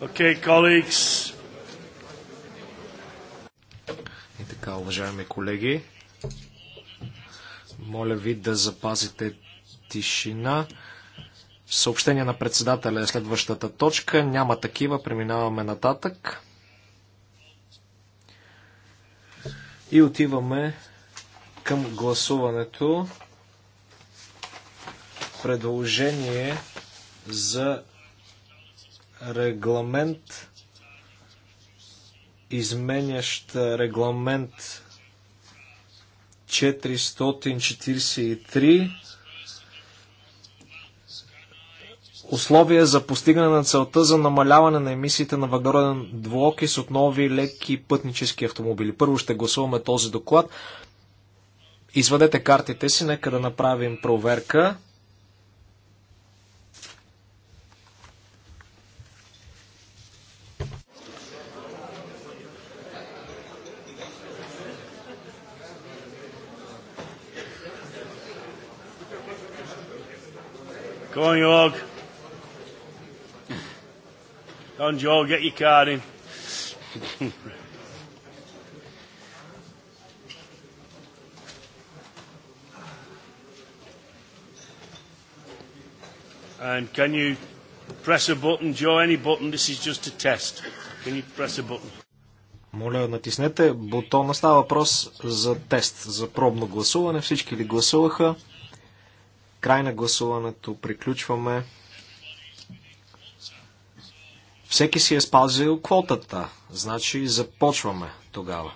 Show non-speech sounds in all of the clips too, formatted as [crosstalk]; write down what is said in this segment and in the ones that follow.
Okay, colleagues. И така, уважаеми колеги, моля ви да запазите тишина. Съобщение на председателя е следващата точка. Няма такива. Преминаваме нататък. И отиваме към гласуването. Предложение за регламент, изменящ регламент 443 условия за постигане на целта за намаляване на емисиите на въглероден двуокис от нови леки пътнически автомобили. Първо ще гласуваме този доклад. Извадете картите си, нека да направим проверка. Come on, Jorg. Come on, Jorg, get your card in. and can you press a button, Joe, any button? This is just a test. Can you press a button? Моля, натиснете бутона. Става въпрос за тест, за пробно гласуване. Всички ли гласуваха? Край на гласуването. Приключваме. Всеки си е спазил квотата. Значи започваме тогава.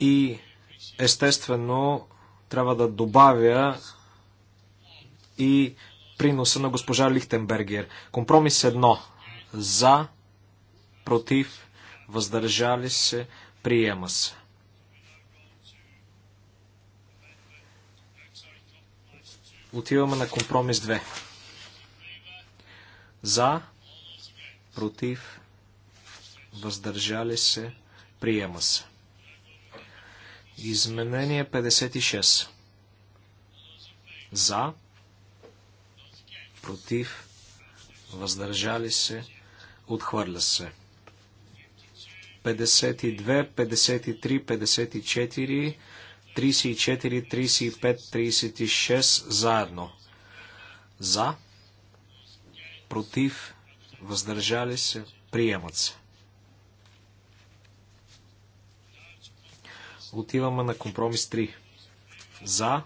И естествено трябва да добавя и приноса на госпожа Лихтенбергер. Компромис едно. За, против, въздържали се, приема се. Отиваме на компромис 2. За, против, въздържали се, приема се. Изменение 56. За, против, въздържали се, отхвърля се. 52, 53, 54, 34, 35, 36 заедно. За, против, въздържали се, приемат се. Отиваме на компромис 3. За,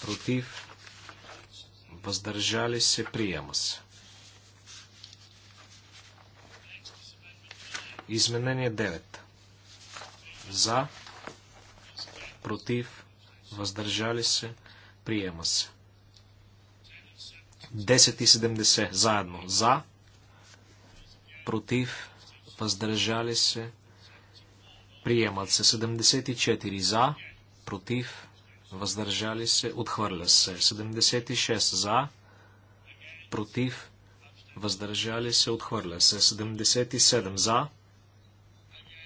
против, въздържали се, приема се. Изменение 9. За. Против. Въздържали се. Приема се. 10 и 70. Заедно. За. Против. Въздържали се. Приемат се 74 за, против, въздържали се, отхвърля се. 76 за, против, въздържали се, отхвърля се. 77 за,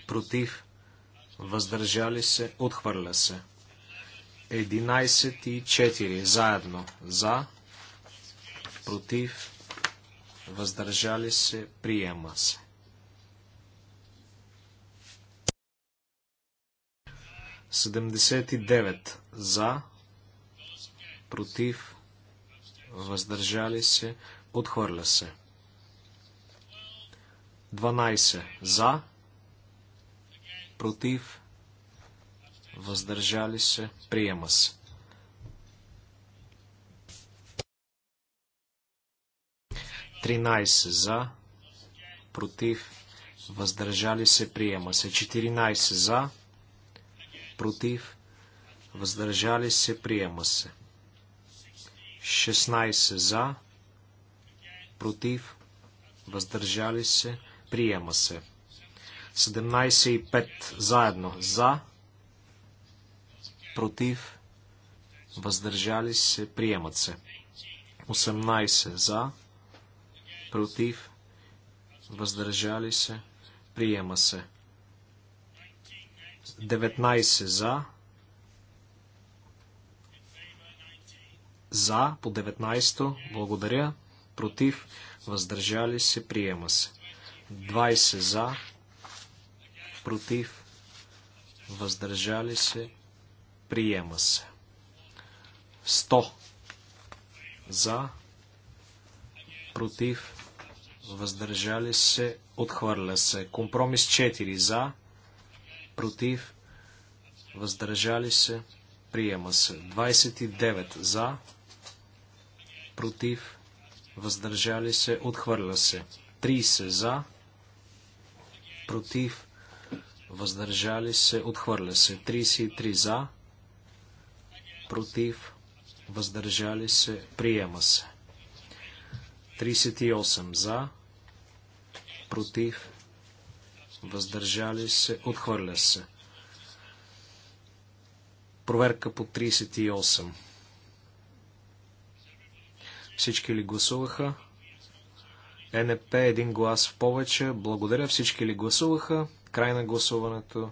против, въздържали се, отхвърля се. 11 и 4 заедно. За, против, въздържали се, приема се. Седемдесет и девет за, против, въздържали се, отхвърля се. 12 за, против, въздържали се, приема се. Тринайсе за, против, въздържали се, приема се. 14 за, против, въздържали се, приема се. 16 за, против, въздържали се, приема се. 17 и 5 заедно. За, против, въздържали се, приемат се. 18 за, против, въздържали се, приема се. 19 за, за по 19, благодаря, против, въздържали се, приема се. 20 за, против, въздържали се, приема се. 100 за, против, въздържали се, отхвърля се. Компромис 4 за, против, въздържали се, приема се. 29 за, против, въздържали се, отхвърля се. 30 за, против, въздържали се, отхвърля се. 33 за, против, въздържали се, приема се. 38 за, против, въздържали се, отхвърля се. Проверка по 38. Всички ли гласуваха? Е, НП един глас в повече. Благодаря всички ли гласуваха? Край на гласуването.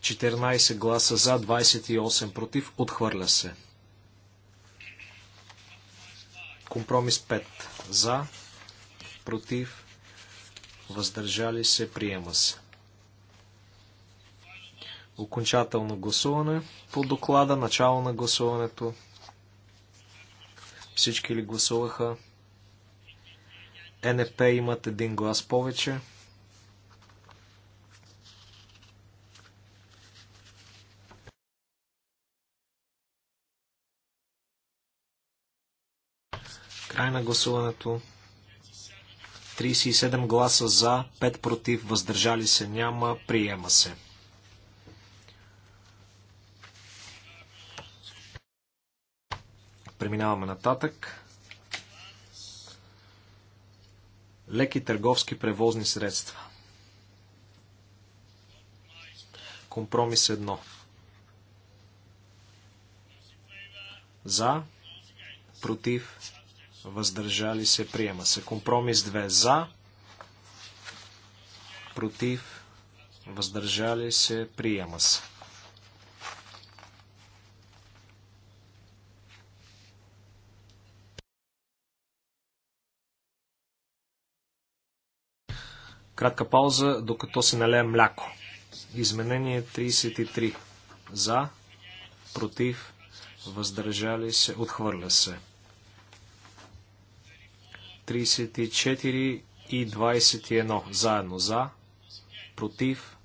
14 гласа за, 28 против. Отхвърля се. Компромис 5. За, против, въздържали се, приема се. Окончателно гласуване по доклада, начало на гласуването. Всички ли гласуваха? Е, НП имат един глас повече. Край на гласуването. 37 гласа за, 5 против, въздържали се няма, приема се. Преминаваме нататък. Леки търговски превозни средства. Компромис 1. За, против, въздържали се, приема се. Компромис 2 за, против, въздържали се, приема се. Кратка пауза, докато се налее мляко. Изменение 33. За, против, въздържали се, отхвърля се. 34 и 21 заедно за, против,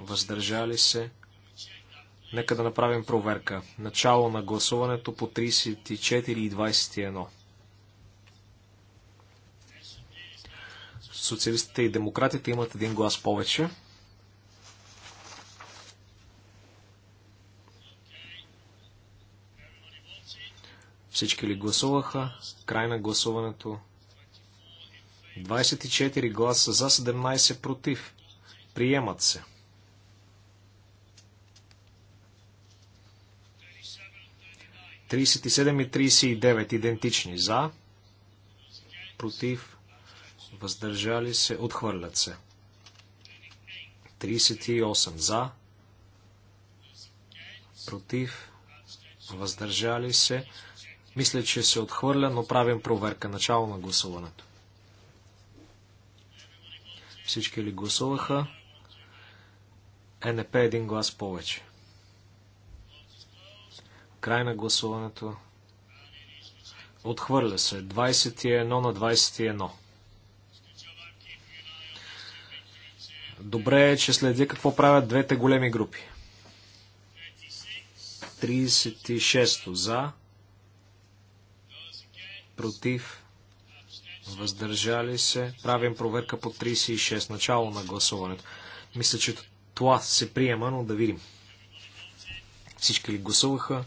въздържали се. Нека да направим проверка. Начало на гласуването по 34 и 21. Социалистите и демократите имат един глас повече. Всички ли гласуваха? Край на гласуването. 24 гласа за, 17 против. Приемат се. 37 и 39 идентични за, против, въздържали се, отхвърлят се. 38 за, против, въздържали се, мисля, че се отхвърля, но правим проверка. Начало на гласуването. Всички ли гласуваха? Е, НП един глас повече. Край на гласуването. Отхвърля се. 21 на 21. Добре е, че следя какво правят двете големи групи. 36 за, против, въздържали се. Правим проверка по 36, начало на гласуването. Мисля, че това се приема, но да видим. Всички ли гласуваха?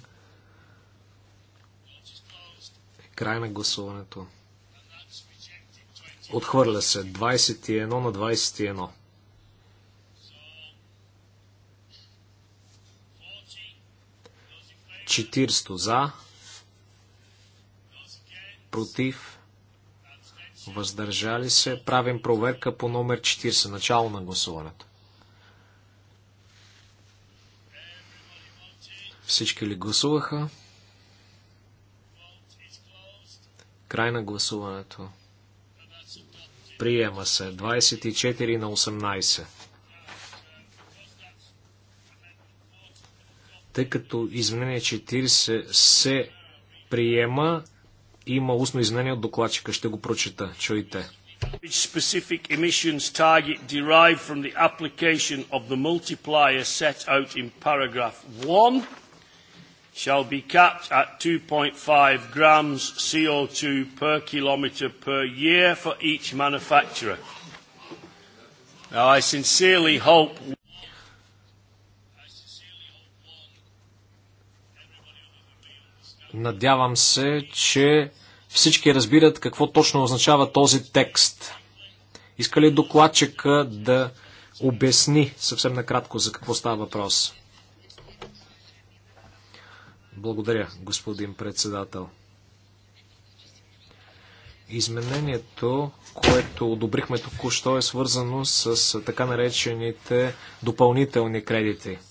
Край на гласуването. Отхвърля се 21 на 21. 40 за, против, въздържали се. Правим проверка по номер 40, начало на гласуването. Всички ли гласуваха? Край на гласуването. Приема се 24 на 18. Тъй като изменение 40 се приема, има устно изменение от докладчика. Ще го прочета. Чуйте. Specific emissions target derived from the application of the multiplier set out in paragraph 1 shall be capped at 2.5 grams CO2 per kilometre per year for each manufacturer. Now I sincerely hope Надявам се, че всички разбират какво точно означава този текст. Иска ли докладчика да обясни съвсем накратко за какво става въпрос? Благодаря, господин председател. Изменението, което одобрихме току-що, е свързано с така наречените допълнителни кредити –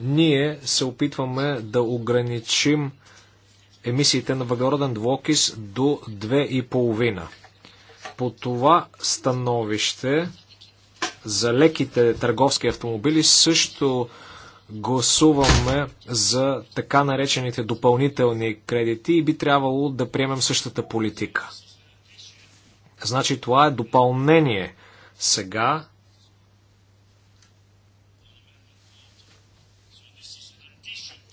Ние се опитваме да ограничим емисиите на въглероден двокис до 2,5. По това становище за леките търговски автомобили също гласуваме за така наречените допълнителни кредити и би трябвало да приемем същата политика. Значи това е допълнение сега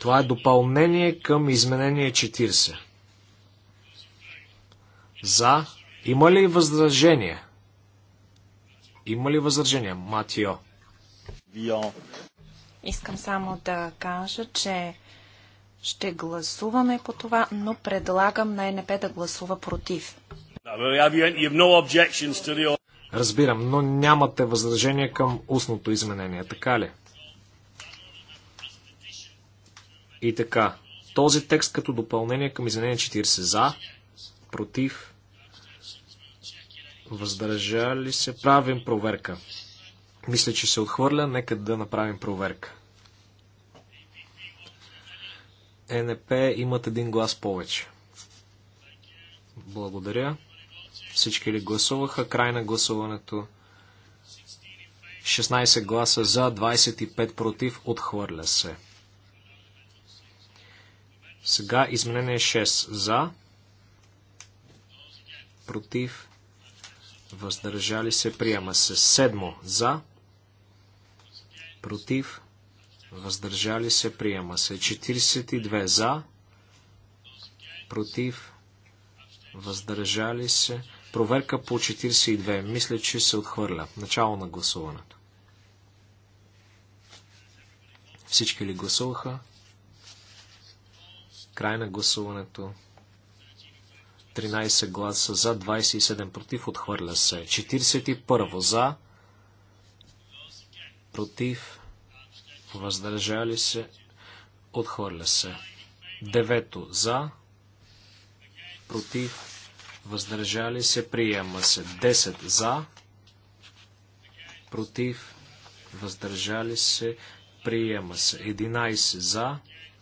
Това е допълнение към изменение 40. За. Има ли възражение? Има ли възражение, Матио? Искам само да кажа, че ще гласуваме по това, но предлагам на НП да гласува против. Разбирам, но нямате възражение към устното изменение, така ли? И така, този текст като допълнение към изменение 40 за, против, въздържали се, правим проверка. Мисля, че се отхвърля, нека да направим проверка. НП имат един глас повече. Благодаря. Всички ли гласуваха? Край на гласуването. 16 гласа за, 25 против, отхвърля се. Сега изменение 6 за, против, въздържали се, приема се. Седмо за, против, въздържали се, приема се. 42 за, против, въздържали се. Проверка по 42. Мисля, че се отхвърля. Начало на гласуването. Всички ли гласуваха? Край на гласуването. 13 гласа за, 27 против, отхвърля се. 41 за, против, въздържали се, отхвърля се. 9 за, против, въздържали се, приема се. 10 за, против, въздържали се, приема се. 11 за,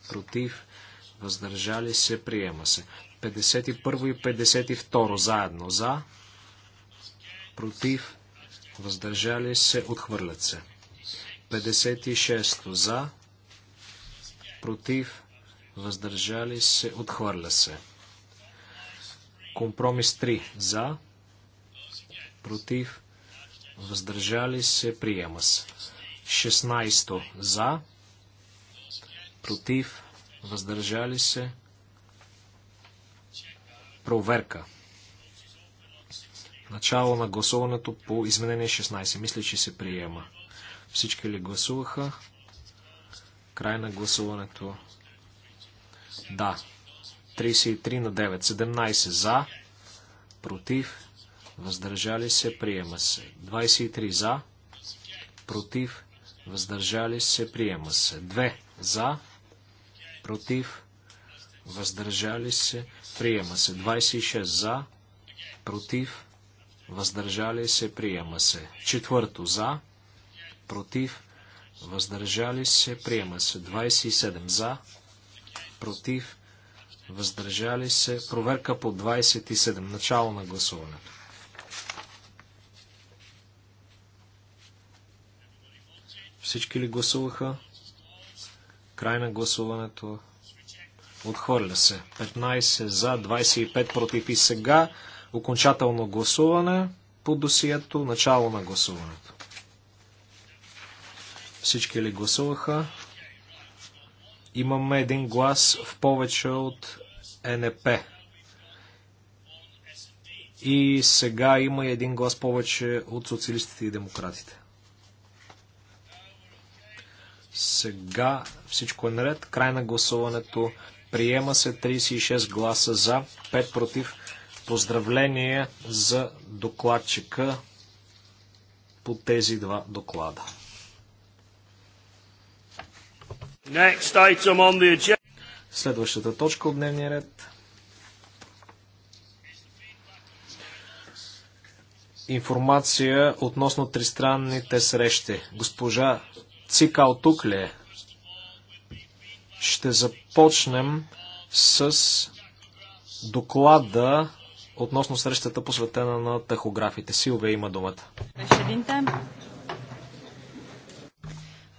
против, въздържали се, приема се. 51 и 52 заедно за, против, въздържали се, отхвърлят се. 56 за, против, въздържали се, отхвърля се. Компромис 3 за, против, въздържали се, приема се. 16 за, против, въздържали се, проверка. Начало на гласуването по изменение 16. Мисля, че се приема. Всички ли гласуваха? Край на гласуването. Да. 33 на 9. 17 за. Против. Въздържали се. Приема се. 23 за. Против. Въздържали се. Приема се. 2 за против, въздържали се, приема се. 26 за, против, въздържали се, приема се. Четвърто за, против, въздържали се, приема се. 27 за, против, въздържали се. Проверка по 27. Начало на гласуването. Всички ли гласуваха? Край на гласуването. Отхвърля се. 15 за, 25 против. И сега окончателно гласуване по досието. Начало на гласуването. Всички ли гласуваха? Имаме един глас в повече от НП. И сега има един глас повече от социалистите и демократите. Сега всичко е наред. Край на гласуването. Приема се 36 гласа за, 5 против. Поздравление за докладчика по тези два доклада. Следващата точка от дневния ред. Информация относно тристранните срещи. Госпожа цикал тук ли е? Ще започнем с доклада относно срещата посветена на тахографите. Силве има думата.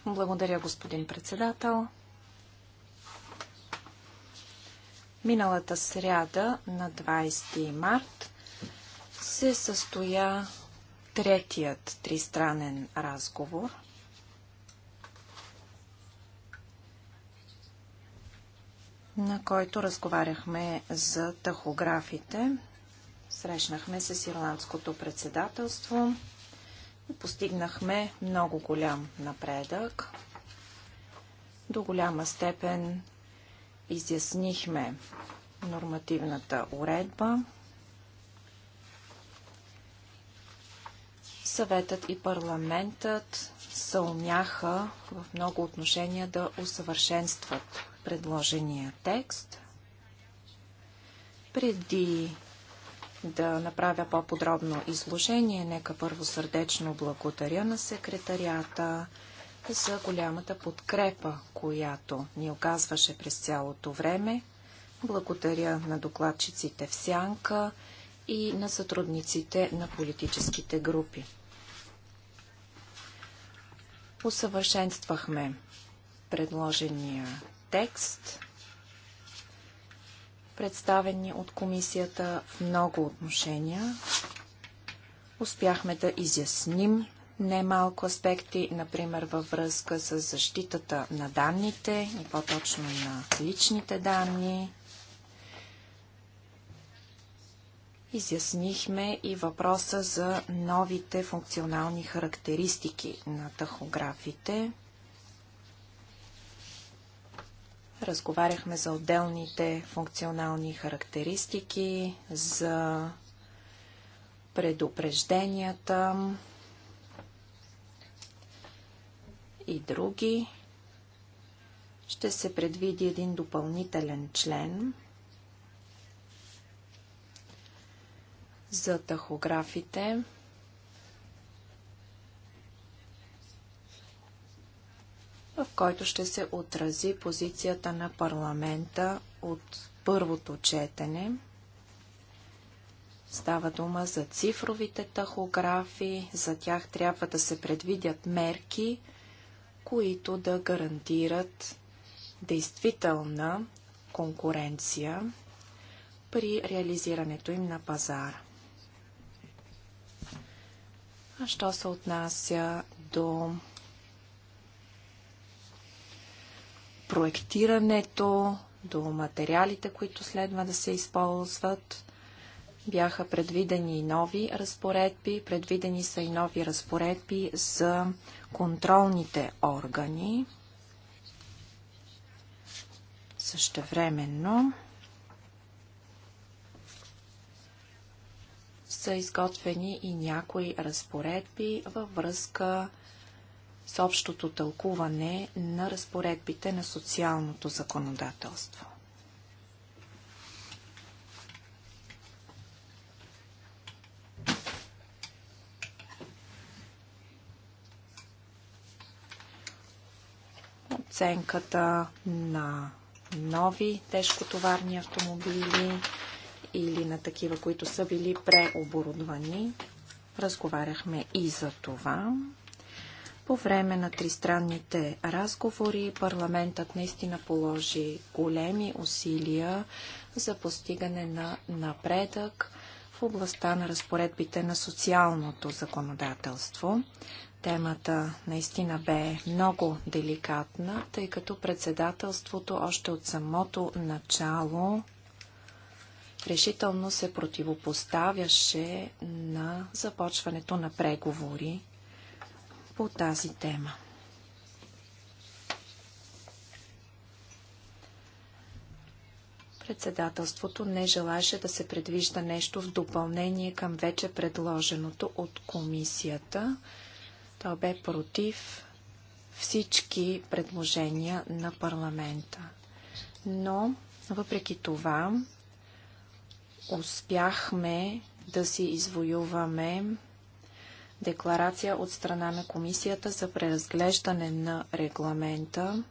Благодаря, господин председател. Миналата сряда на 20 март се състоя третият тристранен разговор – на който разговаряхме за тахографите. Срещнахме се с Ирландското председателство и постигнахме много голям напредък. До голяма степен изяснихме нормативната уредба. Съветът и парламентът съумяха в много отношения да усъвършенстват предложения текст. Преди да направя по-подробно изложение, нека първо сърдечно благодаря на секретарията за голямата подкрепа, която ни оказваше през цялото време. Благодаря на докладчиците в Сянка и на сътрудниците на политическите групи. Усъвършенствахме предложения текст, представени от комисията в много отношения. Успяхме да изясним немалко аспекти, например във връзка с защитата на данните и по-точно на личните данни. Изяснихме и въпроса за новите функционални характеристики на тахографите. Разговаряхме за отделните функционални характеристики, за предупрежденията и други. Ще се предвиди един допълнителен член за тахографите. в който ще се отрази позицията на парламента от първото четене. Става дума за цифровите тахографи, за тях трябва да се предвидят мерки, които да гарантират действителна конкуренция при реализирането им на пазара. А що се отнася до проектирането, до материалите, които следва да се използват. Бяха предвидени и нови разпоредби. Предвидени са и нови разпоредби за контролните органи. Същевременно са изготвени и някои разпоредби във връзка с с общото тълкуване на разпоредбите на социалното законодателство. Оценката на нови тежкотоварни автомобили или на такива, които са били преоборудвани. Разговаряхме и за това. По време на тристранните разговори парламентът наистина положи големи усилия за постигане на напредък в областта на разпоредбите на социалното законодателство. Темата наистина бе много деликатна, тъй като председателството още от самото начало решително се противопоставяше на започването на преговори по тази тема. Председателството не желаше да се предвижда нещо в допълнение към вече предложеното от комисията. То бе против всички предложения на парламента. Но, въпреки това, успяхме да си извоюваме декларация от страна на комисията за преразглеждане на регламента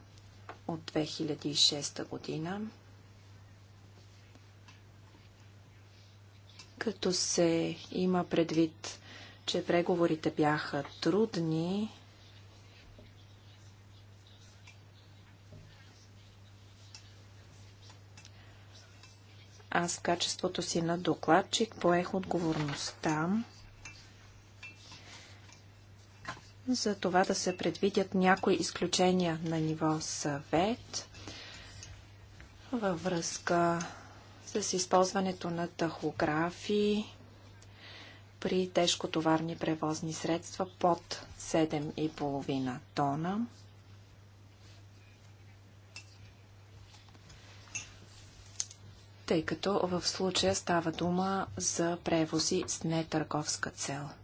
от 2006 година, като се има предвид, че преговорите бяха трудни, аз в качеството си на докладчик поех отговорността за това да се предвидят някои изключения на ниво съвет във връзка с използването на тахографи при тежкотоварни превозни средства под 7,5 тона. Тъй като в случая става дума за превози с нетърговска цел –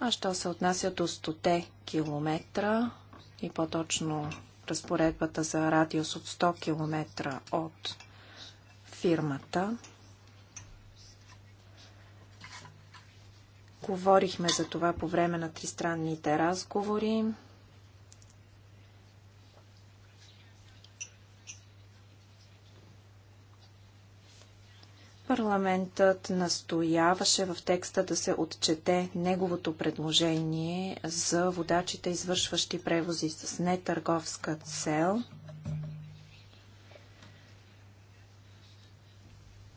А що се отнася до 100 километра и по-точно разпоредбата за радиус от 100 км от фирмата, говорихме за това по време на тристранните разговори. Парламентът настояваше в текста да се отчете неговото предложение за водачите, извършващи превози с нетърговска цел.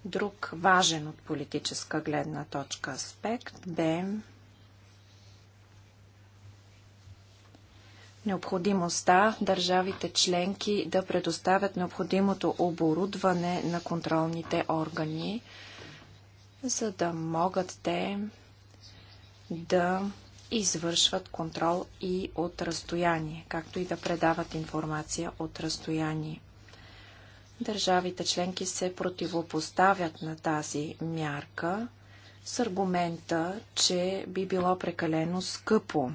Друг важен от политическа гледна точка аспект бе необходимостта държавите членки да предоставят необходимото оборудване на контролните органи, за да могат те да извършват контрол и от разстояние, както и да предават информация от разстояние. Държавите членки се противопоставят на тази мярка с аргумента, че би било прекалено скъпо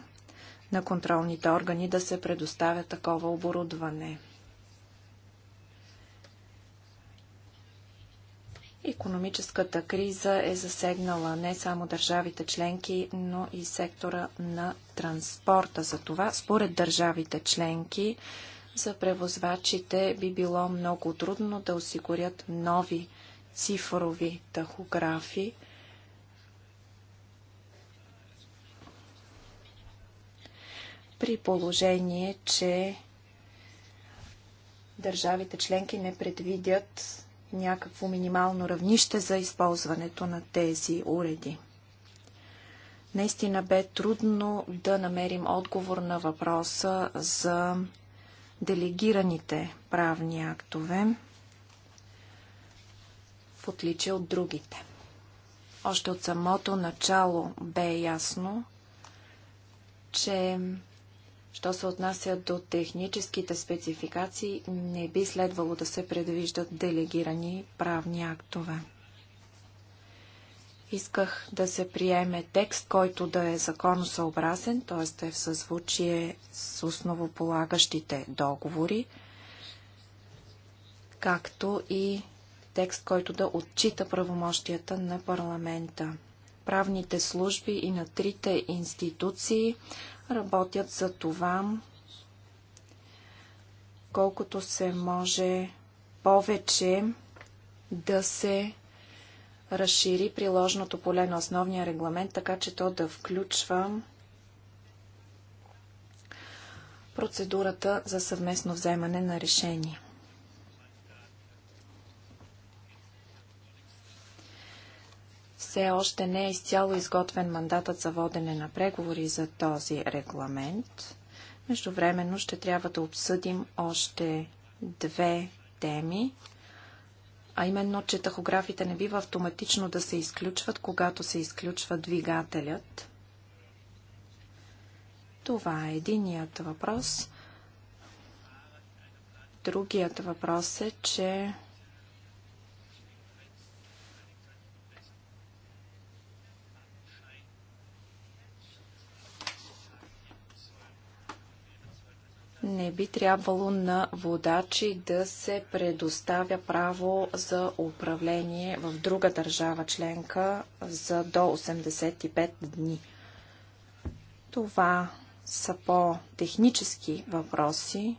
на контролните органи да се предоставя такова оборудване. Економическата криза е засегнала не само държавите членки, но и сектора на транспорта. Затова, според държавите членки, за превозвачите би било много трудно да осигурят нови цифрови тахографи, при положение, че държавите членки не предвидят някакво минимално равнище за използването на тези уреди. Наистина бе трудно да намерим отговор на въпроса за делегираните правни актове в отличие от другите. Още от самото начало бе ясно, че Що се отнася до техническите спецификации, не би следвало да се предвиждат делегирани правни актове. Исках да се приеме текст, който да е законосъобразен, т.е. е в съзвучие с основополагащите договори, както и текст, който да отчита правомощията на парламента правните служби и на трите институции работят за това, колкото се може повече да се разшири приложното поле на основния регламент, така че то да включва процедурата за съвместно вземане на решение. все още не е изцяло изготвен мандатът за водене на преговори за този регламент. Междувременно ще трябва да обсъдим още две теми, а именно, че тахографите не бива автоматично да се изключват, когато се изключва двигателят. Това е единият въпрос. Другият въпрос е, че би трябвало на водачи да се предоставя право за управление в друга държава членка за до 85 дни. Това са по-технически въпроси.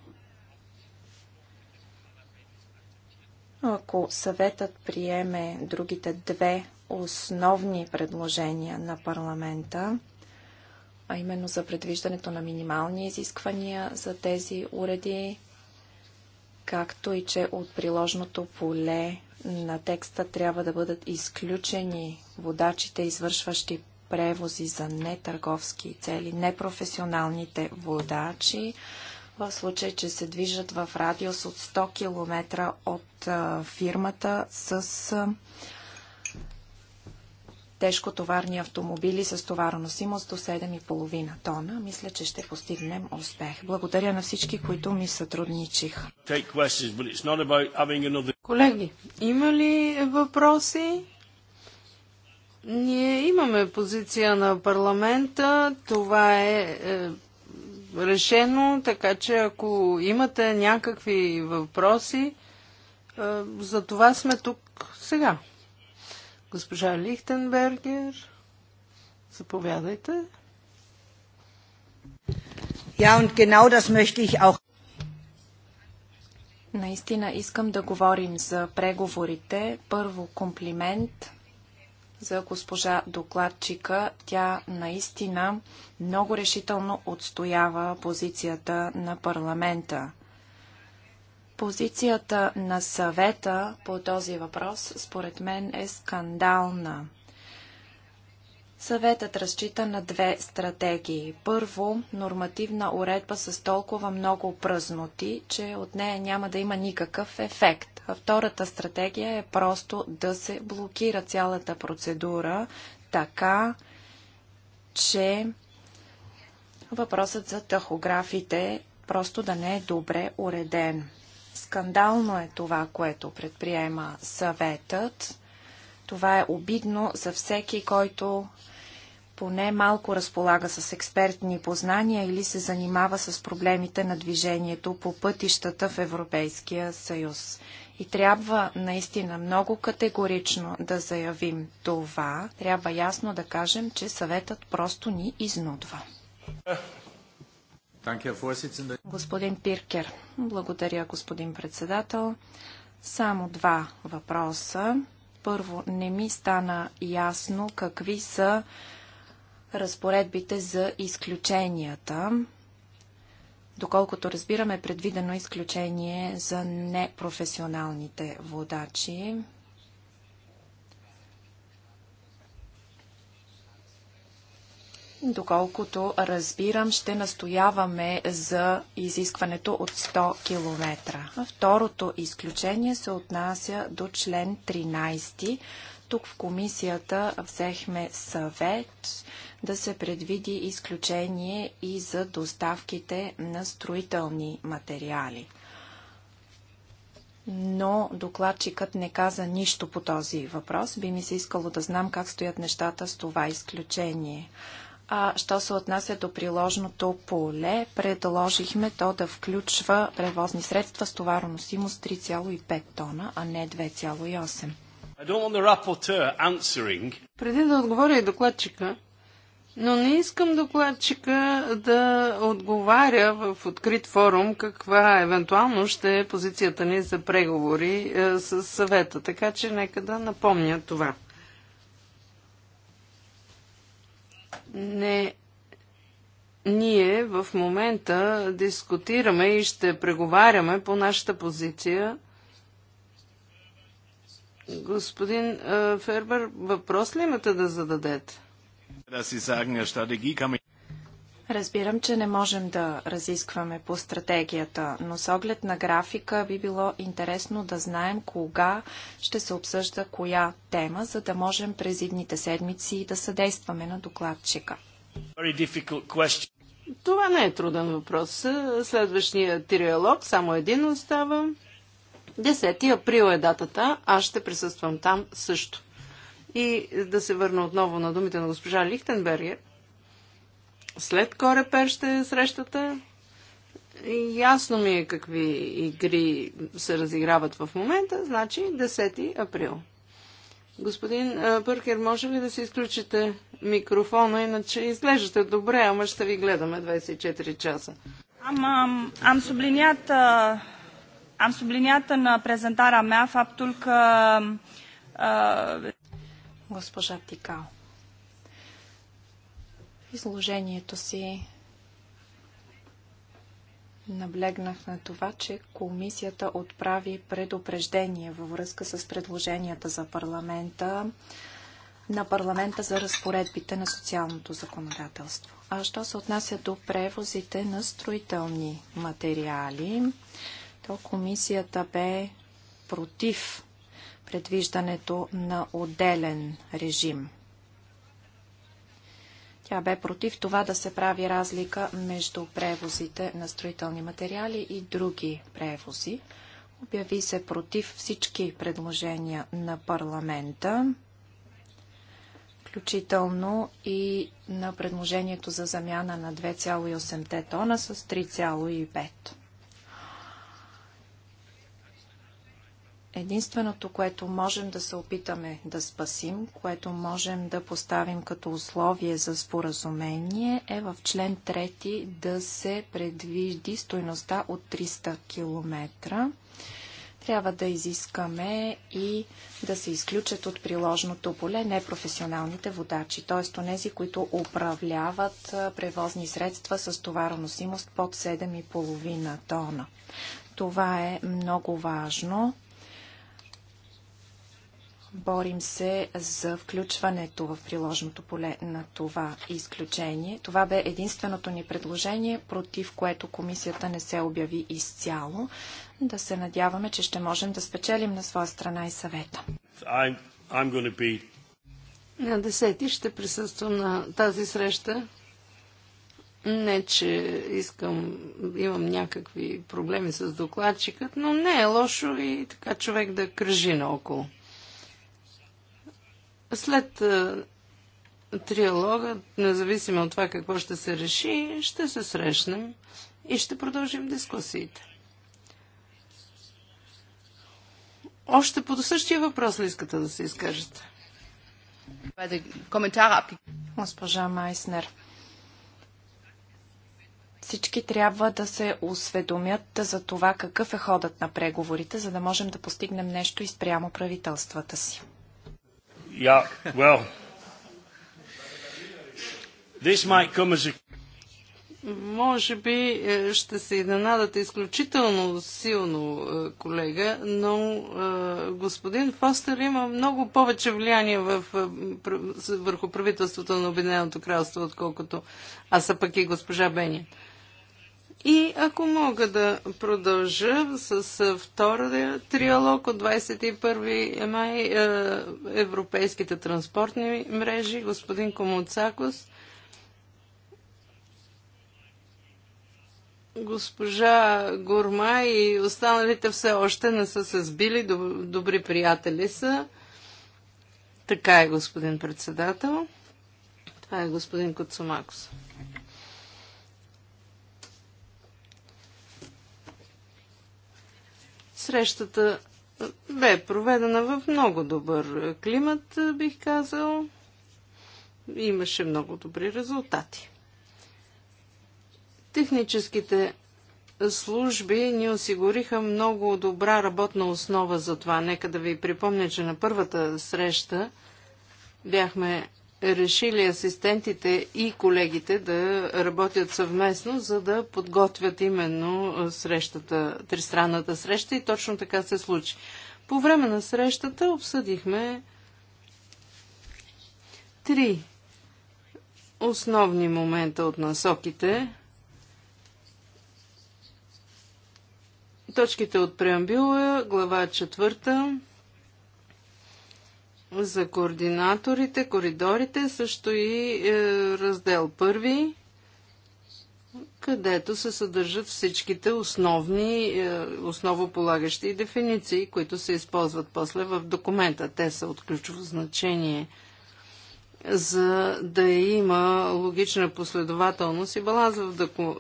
Ако съветът приеме другите две основни предложения на парламента, а именно за предвиждането на минимални изисквания за тези уреди, както и че от приложното поле на текста трябва да бъдат изключени водачите, извършващи превози за нетърговски цели, непрофесионалните водачи, в случай, че се движат в радиус от 100 км от фирмата с тежкотоварни автомобили с товароносимост до 7,5 тона. Мисля, че ще постигнем успех. Благодаря на всички, които ми сътрудничиха. Колеги, има ли въпроси? Ние имаме позиция на парламента. Това е, е решено, така че ако имате някакви въпроси, е, за това сме тук сега. Госпожа Лихтенбергер, заповядайте. Ja, und genau das möchte ich auch. Наистина искам да говорим за преговорите. Първо комплимент за госпожа докладчика. Тя наистина много решително отстоява позицията на парламента. Позицията на съвета по този въпрос, според мен, е скандална. Съветът разчита на две стратегии. Първо, нормативна уредба с толкова много пръзноти, че от нея няма да има никакъв ефект. А втората стратегия е просто да се блокира цялата процедура така, че въпросът за тахографите просто да не е добре уреден. Скандално е това, което предприема съветът. Това е обидно за всеки, който поне малко разполага с експертни познания или се занимава с проблемите на движението по пътищата в Европейския съюз. И трябва наистина много категорично да заявим това. Трябва ясно да кажем, че съветът просто ни изнудва. Господин Пиркер, благодаря, господин председател. Само два въпроса. Първо, не ми стана ясно какви са разпоредбите за изключенията. Доколкото разбираме, предвидено изключение за непрофесионалните водачи. Доколкото разбирам, ще настояваме за изискването от 100 км. Второто изключение се отнася до член 13. Тук в комисията взехме съвет да се предвиди изключение и за доставките на строителни материали. Но докладчикът не каза нищо по този въпрос. Би ми се искало да знам как стоят нещата с това изключение. А що се отнася до приложното поле, предложихме то да включва превозни средства с товароносимост 3,5 тона, а не 2,8. Преди да отговоря и докладчика, но не искам докладчика да отговаря в открит форум каква евентуално ще е позицията ни за преговори е, с съвета, така че нека да напомня това. Не, ние в момента дискутираме и ще преговаряме по нашата позиция. Господин Фербер, въпрос ли имате да зададете? Да си sagen, стратегия, kann Разбирам, че не можем да разискваме по стратегията, но с оглед на графика би било интересно да знаем кога ще се обсъжда коя тема, за да можем през идните седмици да съдействаме на докладчика. Това не е труден въпрос. Следващия триалог, само един остава. 10 април е датата, аз ще присъствам там също. И да се върна отново на думите на госпожа Лихтенбергер. След Корепер ще е срещате. и Ясно ми е какви игри се разиграват в момента, значи 10 април. Господин Пъркер, може ли да си изключите микрофона, иначе изглеждате добре, ама ще ви гледаме 24 часа. Am, am, am, subliniat, am subliniat în prezentarea mea faptul că... Uh... Госпожа Тикао изложението си наблегнах на това, че комисията отправи предупреждение във връзка с предложенията за парламента на парламента за разпоредбите на социалното законодателство. А що се отнася до превозите на строителни материали, то комисията бе против предвиждането на отделен режим тя бе против това да се прави разлика между превозите на строителни материали и други превози. Обяви се против всички предложения на парламента, включително и на предложението за замяна на 2,8 тона с 3,5. Единственото, което можем да се опитаме да спасим, което можем да поставим като условие за споразумение, е в член 3 да се предвижди стойността от 300 км. Трябва да изискаме и да се изключат от приложното поле непрофесионалните водачи, т.е. тези, които управляват превозни средства с товароносимост под 7,5 тона. Това е много важно, Борим се за включването в приложното поле на това изключение. Това бе единственото ни предложение, против което комисията не се обяви изцяло. Да се надяваме, че ще можем да спечелим на своя страна и съвета. I'm, I'm be... На 10 ще присъствам на тази среща. Не, че искам, имам някакви проблеми с докладчикът, но не е лошо и така човек да кръжи наоколо. След е, триалога, независимо от това какво ще се реши, ще се срещнем и ще продължим дискусиите. Още по същия въпрос ли искате да се изкажете? Госпожа Майснер, всички трябва да се осведомят за това какъв е ходът на преговорите, за да можем да постигнем нещо и спрямо правителствата си. Yeah, well, this might come as a... Може би е, ще се изненадате изключително силно, е, колега, но е, господин Фостер има много повече влияние в, върху правителството на Обединеното кралство, отколкото аз, а пък и госпожа Бенин. И ако мога да продължа с втория триалог от 21 май Европейските транспортни мрежи, господин Комуцакос, госпожа Гурма и останалите все още не са се сбили, добри приятели са. Така е, господин председател. Това е господин Коцомакос. Срещата бе проведена в много добър климат, бих казал. Имаше много добри резултати. Техническите служби ни осигуриха много добра работна основа за това. Нека да ви припомня, че на първата среща бяхме решили асистентите и колегите да работят съвместно, за да подготвят именно срещата, тристранната среща и точно така се случи. По време на срещата обсъдихме три основни момента от насоките. Точките от преамбюла, глава четвърта – за координаторите, коридорите, също и е, раздел първи, където се съдържат всичките основни, е, основополагащи дефиниции, които се използват после в документа. Те са от ключово значение за да има логична последователност и баланс в доку...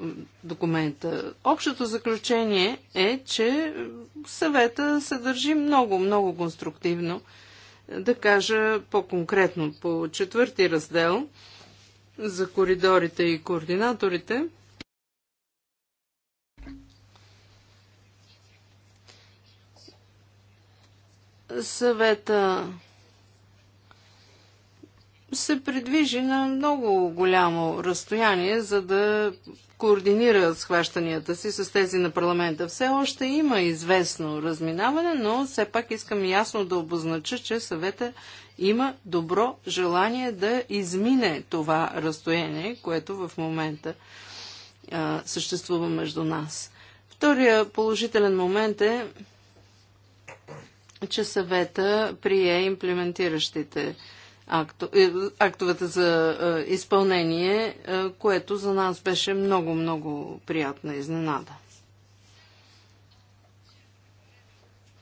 документа. Общото заключение е, че съвета се държи много, много конструктивно да кажа по-конкретно по четвърти раздел за коридорите и координаторите. Съвета се придвижи на много голямо разстояние, за да координира схващанията си с тези на парламента. Все още има известно разминаване, но все пак искам ясно да обознача, че съвета има добро желание да измине това разстояние, което в момента а, съществува между нас. Втория положителен момент е, че съвета прие имплементиращите е, актовете за е, изпълнение, е, което за нас беше много-много приятна изненада.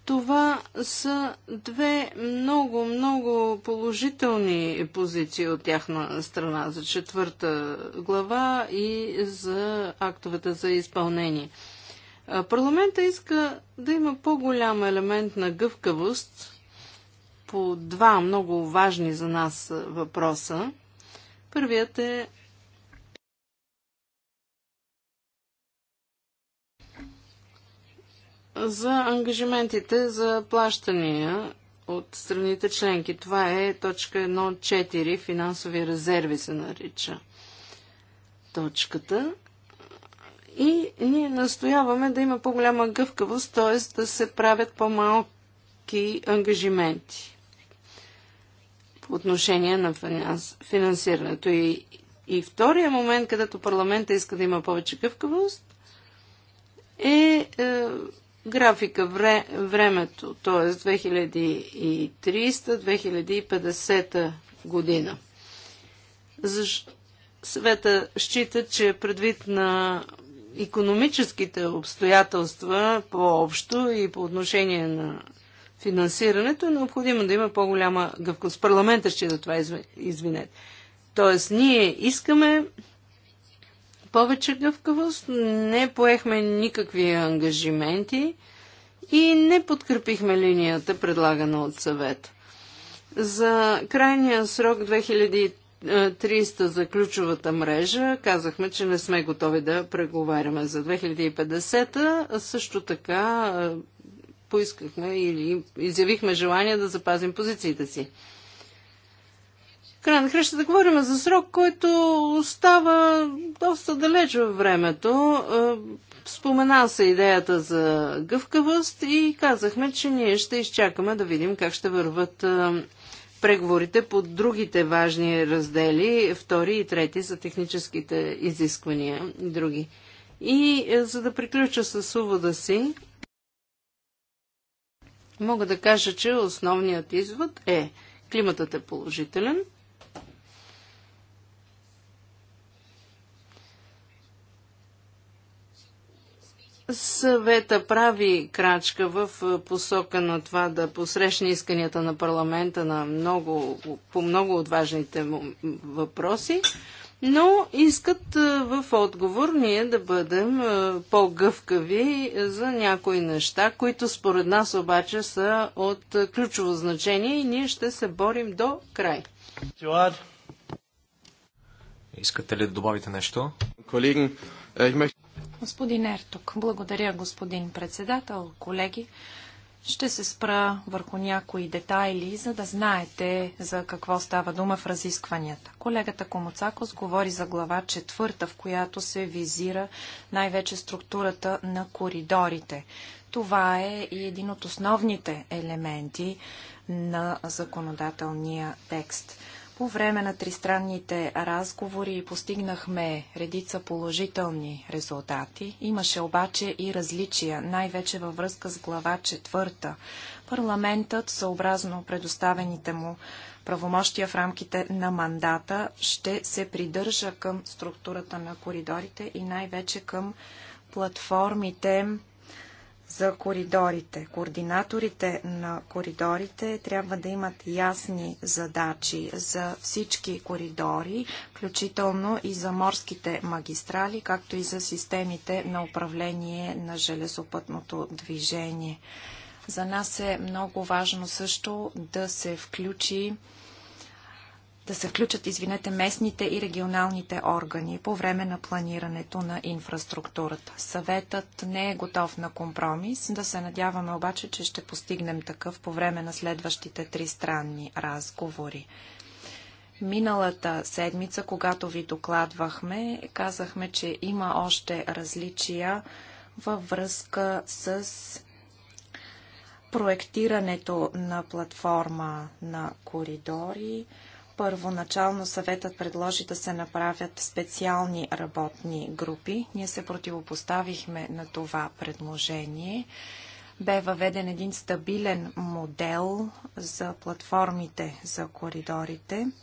Това са две много-много положителни позиции от тяхна страна за четвърта глава и за актовете за изпълнение. Парламента иска да има по-голям елемент на гъвкавост по два много важни за нас въпроса. Първият е за ангажиментите за плащания от страните членки. Това е точка 1.4. Финансови резерви се нарича точката. И ние настояваме да има по-голяма гъвкавост, т.е. да се правят по-малки ангажименти по отношение на финансирането. И, и втория момент, където парламента иска да има повече гъвкавост, е, е графика, вре, времето, т.е. 2300-2050 година. Защо? Съвета счита, че предвид на економическите обстоятелства по-общо и по отношение на финансирането, е необходимо да има по-голяма гъвкост. Парламента ще да това извинете. Тоест, ние искаме повече гъвкавост, не поехме никакви ангажименти и не подкрепихме линията, предлагана от съвет. За крайния срок 2300 за ключовата мрежа казахме, че не сме готови да преговаряме. За 2050 също така поискахме или изявихме желание да запазим позициите си. Край на хреща да говорим за срок, който остава доста далеч във времето. Е, спомена се идеята за гъвкавост и казахме, че ние ще изчакаме да видим как ще върват е, преговорите по другите важни раздели, втори и трети за техническите изисквания и други. И е, за да приключа с увода си, мога да кажа, че основният извод е климатът е положителен. Съвета прави крачка в посока на това да посрещне исканията на парламента на много, по много от важните въпроси но искат в отговор ние да бъдем по-гъвкави за някои неща, които според нас обаче са от ключово значение и ние ще се борим до край. Искате ли да добавите нещо? Е, господин Ерток, благодаря господин председател, колеги. Ще се спра върху някои детайли, за да знаете за какво става дума в разискванията. Колегата Комоцакос говори за глава четвърта, в която се визира най-вече структурата на коридорите. Това е и един от основните елементи на законодателния текст – по време на тристранните разговори постигнахме редица положителни резултати. Имаше обаче и различия, най-вече във връзка с глава четвърта. Парламентът, съобразно предоставените му правомощия в рамките на мандата, ще се придържа към структурата на коридорите и най-вече към платформите за коридорите. Координаторите на коридорите трябва да имат ясни задачи за всички коридори, включително и за морските магистрали, както и за системите на управление на железопътното движение. За нас е много важно също да се включи да се включат, извинете, местните и регионалните органи по време на планирането на инфраструктурата. Съветът не е готов на компромис, да се надяваме обаче, че ще постигнем такъв по време на следващите три странни разговори. Миналата седмица, когато ви докладвахме, казахме, че има още различия във връзка с проектирането на платформа на коридори, Първоначално съветът предложи да се направят специални работни групи. Ние се противопоставихме на това предложение. Бе въведен един стабилен модел за платформите за коридорите –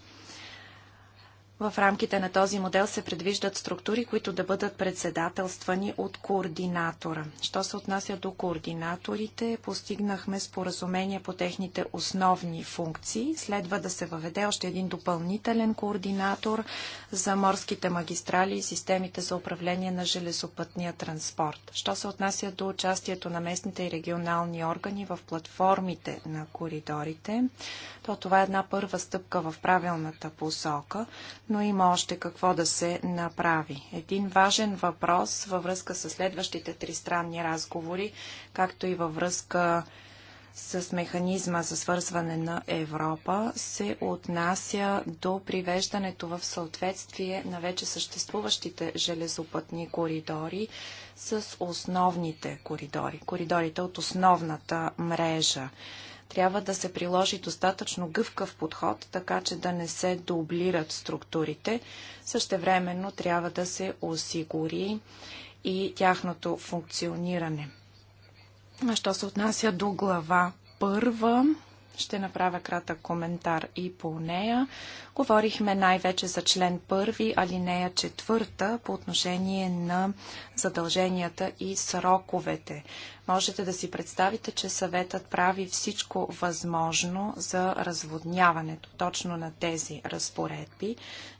в рамките на този модел се предвиждат структури, които да бъдат председателствани от координатора. Що се отнася до координаторите, постигнахме споразумение по техните основни функции. Следва да се въведе още един допълнителен координатор за морските магистрали и системите за управление на железопътния транспорт. Що се отнася до участието на местните и регионални органи в платформите на коридорите, то това е една първа стъпка в правилната посока но има още какво да се направи. Един важен въпрос във връзка с следващите тристранни разговори, както и във връзка с механизма за свързване на Европа се отнася до привеждането в съответствие на вече съществуващите железопътни коридори с основните коридори, коридорите от основната мрежа. Трябва да се приложи достатъчно гъвкав подход, така че да не се дублират структурите. Същевременно трябва да се осигури и тяхното функциониране. А що се отнася до глава първа, ще направя кратък коментар и по нея. Говорихме най-вече за член 1, алинея 4 по отношение на задълженията и сроковете. Можете да си представите, че съветът прави всичко възможно за разводняването точно на тези разпоредби,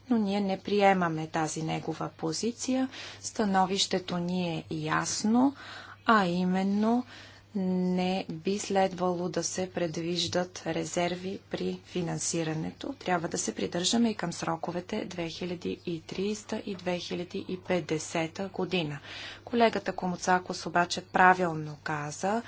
но ние не приемаме тази негова позиция. Становището ни е ясно, а именно, не би следвало да се предвиждат резерви при финансирането. Трябва да се придържаме и към сроковете 2030 и 2050 година. Колегата Комуцакос обаче правилно каза,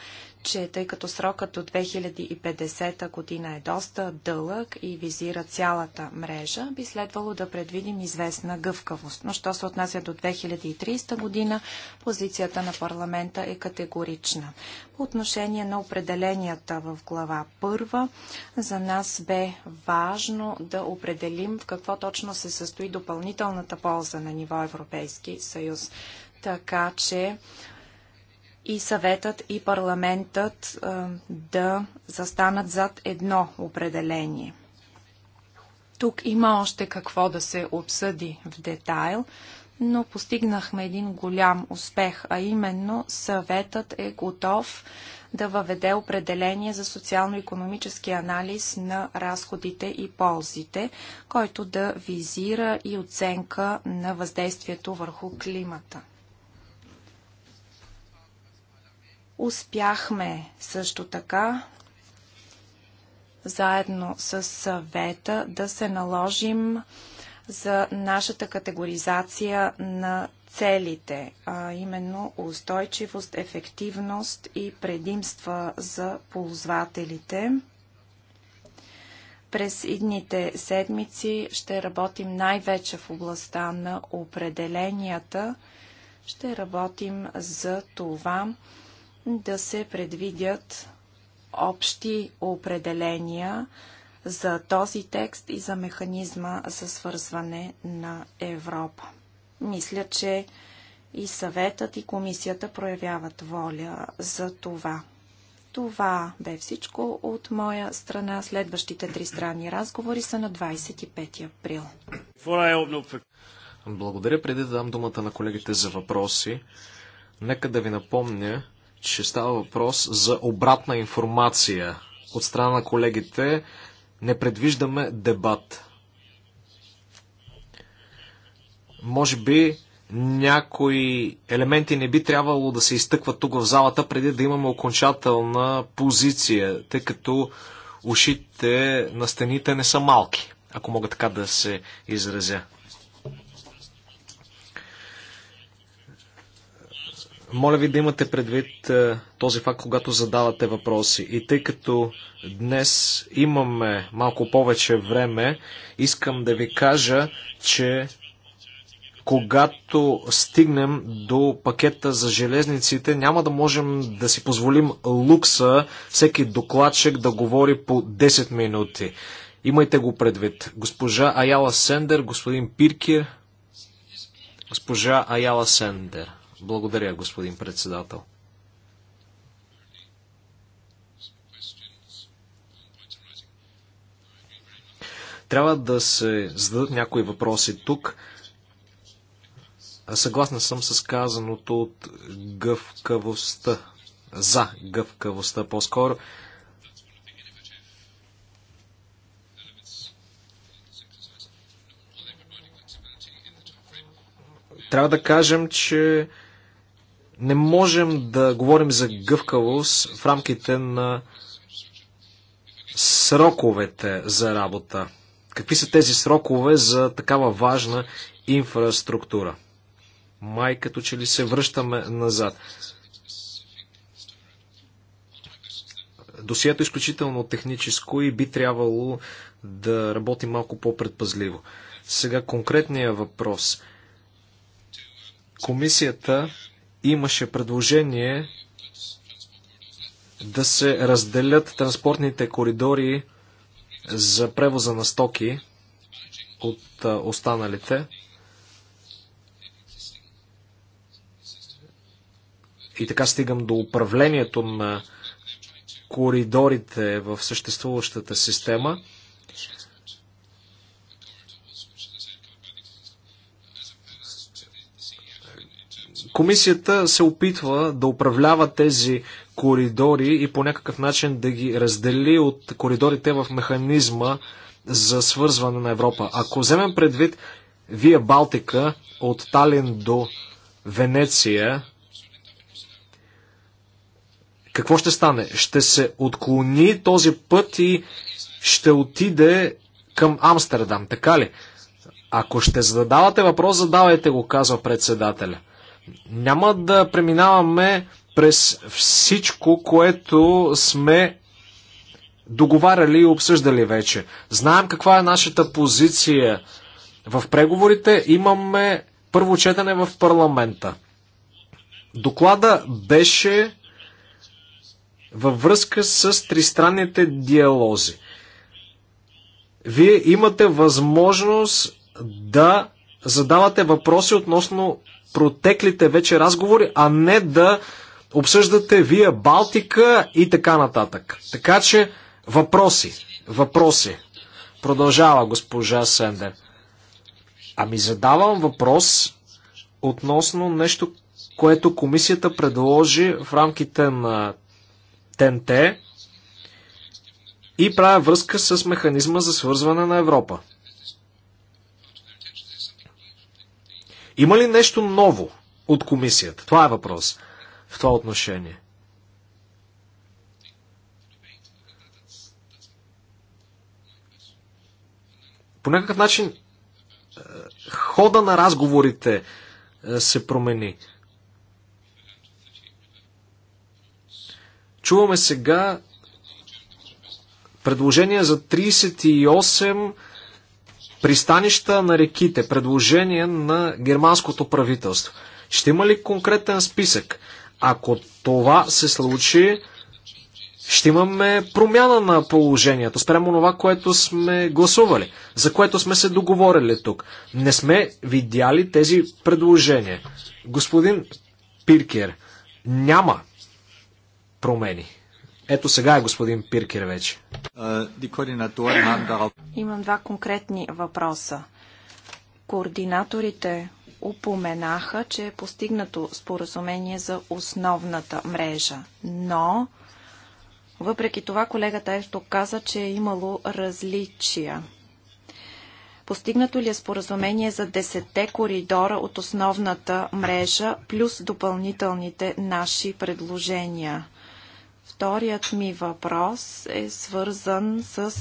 че тъй като срокът до 2050 година е доста дълъг и визира цялата мрежа, би следвало да предвидим известна гъвкавост. Но що се отнася до 2030 година, позицията на парламента е категорична. По отношение на определенията в глава първа, за нас бе важно да определим в какво точно се състои допълнителната полза на ниво Европейски съюз. Така че и съветът и парламентът да застанат зад едно определение. Тук има още какво да се обсъди в детайл, но постигнахме един голям успех, а именно съветът е готов да въведе определение за социално-економически анализ на разходите и ползите, който да визира и оценка на въздействието върху климата. Успяхме също така заедно с съвета да се наложим за нашата категоризация на целите, а именно устойчивост, ефективност и предимства за ползвателите. През идните седмици ще работим най-вече в областта на определенията. Ще работим за това да се предвидят общи определения за този текст и за механизма за свързване на Европа. Мисля, че и съветът и комисията проявяват воля за това. Това бе всичко от моя страна. Следващите три странни разговори са на 25 април. Благодаря. Преди да дам думата на колегите за въпроси, нека да ви напомня, че става въпрос за обратна информация от страна на колегите. Не предвиждаме дебат. Може би някои елементи не би трябвало да се изтъкват тук в залата, преди да имаме окончателна позиция, тъй като ушите на стените не са малки, ако мога така да се изразя. Моля ви да имате предвид е, този факт, когато задавате въпроси. И тъй като днес имаме малко повече време, искам да ви кажа, че когато стигнем до пакета за железниците, няма да можем да си позволим лукса всеки докладчик да говори по 10 минути. Имайте го предвид. Госпожа Аяла Сендер, господин Пиркир, госпожа Аяла Сендер. Благодаря, господин председател. Трябва да се зададат някои въпроси тук. Съгласна съм с казаното от гъвкавостта. За гъвкавостта по-скоро. Трябва да кажем, че не можем да говорим за гъвкавост в рамките на сроковете за работа. Какви са тези срокове за такава важна инфраструктура? Май като че ли се връщаме назад. Досието е изключително техническо и би трябвало да работи малко по-предпазливо. Сега конкретния въпрос. Комисията имаше предложение да се разделят транспортните коридори за превоза на стоки от останалите. И така стигам до управлението на коридорите в съществуващата система – Комисията се опитва да управлява тези коридори и по някакъв начин да ги раздели от коридорите в механизма за свързване на Европа. Ако вземем предвид Вия Балтика от Талин до Венеция, какво ще стане? Ще се отклони този път и ще отиде към Амстердам, така ли? Ако ще задавате въпрос, задавайте го, казва председателя. Няма да преминаваме през всичко, което сме договаряли и обсъждали вече. Знаем каква е нашата позиция в преговорите. Имаме първо четене в парламента. Доклада беше във връзка с тристранните диалози. Вие имате възможност да задавате въпроси относно протеклите вече разговори, а не да обсъждате вие Балтика и така нататък. Така че въпроси, въпроси. Продължава госпожа Сендер. Ами задавам въпрос относно нещо, което комисията предложи в рамките на ТНТ и правя връзка с механизма за свързване на Европа. Има ли нещо ново от комисията? Това е въпрос в това отношение. По някакъв начин е, хода на разговорите е, се промени. Чуваме сега предложения за 38 пристанища на реките, предложение на германското правителство. Ще има ли конкретен списък? Ако това се случи, ще имаме промяна на положението спрямо това, което сме гласували, за което сме се договорили тук. Не сме видяли тези предложения. Господин Пиркер, няма промени. Ето сега е господин Пиркер вече. Имам два конкретни въпроса. Координаторите упоменаха, че е постигнато споразумение за основната мрежа, но въпреки това колегата ето каза, че е имало различия. Постигнато ли е споразумение за 10 коридора от основната мрежа, плюс допълнителните наши предложения? Вторият ми въпрос е свързан с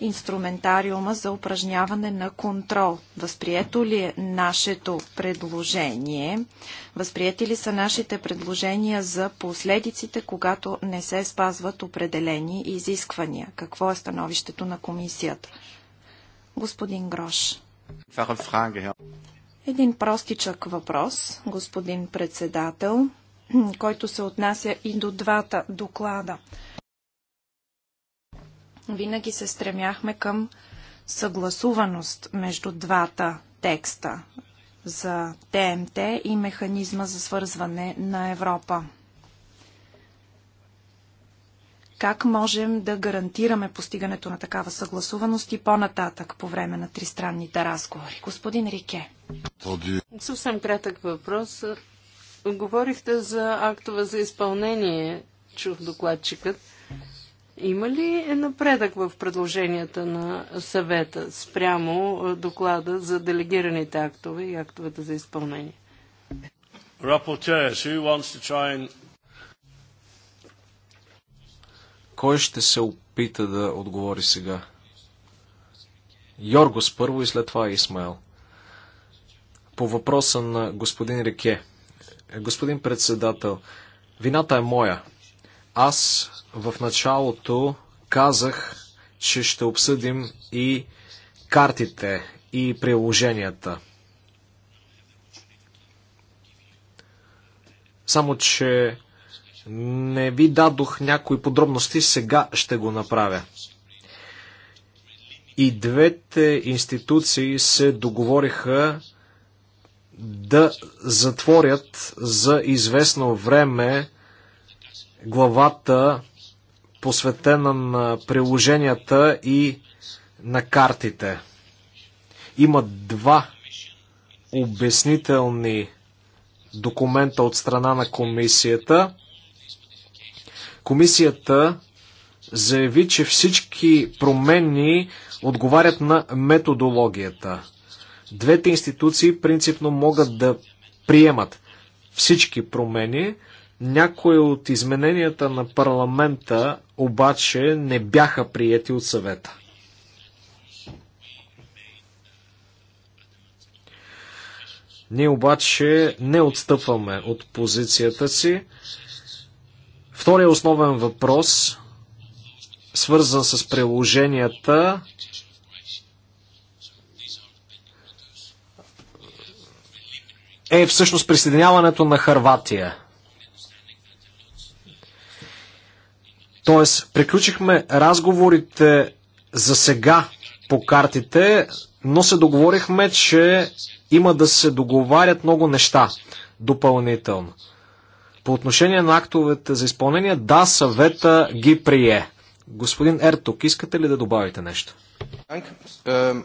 инструментариума за упражняване на контрол. Възприето ли е нашето предложение? Възприяти ли са нашите предложения за последиците, когато не се спазват определени изисквания? Какво е становището на комисията? Господин Грош. Един простичък въпрос, господин председател. [clears throat] който се отнася и до двата доклада. Винаги се стремяхме към съгласуваност между двата текста за ТМТ и механизма за свързване на Европа. Как можем да гарантираме постигането на такава съгласуваност и по-нататък по време на тристранните разговори? Господин Рике. Съвсем кратък въпрос. Говорихте за актове за изпълнение, чух докладчикът. Има ли е напредък в предложенията на съвета спрямо доклада за делегираните актове и актовете за изпълнение? Кой ще се опита да отговори сега? Йоргос първо и след това Исмаел. По въпроса на господин Реке. Господин председател, вината е моя. Аз в началото казах, че ще обсъдим и картите и приложенията. Само, че не ви дадох някои подробности, сега ще го направя. И двете институции се договориха да затворят за известно време главата посветена на приложенията и на картите. Има два обяснителни документа от страна на комисията. Комисията заяви, че всички промени отговарят на методологията. Двете институции принципно могат да приемат всички промени. Някои от измененията на парламента обаче не бяха приети от съвета. Ние обаче не отстъпваме от позицията си. Втория основен въпрос, свързан с приложенията, е всъщност присъединяването на Харватия. Тоест, приключихме разговорите за сега по картите, но се договорихме, че има да се договарят много неща допълнително. По отношение на актовете за изпълнение, да, съвета ги прие. Господин Ерток, искате ли да добавите нещо? Ehm,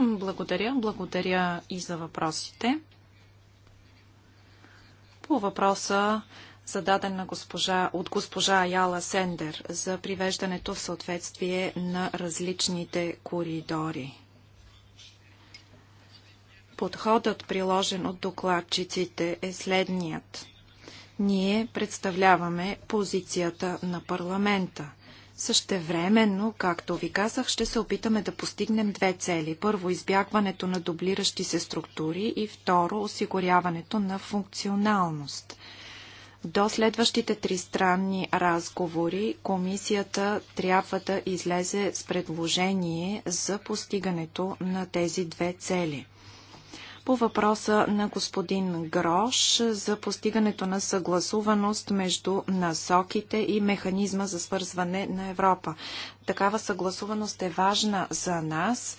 Благодаря. Благодаря и за въпросите. По въпроса зададен на госпожа, от госпожа Яла Сендер за привеждането в съответствие на различните коридори. Подходът, приложен от докладчиците, е следният. Ние представляваме позицията на парламента. Същевременно, както ви казах, ще се опитаме да постигнем две цели. Първо, избягването на дублиращи се структури и второ, осигуряването на функционалност. До следващите тристранни разговори комисията трябва да излезе с предложение за постигането на тези две цели – по въпроса на господин Грош за постигането на съгласуваност между насоките и механизма за свързване на Европа. Такава съгласуваност е важна за нас.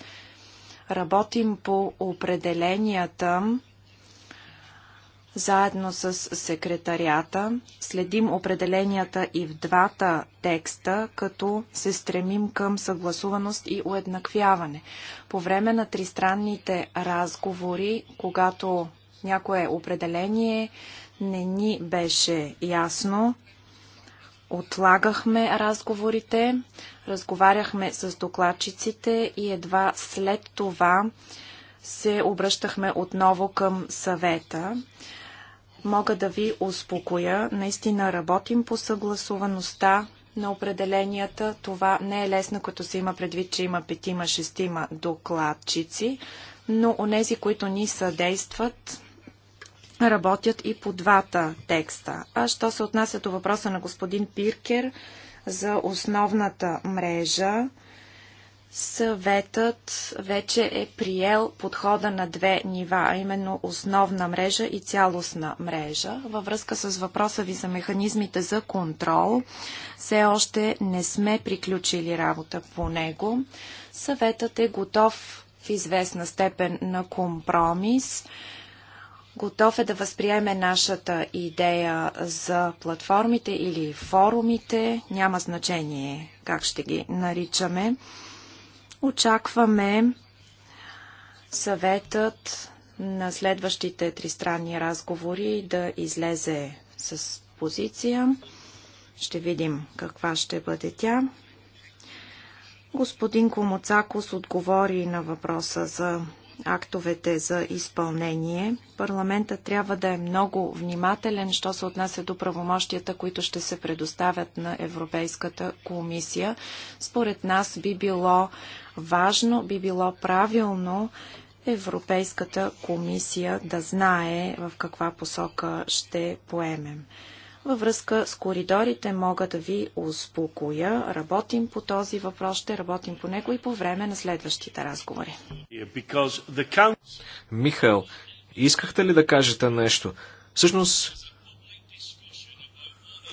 Работим по определенията заедно с секретарията. Следим определенията и в двата текста, като се стремим към съгласуваност и уеднаквяване. По време на тристранните разговори, когато някое определение не ни беше ясно, отлагахме разговорите, разговаряхме с докладчиците и едва след това се обръщахме отново към съвета. Мога да ви успокоя. Наистина работим по съгласуваността на определенията. Това не е лесно, като се има предвид, че има петима-шестима докладчици, но онези, които ни съдействат, работят и по двата текста. А що се отнася до въпроса на господин Пиркер за основната мрежа, Съветът вече е приел подхода на две нива, а именно основна мрежа и цялостна мрежа. Във връзка с въпроса ви за механизмите за контрол, все още не сме приключили работа по него. Съветът е готов в известна степен на компромис. Готов е да възприеме нашата идея за платформите или форумите, няма значение как ще ги наричаме. Очакваме съветът на следващите тристранни разговори да излезе с позиция. Ще видим каква ще бъде тя. Господин Комоцакос отговори на въпроса за актовете за изпълнение. Парламентът трябва да е много внимателен, що се отнася до правомощията, които ще се предоставят на Европейската комисия. Според нас би било важно би било правилно Европейската комисия да знае в каква посока ще поемем. Във връзка с коридорите мога да ви успокоя. Работим по този въпрос, ще работим по него и по време на следващите разговори. Михаил, искахте ли да кажете нещо? Всъщност,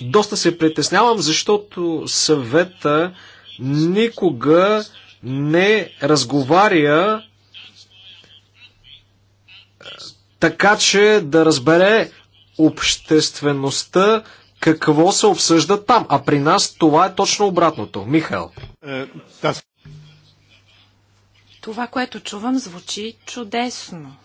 доста се притеснявам, защото съвета никога не разговаря така, че да разбере обществеността какво се обсъжда там. А при нас това е точно обратното. Михаил. Е, това, което чувам, звучи чудесно.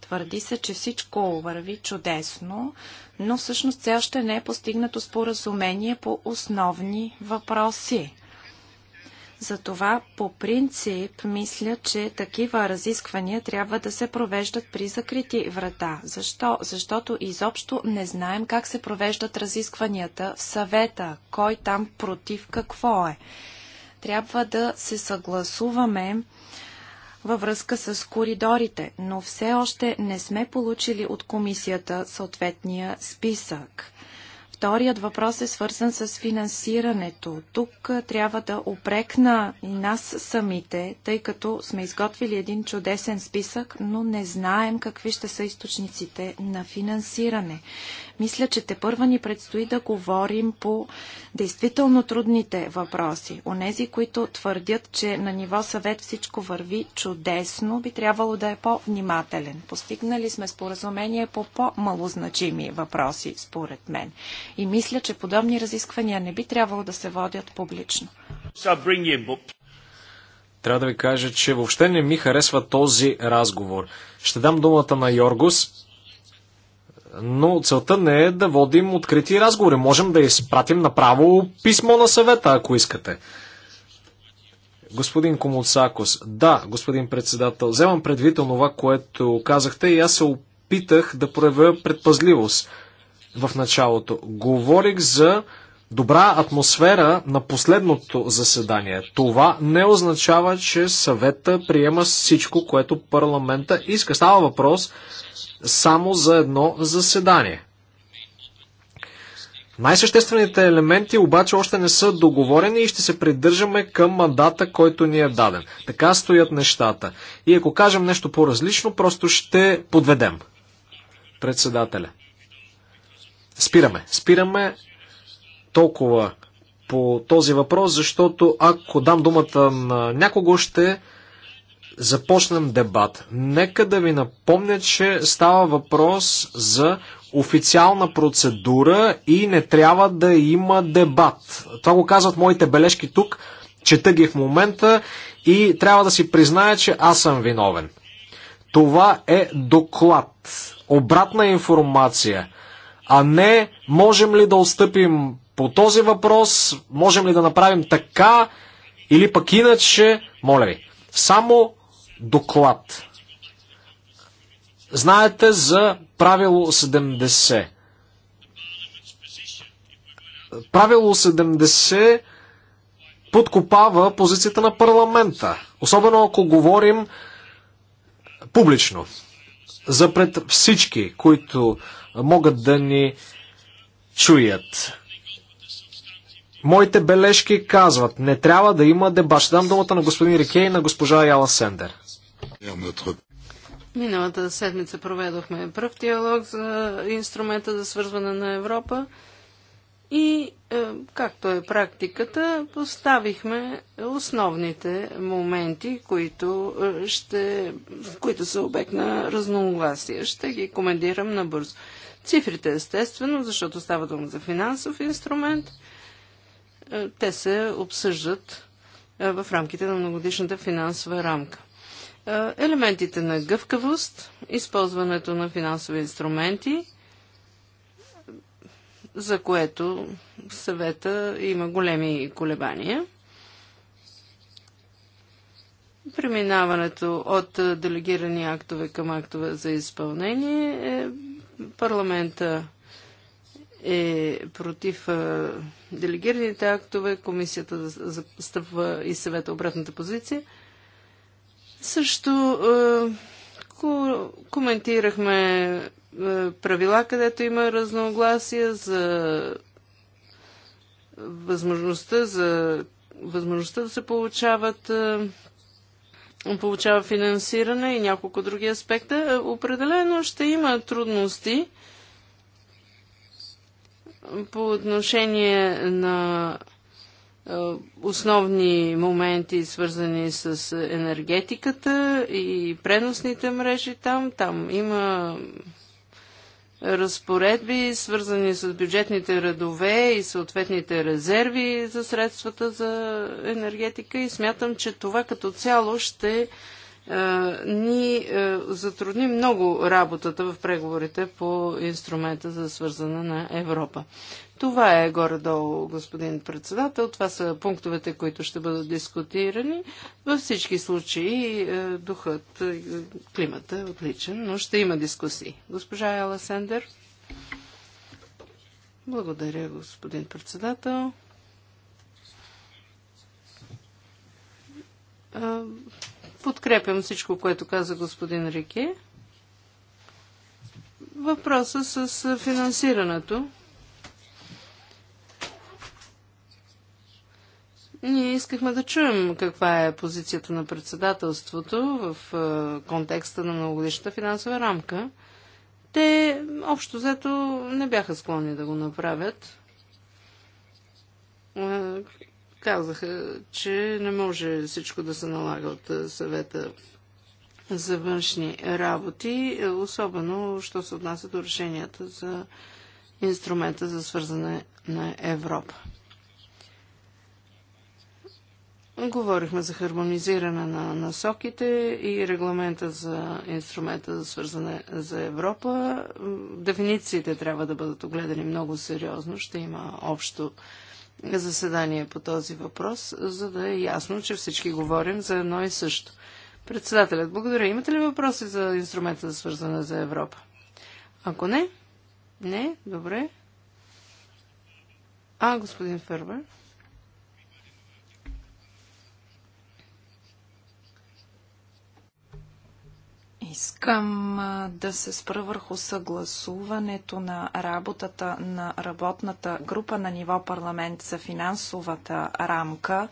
Твърди се, че всичко върви чудесно, но всъщност все още не е постигнато споразумение по основни въпроси. Затова по принцип мисля, че такива разисквания трябва да се провеждат при закрити врата. Защо? Защото изобщо не знаем как се провеждат разискванията в съвета, кой там против какво е. Трябва да се съгласуваме във връзка с коридорите, но все още не сме получили от комисията съответния списък. Вторият въпрос е свързан с финансирането. Тук трябва да опрекна и нас самите, тъй като сме изготвили един чудесен списък, но не знаем какви ще са източниците на финансиране. Мисля, че те първа ни предстои да говорим по действително трудните въпроси. Онези, които твърдят, че на ниво съвет всичко върви чудесно, би трябвало да е по-внимателен. Постигнали сме споразумение по по-малозначими въпроси, според мен. И мисля, че подобни разисквания не би трябвало да се водят публично. Трябва да ви кажа, че въобще не ми харесва този разговор. Ще дам думата на Йоргус. Но целта не е да водим открити разговори. Можем да изпратим направо писмо на съвета, ако искате. Господин Комуцакос, да, господин председател, вземам предвид това, което казахте и аз се опитах да проявя предпазливост в началото. Говорих за добра атмосфера на последното заседание. Това не означава, че съвета приема всичко, което парламента иска. Става въпрос само за едно заседание. Най-съществените елементи обаче още не са договорени и ще се придържаме към мандата, който ни е даден. Така стоят нещата. И ако кажем нещо по-различно, просто ще подведем председателя. Спираме. Спираме толкова по този въпрос, защото ако дам думата на някого, ще започнем дебат. Нека да ви напомня, че става въпрос за официална процедура и не трябва да има дебат. Това го казват моите бележки тук, чета ги в момента и трябва да си призная, че аз съм виновен. Това е доклад, обратна информация, а не можем ли да отстъпим по този въпрос, можем ли да направим така или пък иначе, моля ви, само доклад. Знаете за правило 70. Правило 70 подкопава позицията на парламента. Особено ако говорим публично. За пред всички, които могат да ни чуят. Моите бележки казват, не трябва да има дебат. Ще дам думата на господин Рикей и на госпожа Яла Сендер. Миналата седмица проведохме пръв диалог за инструмента за свързване на Европа и, е, както е практиката, поставихме основните моменти, които, е, ще, които са обект на разногласия. Ще ги комендирам набързо. Цифрите, естествено, защото става дума за финансов инструмент, е, те се обсъждат в рамките на многодишната финансова рамка. Е, елементите на гъвкавост, използването на финансови инструменти, за което съвета има големи колебания. Преминаването от е, делегирани актове към актове за изпълнение. Е, парламента е против делегираните актове, комисията застъпва и съвета обратната позиция – също е, коментирахме е, правила, където има разногласия за възможността за възможността да се получават е, получава финансиране и няколко други аспекта. Определено ще има трудности по отношение на е, основни моменти, свързани с енергетиката и преносните мрежи там. Там има разпоредби, свързани с бюджетните редове и съответните резерви за средствата за енергетика и смятам, че това като цяло ще е, ни е, затрудни много работата в преговорите по инструмента за свързане на Европа. Това е горе-долу, господин председател. Това са пунктовете, които ще бъдат дискутирани. Във всички случаи е, духът, е, климата е отличен, но ще има дискусии. Госпожа Ела Сендер. Благодаря, господин председател. Е, подкрепям всичко, което каза господин Рике. Въпроса с финансирането. Ние искахме да чуем каква е позицията на председателството в контекста на многогодишната финансова рамка. Те общо взето не бяха склонни да го направят. казаха, че не може всичко да се налага от съвета за външни работи, е, особено, що се отнася до решенията за инструмента за свързане на Европа. Говорихме за хармонизиране на насоките и регламента за инструмента за свързане за Европа. Дефинициите трябва да бъдат огледани много сериозно. Ще има общо заседание по този въпрос, за да е ясно, че всички говорим за едно и също. Председателят, благодаря. Имате ли въпроси за инструмента за свързане за Европа? Ако не, не, добре. А, господин Фербер. Искам да се спра върху съгласуването на работата на работната група на ниво парламент за финансовата рамка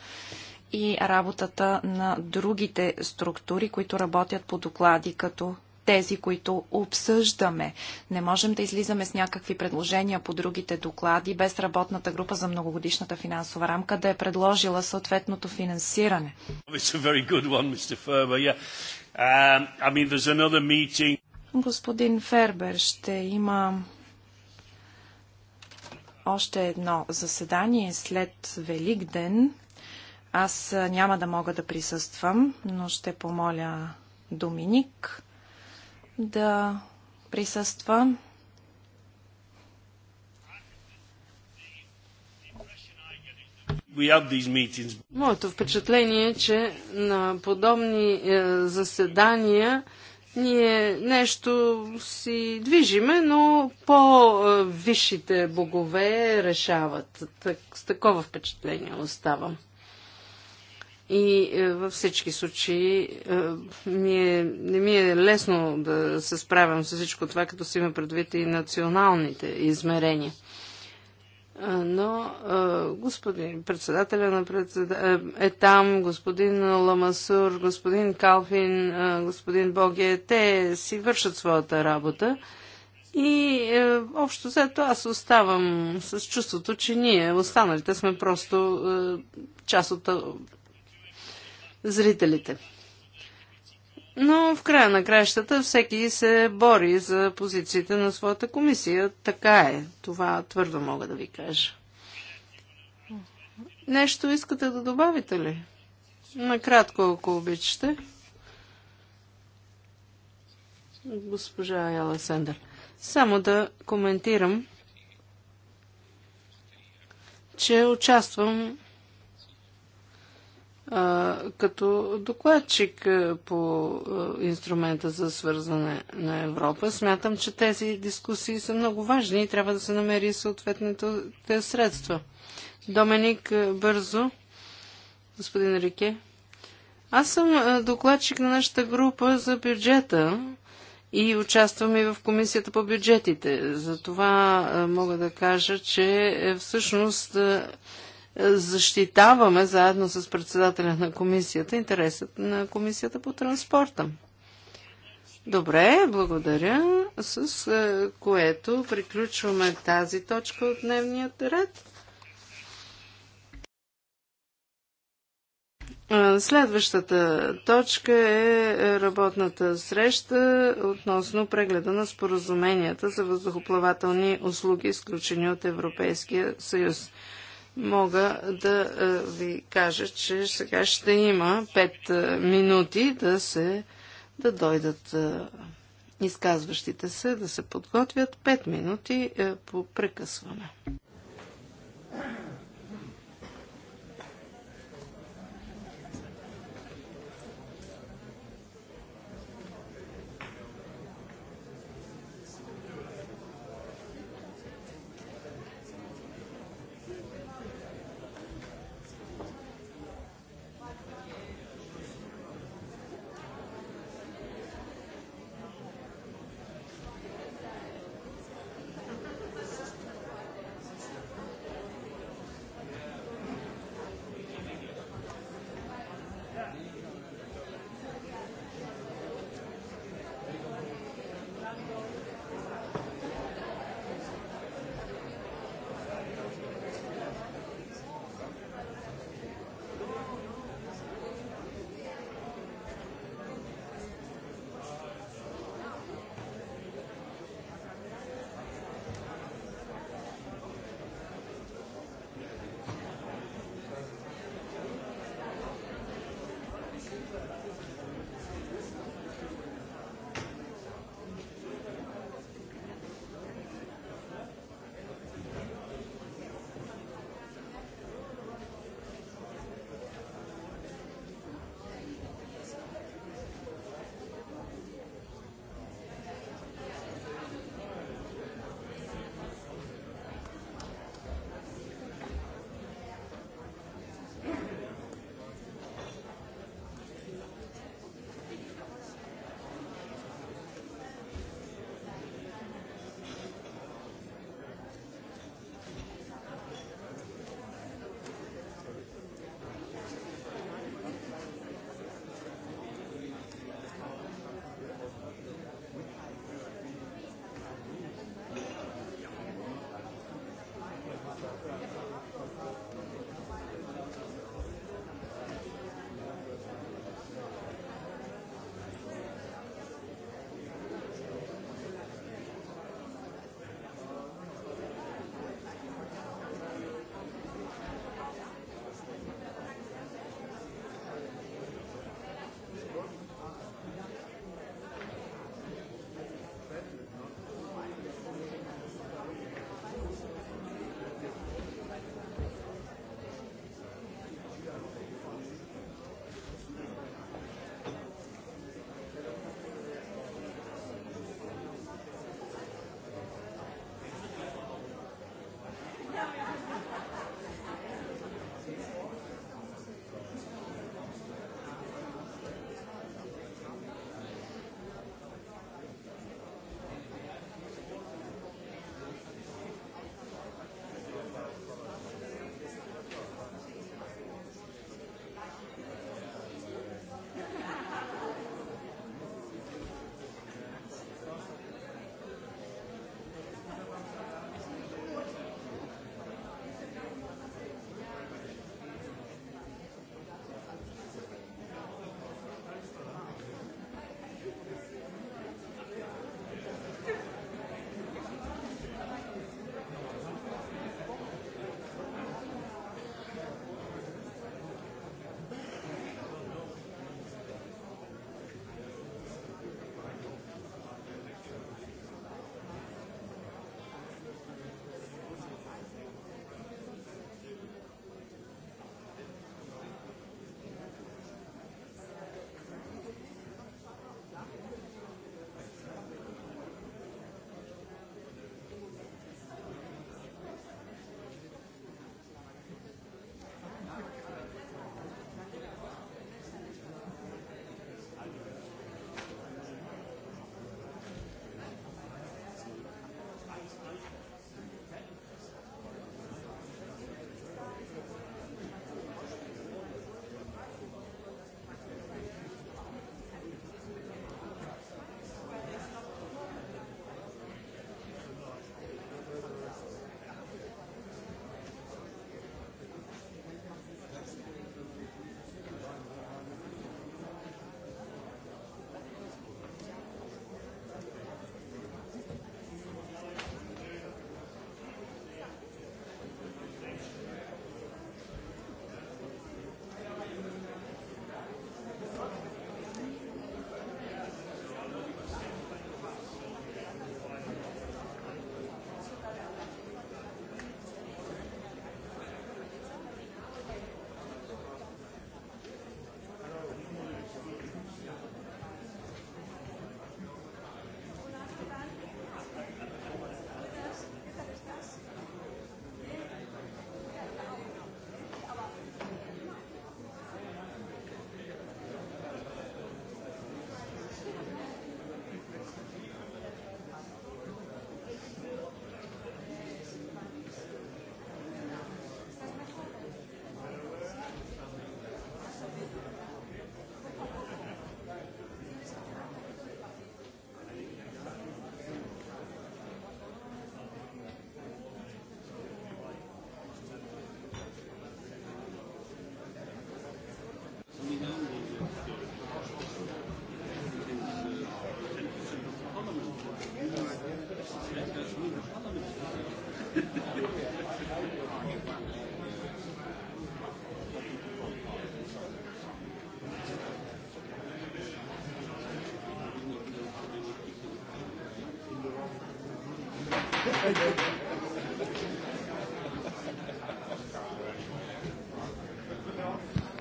и работата на другите структури, които работят по доклади като тези, които обсъждаме. Не можем да излизаме с някакви предложения по другите доклади, без работната група за многогодишната финансова рамка да е предложила съответното финансиране. One, Um, I mean, there's another meeting. Господин Фербер, ще има още едно заседание след Велик ден. Аз няма да мога да присъствам, но ще помоля Доминик да присъства. Моето впечатление е, че на подобни е, заседания ние нещо си движиме, но по-висшите богове решават. Так, с такова впечатление оставам. И е, във всички случаи е, ми е, не ми е лесно да се справям с всичко това, като си има предвид и националните измерения но господин председателя на председа... Е, е там, господин Ламасур, господин Калфин, господин Боге, те си вършат своята работа. И е, общо заето аз оставам с чувството, че ние, останалите, сме просто е, част от е, зрителите. Но в края на кращата всеки се бори за позициите на своята комисия. Така е. Това твърдо мога да ви кажа. Нещо искате да добавите ли? Накратко, ако обичате. Госпожа Яла Сендър. Само да коментирам, че участвам като докладчик по инструмента за свързване на Европа, смятам, че тези дискусии са много важни и трябва да се намери съответните средства. Доменик, бързо. Господин Рике. Аз съм докладчик на нашата група за бюджета и участвам и в комисията по бюджетите. Затова мога да кажа, че е, всъщност защитаваме заедно с председателя на комисията интересът на комисията по транспорта. Добре, благодаря, с е, което приключваме тази точка от дневния ред. Е, следващата точка е работната среща относно прегледа на споразуменията за въздухоплавателни услуги, изключени от Европейския съюз мога да е, ви кажа, че сега ще има 5 е, минути да се да дойдат е, изказващите се, да се подготвят 5 минути по прекъсване.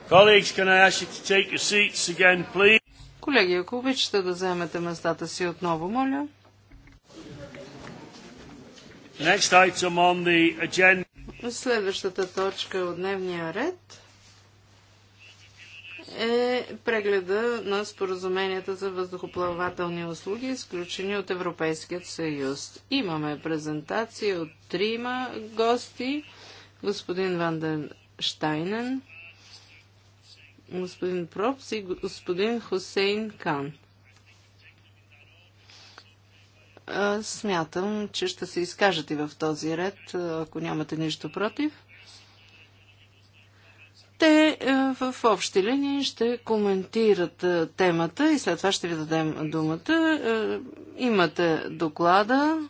Colleagues, can I ask you to take your seats again, please? Колеги, ако обичате да вземете местата си отново, моля. Next item on the agenda. Следващата точка от дневния ред споразуменията за въздухоплавателни услуги, изключени от Европейският съюз. Имаме презентации от трима гости. Господин Ванден Штайнен, господин Пропс и господин Хусейн Кан. Смятам, че ще се изкажете в този ред, ако нямате нищо против. Те е, в общи линии ще коментират е, темата и след това ще ви дадем думата. Е, имате доклада.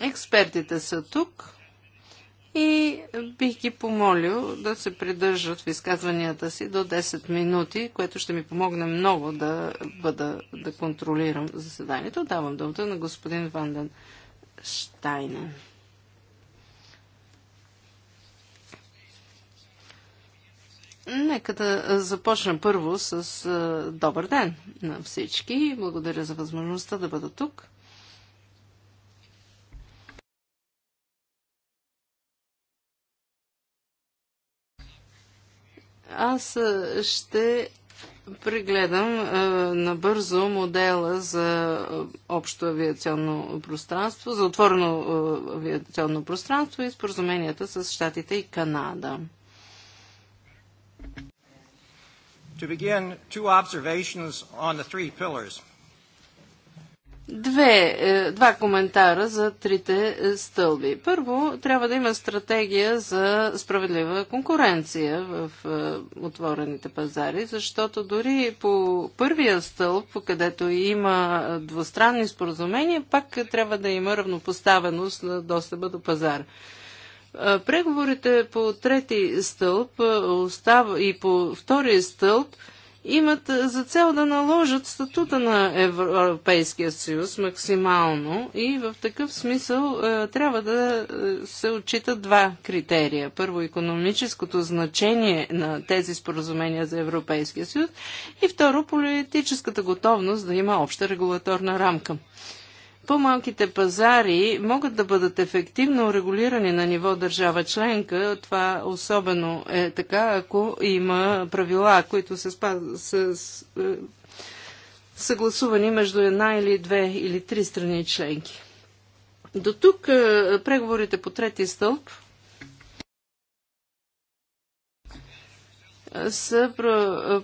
Експертите са тук и бих ги помолил да се придържат в изказванията си до 10 минути, което ще ми помогне много да бъда, да контролирам заседанието. Давам думата на господин Ванден Штайнен. Нека да започна първо с добър ден на всички. Благодаря за възможността да бъда тук. Аз ще прегледам набързо модела за общо авиационно пространство, за отворено авиационно пространство и споразуменията с Штатите и Канада. To begin, two observations on the three pillars. Две, е, два коментара за трите е, стълби. Първо, трябва да има стратегия за справедлива конкуренция в е, отворените пазари, защото дори по първия стълб, където има двустранни споразумения, пак трябва да има равнопоставеност на достъпа до пазара. Преговорите по трети стълб остава, и по втория стълб имат за цел да наложат статута на Европейския съюз максимално и в такъв смисъл трябва да се отчитат два критерия. Първо, економическото значение на тези споразумения за Европейския съюз и второ, политическата готовност да има обща регулаторна рамка. По-малките пазари могат да бъдат ефективно регулирани на ниво държава членка. Това особено е така, ако има правила, които се съгласувани между една или две или три страни членки. До тук е, преговорите по трети стълб са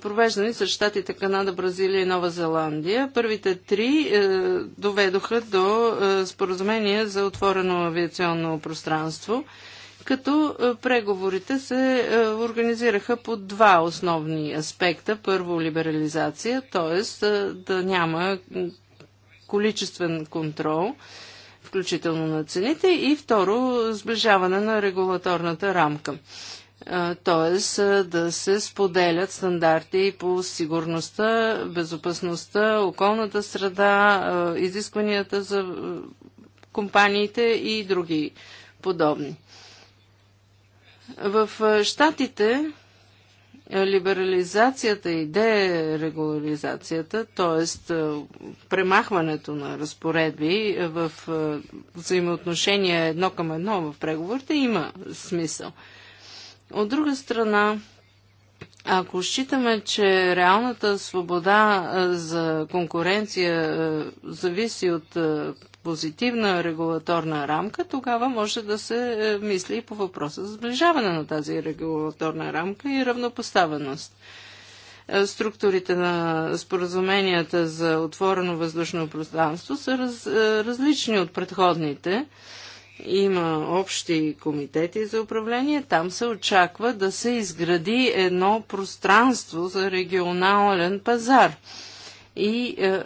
провеждани с щатите Канада, Бразилия и Нова Зеландия. Първите три е, доведоха до е, споразумение за отворено авиационно пространство, като е, преговорите се организираха по два основни аспекта. Първо либерализация, т.е. да няма количествен контрол, включително на цените, и второ сближаване на регулаторната рамка т.е. да се споделят стандарти по сигурността, безопасността, околната среда, изискванията за компаниите и други подобни. В Штатите либерализацията и дерегуларизацията, е т.е. премахването на разпоредби в взаимоотношения едно към едно в преговорите, има смисъл – от друга страна, ако считаме, че реалната свобода за конкуренция зависи от позитивна регулаторна рамка, тогава може да се е, мисли и по въпроса за сближаване на тази регулаторна рамка и равнопоставеност. Структурите на споразуменията за отворено въздушно пространство са раз, различни от предходните. Има общи комитети за управление. Там се очаква да се изгради едно пространство за регионален пазар. И е, е,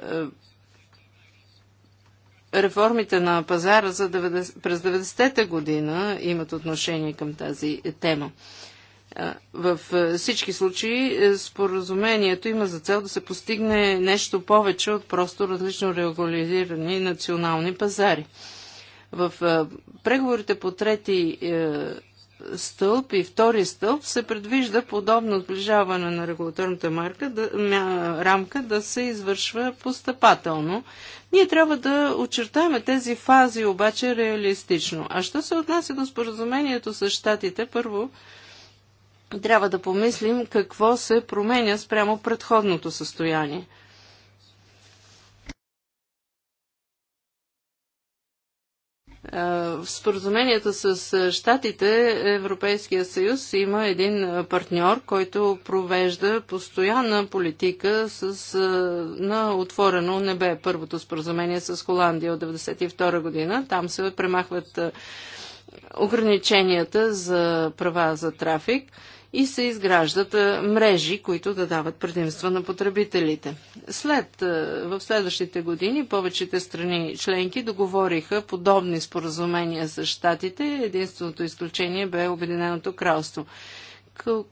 реформите на пазара за 90, през 90-та година имат отношение към тази тема. Във е, е, всички случаи е, споразумението има за цел да се постигне нещо повече от просто различно регулирани национални пазари. В е, преговорите по трети е, стълб и втори стълб се предвижда подобно отближаване на регулаторната марка, да, мя, рамка да се извършва постъпателно. Ние трябва да очертаваме тези фази обаче реалистично. А що се отнася до споразумението с щатите, първо трябва да помислим какво се променя спрямо предходното състояние. В споразумението с Штатите Европейския съюз има един партньор, който провежда постоянна политика с, на отворено небе. Първото споразумение с Холандия от 1992 година. Там се премахват ограниченията за права за трафик и се изграждат мрежи, които да дават предимства на потребителите. След, в следващите години, повечето страни членки договориха подобни споразумения с щатите. Единственото изключение бе Обединеното кралство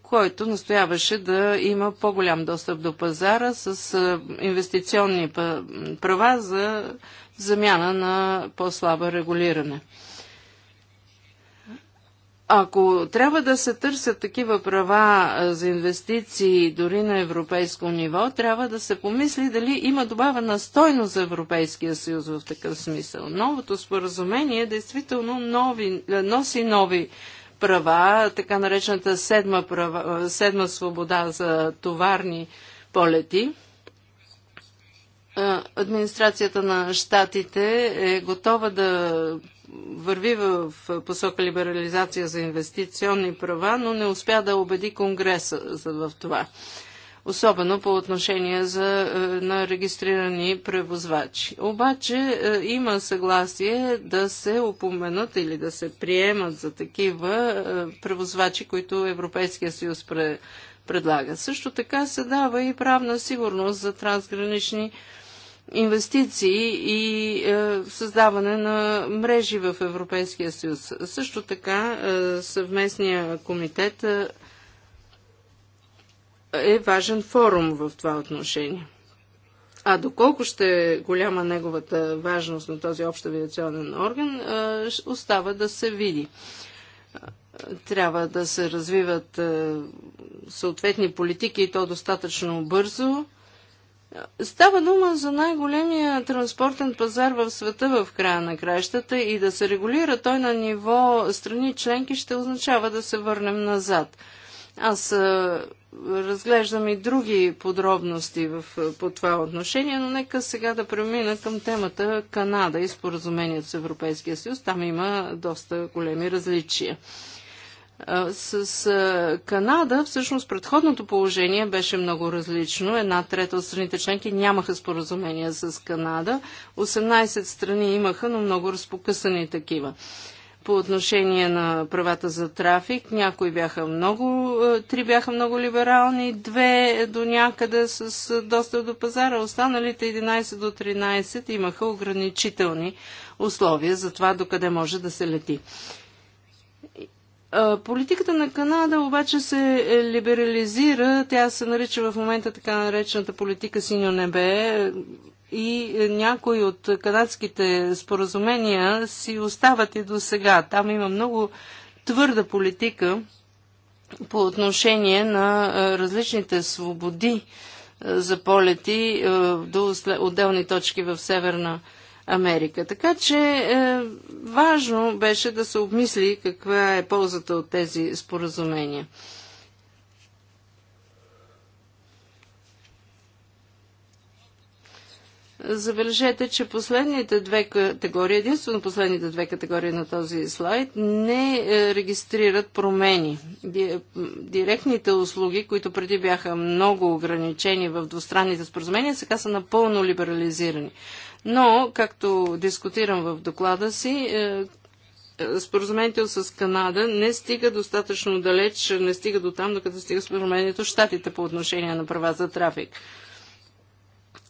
който настояваше да има по-голям достъп до пазара с инвестиционни права за замяна на по-слаба регулиране. Ако трябва да се търсят такива права за инвестиции дори на европейско ниво, трябва да се помисли дали има добавена стойност за Европейския съюз в такъв смисъл. Новото споразумение действително нови, е, носи нови права, така наречената седма, права, е, седма свобода за товарни полети – администрацията на щатите е готова да върви в посока либерализация за инвестиционни права, но не успя да убеди Конгреса в това. Особено по отношение за, е, на регистрирани превозвачи. Обаче е, има съгласие да се упоменат или да се приемат за такива е, превозвачи, които Европейския съюз предлага. Също така се дава и правна сигурност за трансгранични превозвачи инвестиции и е, създаване на мрежи в Европейския съюз. Също така е, съвместния комитет е, е, важен форум в това отношение. А доколко ще е голяма неговата важност на този общ авиационен орган, остава да се види трябва да се развиват съответни политики и то достатъчно бързо, Става дума за най-големия транспортен пазар в света в края на краищата и да се регулира той на ниво страни членки ще означава да се върнем назад. Аз разглеждам и други подробности в, по това отношение, но нека сега да премина към темата Канада и споразумението с Европейския съюз. Там има доста големи различия. С Канада всъщност предходното положение беше много различно. Една трета от страните членки нямаха споразумения с Канада. 18 страни имаха, но много разпокъсани такива. По отношение на правата за трафик, някои бяха много, три бяха много либерални, две до някъде с достъп до пазара, останалите 11 до 13 имаха ограничителни условия за това докъде може да се лети Политиката на Канада обаче се либерализира. Тя се нарича в момента така наречената политика синьо небе и някои от канадските споразумения си остават и до сега. Там има много твърда политика по отношение на различните свободи за полети до отделни точки в Северна Америка. Така че е, важно беше да се обмисли каква е ползата от тези споразумения. Забележете, че последните две категории, единствено последните две категории на този слайд, не е, регистрират промени. Е, директните услуги, които преди бяха много ограничени в двустранните споразумения, сега са напълно либерализирани. Но, както дискутирам в доклада си, е, е, споразумението с Канада не стига достатъчно далеч, не стига до там, докато стига споразумението с Штатите по отношение на права за трафик.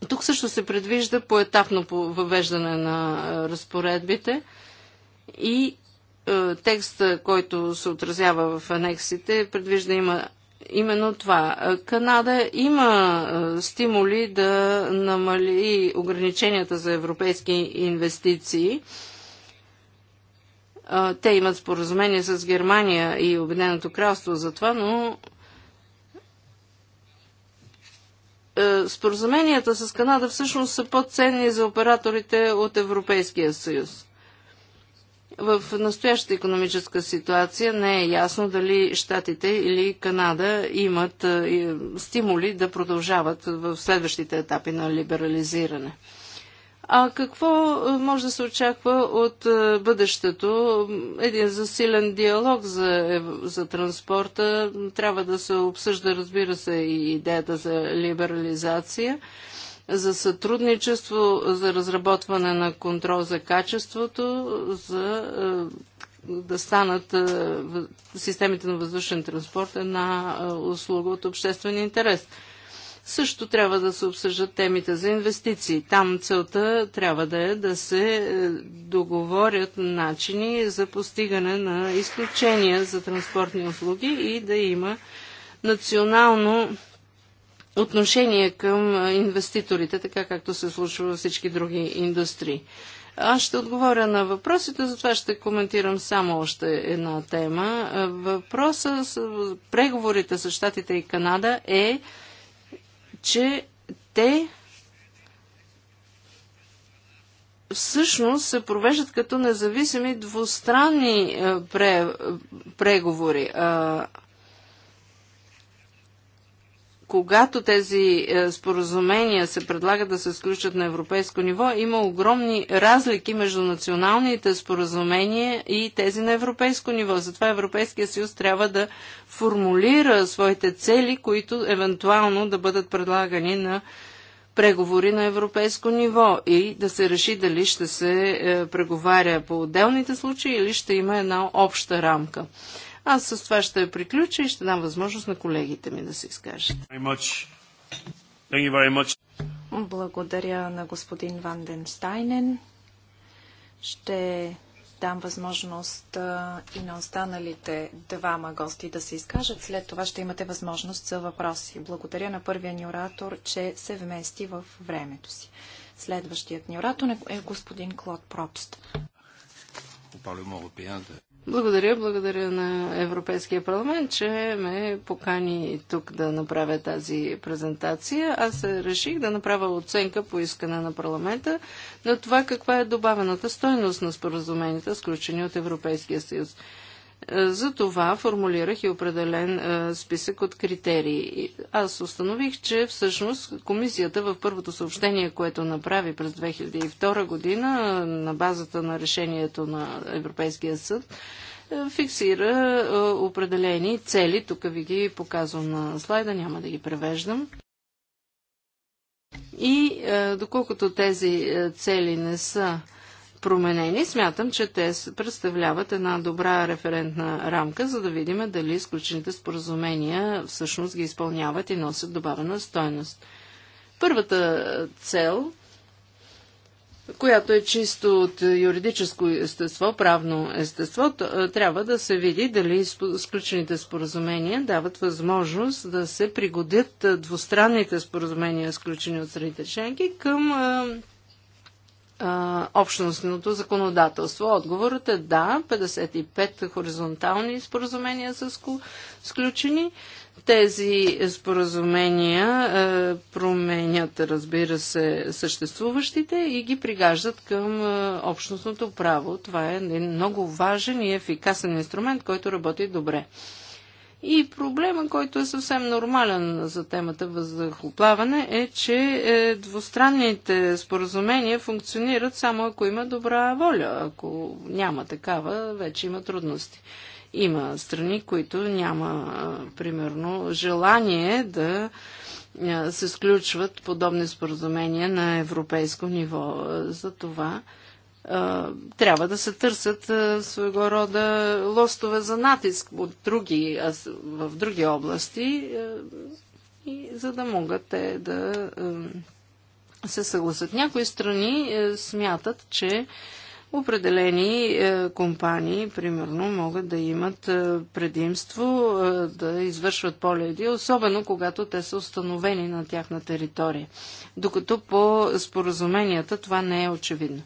Тук също се предвижда поетапно въвеждане на е, разпоредбите и текста, който се отразява в анексите, предвижда има именно това. Канада има стимули да намали ограниченията за европейски инвестиции. Те имат споразумение с Германия и Обединеното кралство за това, но споразуменията с Канада всъщност са по-ценни за операторите от Европейския съюз. В настоящата економическа ситуация не е ясно дали Штатите или Канада имат е, стимули да продължават в следващите етапи на либерализиране. А какво е, може да се очаква от е, бъдещето? Един засилен диалог за, за транспорта. Трябва да се обсъжда, разбира се, и идеята за либерализация за сътрудничество, за разработване на контрол за качеството, за е, да станат е, системите на въздушен транспорт една е, услуга от обществен интерес. Също трябва да се обсъждат темите за инвестиции. Там целта трябва да е да се договорят начини за постигане на изключения за транспортни услуги и да има национално отношение към инвеститорите, така както се случва във всички други индустрии. Аз ще отговоря на въпросите, затова ще коментирам само още една тема. Въпроса с преговорите с Штатите и Канада е, че те всъщност се провеждат като независими двустранни преговори когато тези е, споразумения се предлагат да се сключат на европейско ниво, има огромни разлики между националните споразумения и тези на европейско ниво. Затова Европейския съюз трябва да формулира своите цели, които евентуално да бъдат предлагани на преговори на европейско ниво и да се реши дали ще се е, преговаря по отделните случаи или ще има една обща рамка. Аз с това ще приключа и ще дам възможност на колегите ми да се изкажат. Благодаря на господин Ван Стайнен. Ще дам възможност и на останалите двама гости да се изкажат. След това ще имате възможност за въпроси. Благодаря на първия ни оратор, че се вмести в времето си. Следващият ни оратор е, е господин Клод Пробст. Благодаря, благодаря на Европейския парламент, че ме покани тук да направя тази презентация. Аз реших да направя оценка по искане на парламента на това каква е добавената стойност на споразуменията, сключени от Европейския съюз. Е, за това формулирах и определен е, списък от критерии. Аз установих, че всъщност комисията в първото съобщение, което направи през 2002 година е, на базата на решението на Европейския съд, фиксира определени цели. Тук ви ги показвам на слайда, няма да ги превеждам. И доколкото тези цели не са променени. Смятам, че те представляват една добра референтна рамка, за да видим дали изключените споразумения всъщност ги изпълняват и носят добавена стойност. Първата е, цел, която е чисто от юридическо естество, правно естество, е, трябва да се види дали изключените споразумения дават възможност да се пригодят е, двустранните споразумения, изключени от страните членки, към общностното законодателство? Отговорът е да, 55 хоризонтални споразумения са сключени. Тези споразумения променят, разбира се, съществуващите и ги пригаждат към общностното право. Това е много важен и ефикасен инструмент, който работи добре. И проблема, който е съвсем нормален за темата въздухоплаване, е, че е, двустранните споразумения функционират само ако има добра воля. Ако няма такава, вече има трудности. Има страни, които няма, е, примерно, желание да е, се сключват подобни споразумения на европейско ниво. За това трябва да се търсят своего рода лостове за натиск от други, в други области, и за да могат те да се съгласят. Някои страни смятат, че определени компании, примерно, могат да имат предимство да извършват полети, особено когато те са установени на тяхна територия. Докато по споразуменията това не е очевидно.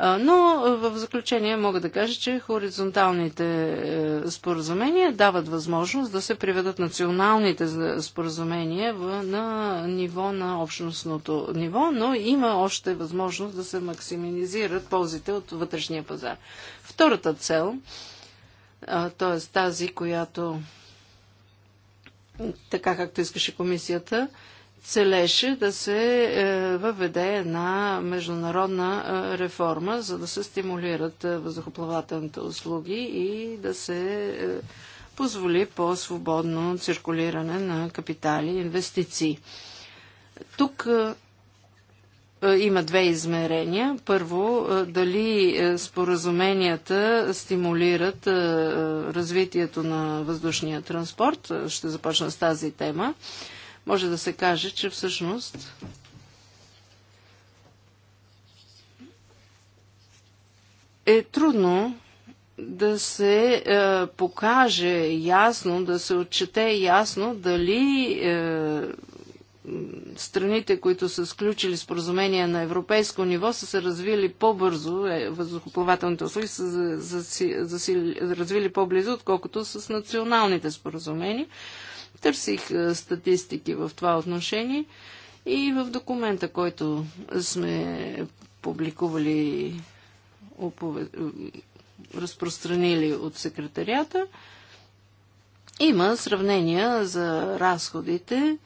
Но в заключение мога да кажа, че хоризонталните е, споразумения дават възможност да се приведат националните е, споразумения на ниво на общностното ниво, но има още възможност да се максимализират ползите от вътрешния пазар. Втората цел, т.е. тази, която така както искаше комисията, целеше да се е, въведе една международна е, реформа, за да се стимулират е, въздухоплавателните услуги и да се позволи по-свободно циркулиране на капитали и инвестиции. Тук има две измерения. Първо, дали споразуменията стимулират развитието на въздушния транспорт. Ще започна с тази тема може да се каже, че всъщност е трудно да се е, покаже ясно, да се отчете ясно дали е, страните, които са сключили споразумения на европейско ниво, са се развили по-бързо, е, въздухоплавателните услуги са за, за, за, развили по-близо, отколкото с националните споразумения. Търсих е, статистики в това отношение и в документа, който сме публикували, оповед... разпространили от секретарията, има сравнения за разходите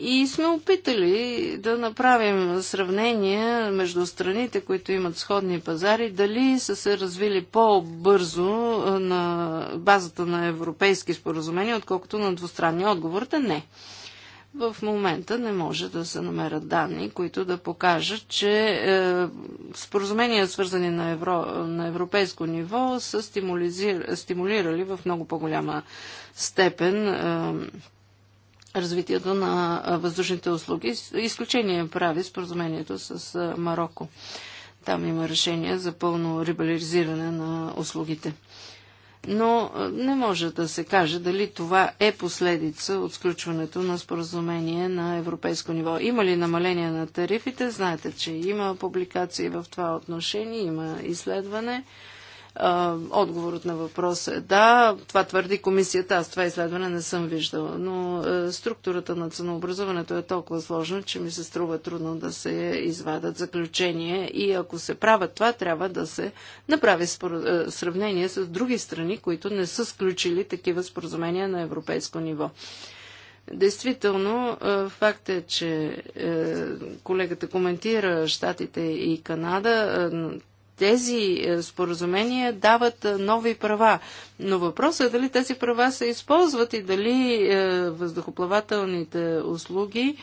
и сме опитали да направим сравнение между страните, които имат сходни пазари, дали са се развили по-бързо на базата на европейски споразумения, отколкото на двустранни отговорите. Не. В момента не може да се намерят данни, които да покажат, че е, споразумения, свързани на, евро, на европейско ниво, са стимулирали в много по-голяма степен. Е, развитието на въздушните услуги. Изключение прави споразумението с Марокко. Там има решение за пълно либерализиране на услугите. Но не може да се каже дали това е последица от сключването на споразумение на европейско ниво. Има ли намаление на тарифите? Знаете, че има публикации в това отношение, има изследване. Отговорът на въпроса е да. Това твърди комисията. Аз това изследване не съм виждала. Но структурата на ценообразуването е толкова сложна, че ми се струва трудно да се извадат заключения. И ако се правят това, трябва да се направи сравнение с други страни, които не са сключили такива споразумения на европейско ниво. Действително, факт е, че е, колегата коментира Штатите и Канада тези е, споразумения дават е, нови права. Но въпросът е дали тези права се използват и дали е, въздухоплавателните услуги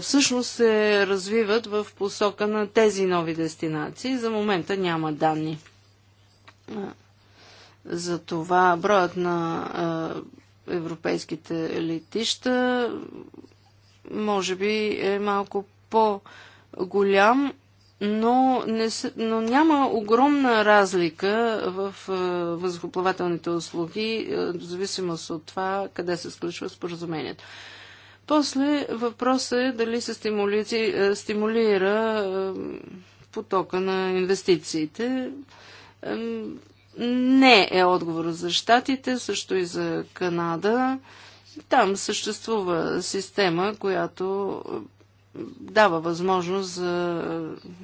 всъщност се развиват в посока на тези нови дестинации. За момента няма данни. За това броят на европейските летища може би е малко по-голям но, не, но няма огромна разлика в е, въздухоплавателните услуги, е, в зависимост от това къде се сключва споразумението. После въпросът е дали се е, стимулира е, потока на инвестициите. не е отговор за щатите, също и за Канада. Там съществува система, която дава възможност за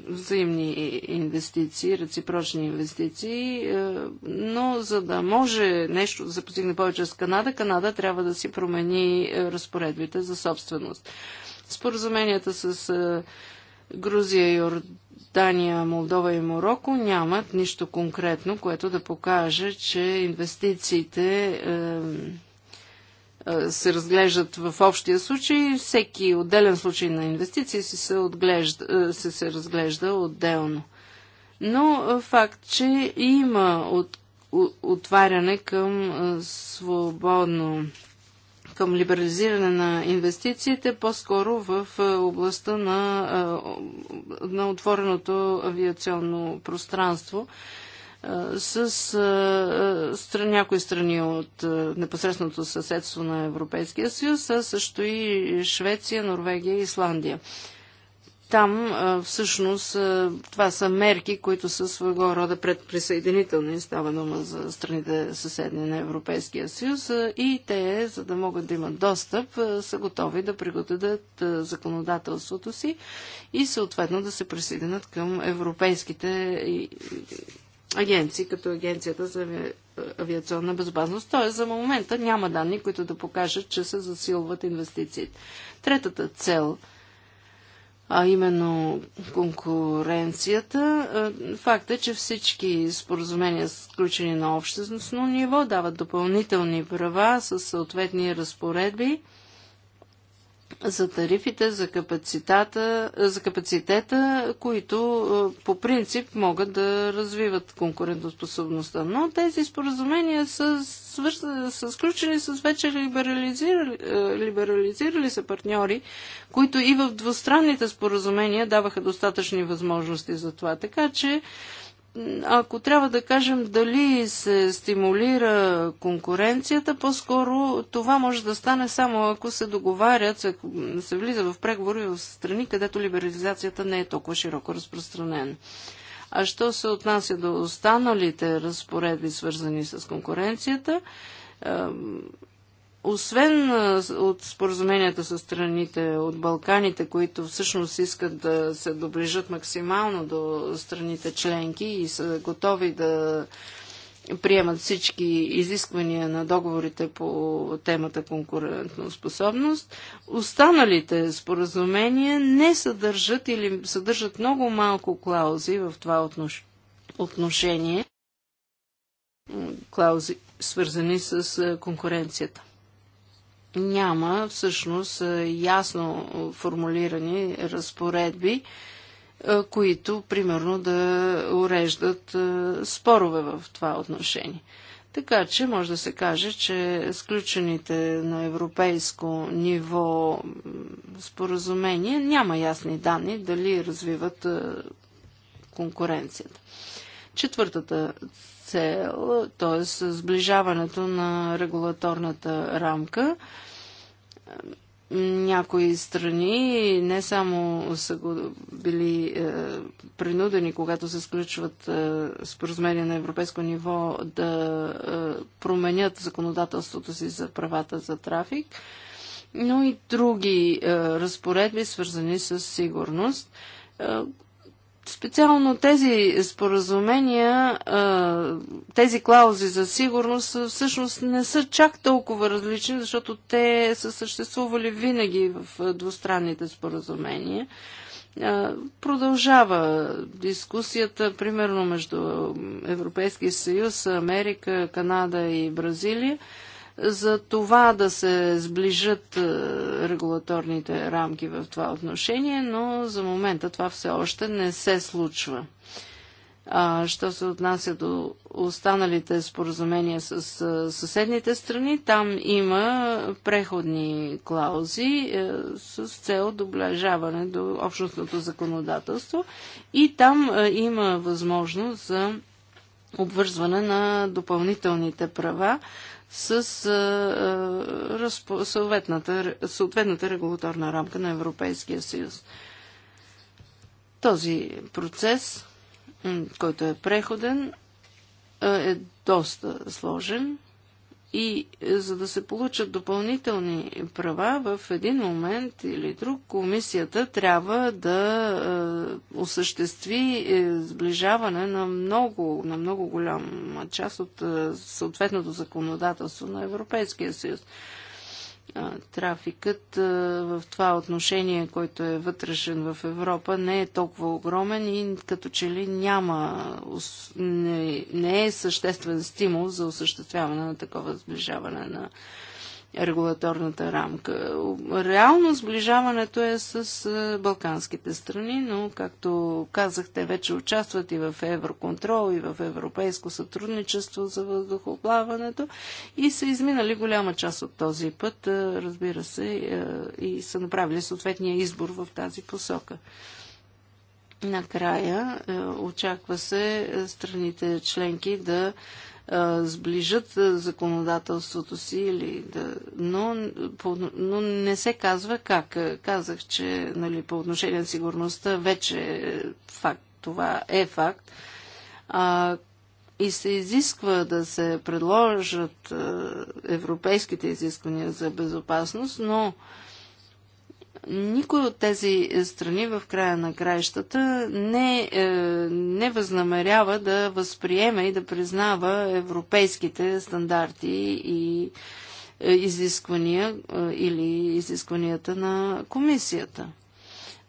е, взаимни инвестиции, реципрочни инвестиции, е, но за да може нещо да се постигне повече с Канада, Канада трябва да си промени е, разпоредбите за собственост. Споразуменията с Грузия, Йордания, Молдова и Мороко нямат нищо конкретно, което да покаже, че инвестициите се разглеждат в общия случай, всеки отделен случай на инвестиции се, се, отглежда, се, се разглежда отделно. Но факт, че има от, отваряне към свободно, към либерализиране на инвестициите, по-скоро в областта на, на отвореното авиационно пространство с стран, някои страни от непосредственото съседство на Европейския съюз, а също и Швеция, Норвегия и Исландия. Там всъщност това са мерки, които са своего рода предприсъединителни, става дума за страните съседни на Европейския съюз и те, за да могат да имат достъп, са готови да пригодят законодателството си и съответно да се присъединят към европейските агенции, като Агенцията за авиационна безопасност. Т.е. за момента няма данни, които да покажат, че се засилват инвестициите. Третата цел а именно конкуренцията. Факт е, че всички споразумения, сключени на общностно ниво, дават допълнителни права с съответни разпоредби за тарифите, за капацитета, за капацитета, които е, по принцип могат да развиват конкурентоспособността. Но тези споразумения са, свърз... са сключени с вече либерализирали, е, либерализирали се партньори, които и в двустранните споразумения даваха достатъчни възможности за това. Така че ако трябва да кажем дали се стимулира конкуренцията, по-скоро това може да стане само ако се договарят, ако се влиза в преговори в страни, където либерализацията не е толкова широко разпространена. А що се отнася до останалите разпоредби, свързани с конкуренцията, освен от споразуменията с страните от Балканите, които всъщност искат да се доближат максимално до страните членки и са готови да приемат всички изисквания на договорите по темата конкурентна способност, останалите споразумения не съдържат или съдържат много малко клаузи в това отношение, клаузи свързани с конкуренцията няма всъщност е, ясно формулирани разпоредби, е, които примерно да уреждат е, спорове в това отношение. Така че може да се каже, че сключените на европейско ниво споразумения няма ясни данни дали развиват конкуренцията. Четвъртата цел, т.е. сближаването на регулаторната рамка. Някои страни не само са го били е, принудени, когато се сключват е, споразумения на европейско ниво, да е, променят законодателството си за правата за трафик, но и други е, разпоредби, свързани с сигурност е, Специално тези споразумения, тези клаузи за сигурност всъщност не са чак толкова различни, защото те са съществували винаги в двустранните споразумения. Продължава дискусията, примерно между Европейския съюз, Америка, Канада и Бразилия за това да се сближат е, регулаторните рамки в това отношение, но за момента това все още не се случва. А, що се отнася до останалите споразумения с е, съседните страни, там има преходни клаузи е, с цел доближаване до общностното законодателство и там е, има възможност за обвързване на допълнителните права с а, а, разпо, съответната, съответната регулаторна рамка на Европейския съюз. Този процес, който е преходен, е доста сложен и е, за да се получат допълнителни права, в един момент или друг комисията трябва да е, осъществи е, сближаване на много, на много голяма част от съответното законодателство на Европейския съюз трафикът в това отношение, който е вътрешен в Европа, не е толкова огромен и като че ли няма, не, е съществен стимул за осъществяване на такова сближаване на регулаторната рамка. Реално сближаването е с е, балканските страни, но, както казахте, вече участват и в Евроконтрол, и в Европейско сътрудничество за въздухоплаването и са изминали голяма част от този път, е, разбира се, е, и са направили съответния избор в тази посока. Накрая очаква се страните членки да сближат законодателството си, или да, но, по, но не се казва как. Казах, че нали, по отношение на сигурността вече е факт, това е факт. А, и се изисква да се предложат европейските изисквания за безопасност, но никой от тези страни в края на краищата не, е, не възнамерява да възприеме и да признава европейските стандарти и е, изисквания е, или изискванията на комисията.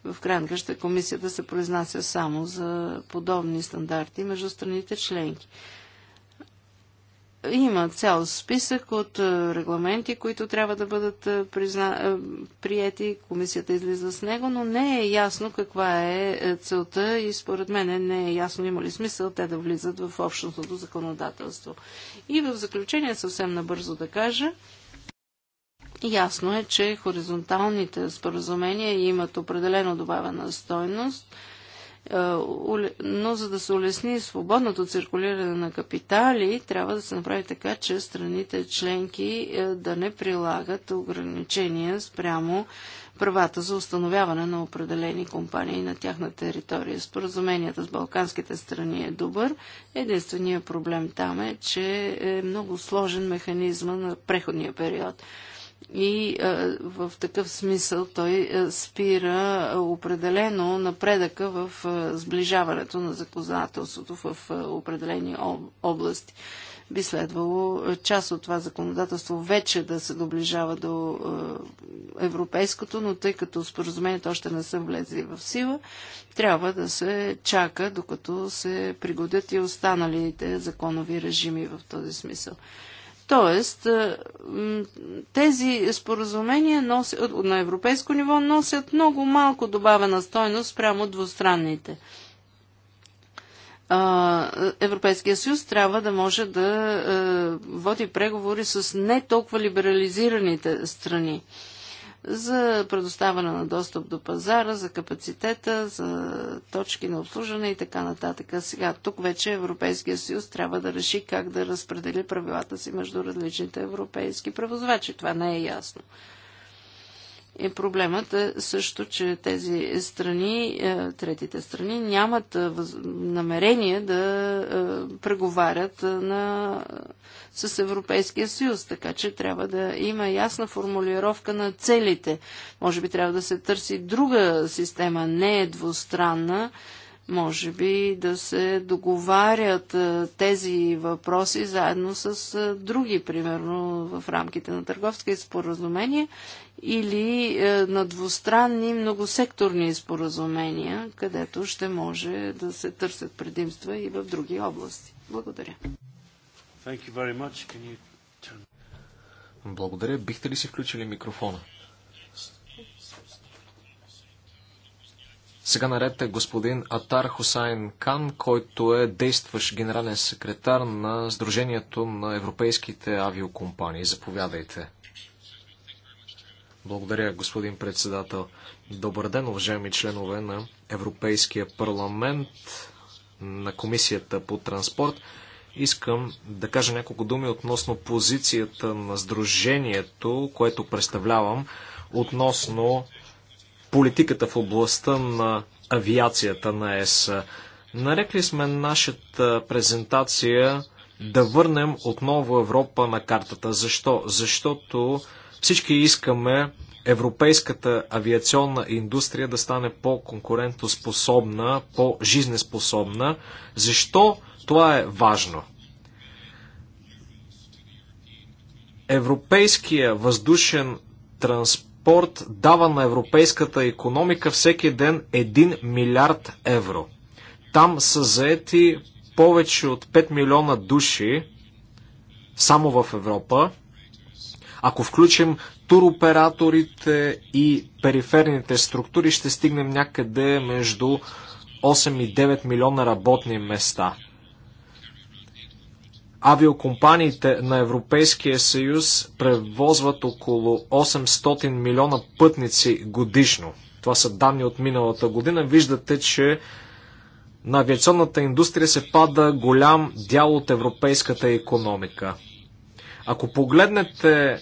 В на краищата комисията се произнася само за подобни стандарти между страните членки. Има цял списък от е, регламенти, които трябва да бъдат е, призна... Е, приети. Комисията излиза с него, но не е ясно каква е целта и според мен не е ясно има ли смисъл те да влизат в общностното законодателство. И в заключение съвсем набързо да кажа, ясно е, че хоризонталните споразумения имат определено добавена стойност – е, но за да се улесни свободното циркулиране на капитали, трябва да се направи така, че страните членки е, да не прилагат ограничения спрямо правата за установяване на определени компании на тяхна територия. Споразуменията с балканските страни е добър. Единственият проблем там е, че е много сложен механизма на преходния период и в такъв смисъл той спира определено напредъка в сближаването на законодателството в определени области. Би следвало част от това законодателство вече да се доближава до европейското, но тъй като споразумението още не са влезли в сила, трябва да се чака, докато се пригодят и останалите законови режими в този смисъл. Тоест, е, тези споразумения носят, на европейско ниво носят много малко добавена стойност прямо двустранните. Европейския съюз трябва да може да е, води преговори с не толкова либерализираните страни за предоставяне на достъп до пазара, за капацитета, за точки на обслужване и така нататък. Сега тук вече Европейския съюз трябва да реши как да разпредели правилата си между различните европейски превозвачи. Това не е ясно. И е проблемът е също, че тези страни, е, третите страни, нямат е, намерение да преговарят на... с Европейския съюз, така че трябва да има ясна формулировка на целите. Може би трябва да се търси друга система, не е двустранна, може би да се договарят тези въпроси заедно с други, примерно в рамките на търговски споразумения или на двустранни многосекторни споразумения, където ще може да се търсят предимства и в други области. Благодаря. Благодаря. Бихте ли си включили микрофона? Сега наред е господин Атар Хусайн Кан, който е действащ генерален секретар на Сдружението на европейските авиокомпании. Заповядайте. Благодаря, господин председател. Добър ден, уважаеми членове на Европейския парламент, на Комисията по транспорт. Искам да кажа няколко думи относно позицията на Сдружението, което представлявам, относно политиката в областта на авиацията на ЕС. Нарекли сме нашата презентация да върнем отново Европа на картата. Защо? Защото всички искаме европейската авиационна индустрия да стане по-конкурентоспособна, по-жизнеспособна. Защо това е важно? Европейския въздушен транспорт експорт дава на европейската економика всеки ден 1 милиард евро. Там са заети повече от 5 милиона души само в Европа. Ако включим туроператорите и периферните структури, ще стигнем някъде между 8 и 9 милиона работни места. Авиокомпаниите на Европейския съюз превозват около 800 милиона пътници годишно. Това са данни от миналата година. Виждате, че на авиационната индустрия се пада голям дял от европейската економика. Ако погледнете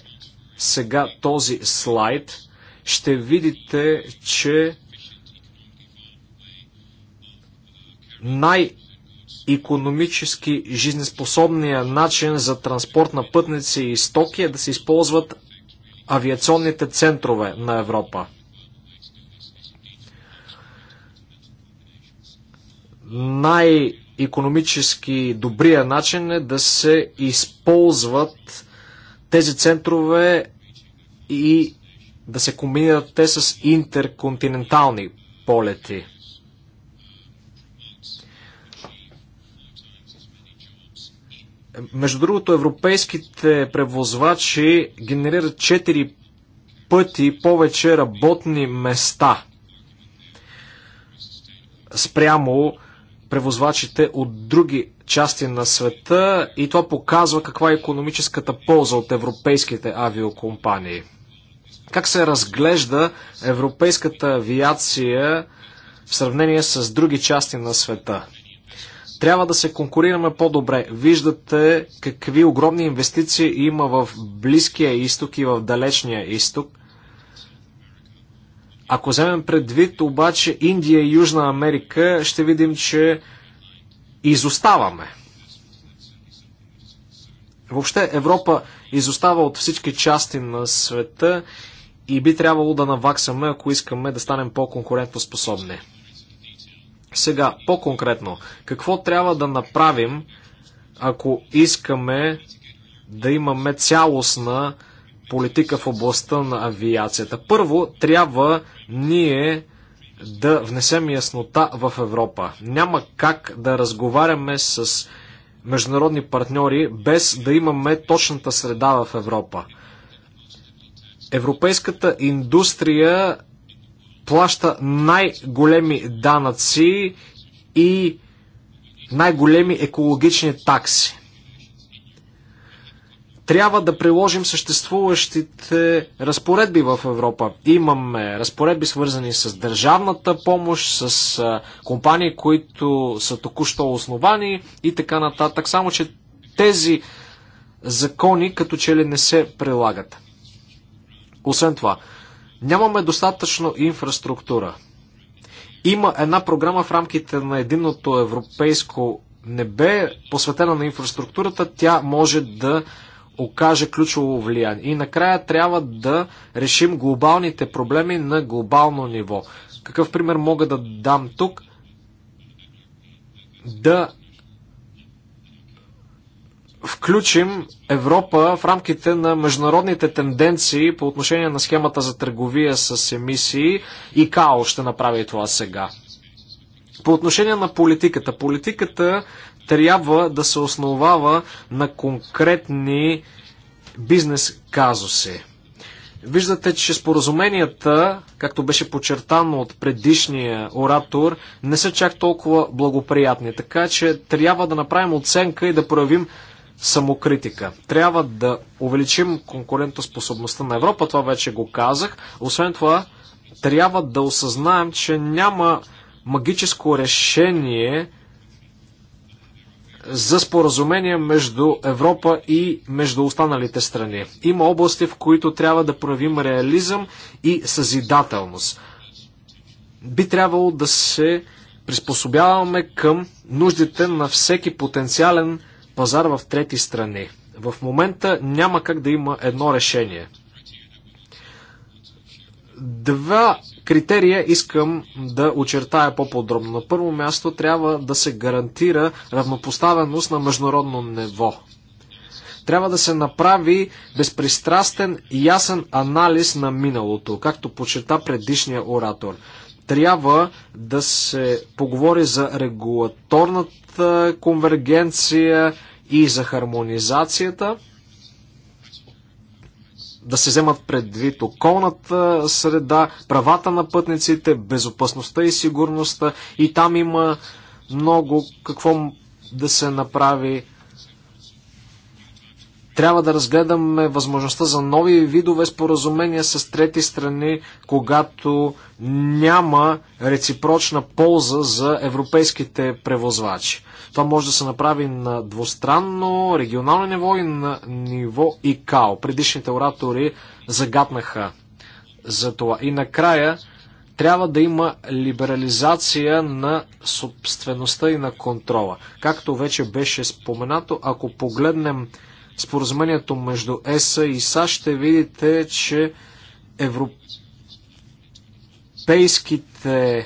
сега този слайд, ще видите, че най- економически жизнеспособния начин за транспорт на пътници и стоки е да се използват авиационните центрове на Европа. Най-економически добрия начин е да се използват тези центрове и да се комбинират те с интерконтинентални полети. Между другото, европейските превозвачи генерират 4 пъти повече работни места спрямо превозвачите от други части на света и това показва каква е економическата полза от европейските авиокомпании. Как се разглежда европейската авиация в сравнение с други части на света? Трябва да се конкурираме по-добре. Виждате какви огромни инвестиции има в Близкия изток и в Далечния изток. Ако вземем предвид обаче Индия и Южна Америка, ще видим, че изоставаме. Въобще Европа изостава от всички части на света и би трябвало да наваксаме, ако искаме да станем по конкурентоспособни способни. Сега, по-конкретно, какво трябва да направим, ако искаме да имаме цялостна политика в областта на авиацията? Първо, трябва ние да внесем яснота в Европа. Няма как да разговаряме с международни партньори без да имаме точната среда в Европа. Европейската индустрия плаща най-големи данъци и най-големи екологични такси. Трябва да приложим съществуващите разпоредби в Европа. Имаме разпоредби свързани с държавната помощ, с компании, които са току-що основани и така нататък. Само, че тези закони като че ли не се прилагат. Освен това, Нямаме достатъчно инфраструктура. Има една програма в рамките на единното европейско небе, посветена на инфраструктурата, тя може да окаже ключово влияние. И накрая трябва да решим глобалните проблеми на глобално ниво. Какъв пример мога да дам тук? Да включим Европа в рамките на международните тенденции по отношение на схемата за търговия с емисии и КАО ще направи това сега. По отношение на политиката. Политиката трябва да се основава на конкретни бизнес казуси. Виждате, че споразуменията, както беше подчертано от предишния оратор, не са чак толкова благоприятни. Така че трябва да направим оценка и да проявим самокритика. Трябва да увеличим конкурентоспособността на Европа, това вече го казах. Освен това, трябва да осъзнаем, че няма магическо решение за споразумение между Европа и между останалите страни. Има области, в които трябва да проявим реализъм и съзидателност. Би трябвало да се приспособяваме към нуждите на всеки потенциален пазар в трети страни. В момента няма как да има едно решение. Два критерия искам да очертая по-подробно. На първо място трябва да се гарантира равнопоставеност на международно ниво. Трябва да се направи безпристрастен и ясен анализ на миналото, както почерта предишния оратор. Трябва да се поговори за регулаторната конвергенция и за хармонизацията. Да се вземат предвид околната среда, правата на пътниците, безопасността и сигурността. И там има много какво да се направи. Трябва да разгледаме възможността за нови видове споразумения с трети страни, когато няма реципрочна полза за европейските превозвачи. Това може да се направи на двустранно, регионално ниво и на ниво ИКАО. Предишните оратори загатнаха за това. И накрая трябва да има либерализация на собствеността и на контрола. Както вече беше споменато, ако погледнем споразумението между ЕСА и САЩ, ще видите, че европейските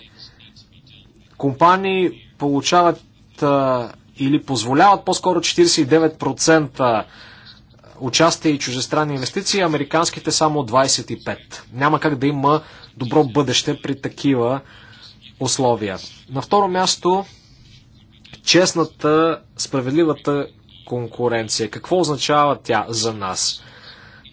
компании получават а, или позволяват по-скоро 49% участие и чужестранни инвестиции, американските само 25%. Няма как да има добро бъдеще при такива условия. На второ място, честната, справедливата конкуренция. Какво означава тя за нас?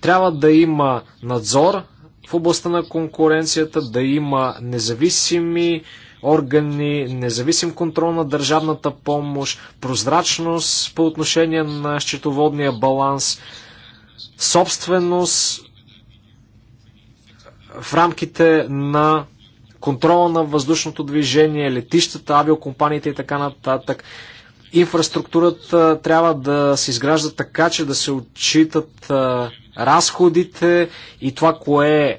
Трябва да има надзор в областта на конкуренцията, да има независими органи, независим контрол на държавната помощ, прозрачност по отношение на счетоводния баланс, собственост в рамките на контрола на въздушното движение, летищата, авиокомпаниите и така нататък. Инфраструктурата трябва да се изгражда така, че да се отчитат разходите и това, кое е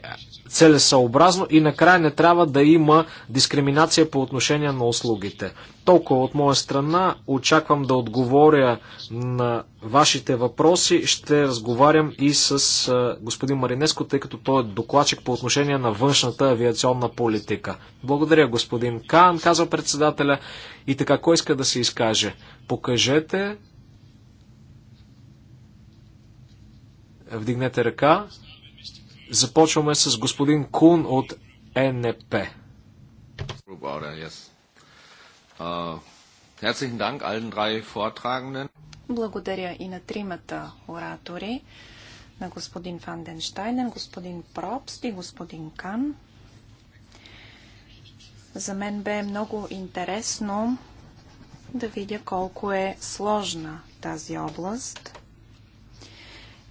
целесъобразно и накрая не трябва да има дискриминация по отношение на услугите. Толкова от моя страна. Очаквам да отговоря на вашите въпроси. Ще разговарям и с господин Маринеско, тъй като той е докладчик по отношение на външната авиационна политика. Благодаря, господин Кан, казва председателя. И така, кой иска да се изкаже? Покажете. Вдигнете ръка. Започваме с господин Кун от НП. Благодаря и на тримата оратори, на господин Фанденштайнен, господин Пробст и господин Кан. За мен бе много интересно да видя колко е сложна тази област.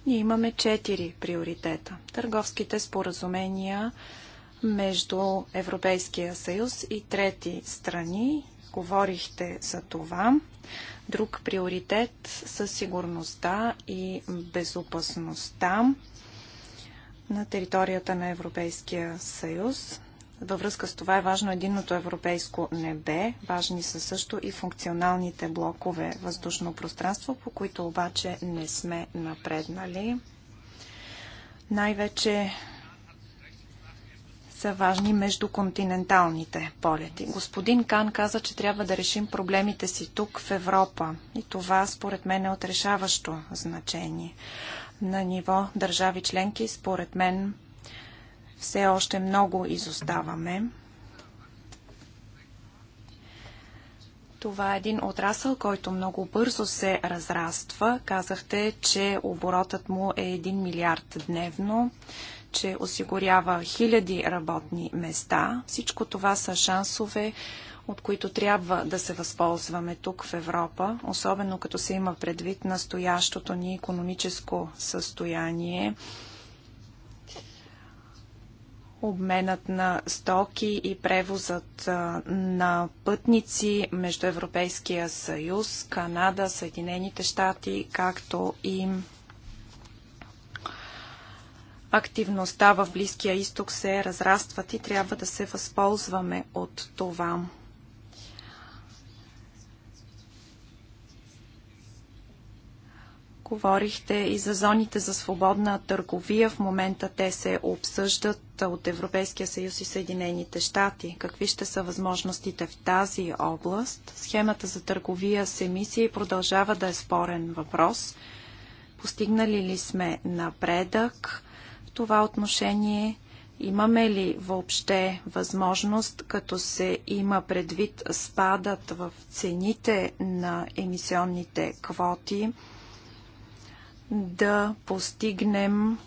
Ние имаме четири приоритета. Търговските споразумения между Европейския съюз и трети страни. Говорихте за това. Друг приоритет със сигурността и безопасността на територията на Европейския съюз. Във връзка с това е важно единното европейско небе. Важни са също и функционалните блокове въздушно пространство, по които обаче не сме напреднали. Най-вече са важни междуконтиненталните полети. Господин Кан каза, че трябва да решим проблемите си тук в Европа. И това според мен е отрешаващо значение. На ниво държави членки, според мен, все още много изоставаме. Това е един отрасъл, който много бързо се разраства. Казахте, че оборотът му е 1 милиард дневно, че осигурява хиляди работни места. Всичко това са шансове, от които трябва да се възползваме тук в Европа, особено като се има предвид настоящото ни економическо състояние обменът на стоки и превозът на пътници между Европейския съюз, Канада, Съединените щати, както и активността в Близкия изток се разрастват и трябва да се възползваме от това. Говорихте и за зоните за свободна търговия. В момента те се обсъждат от Европейския съюз и Съединените щати. Какви ще са възможностите в тази област? Схемата за търговия с емисии продължава да е спорен въпрос. Постигнали ли сме напредък в това отношение? Имаме ли въобще възможност, като се има предвид спадът в цените на емисионните квоти, да постигнем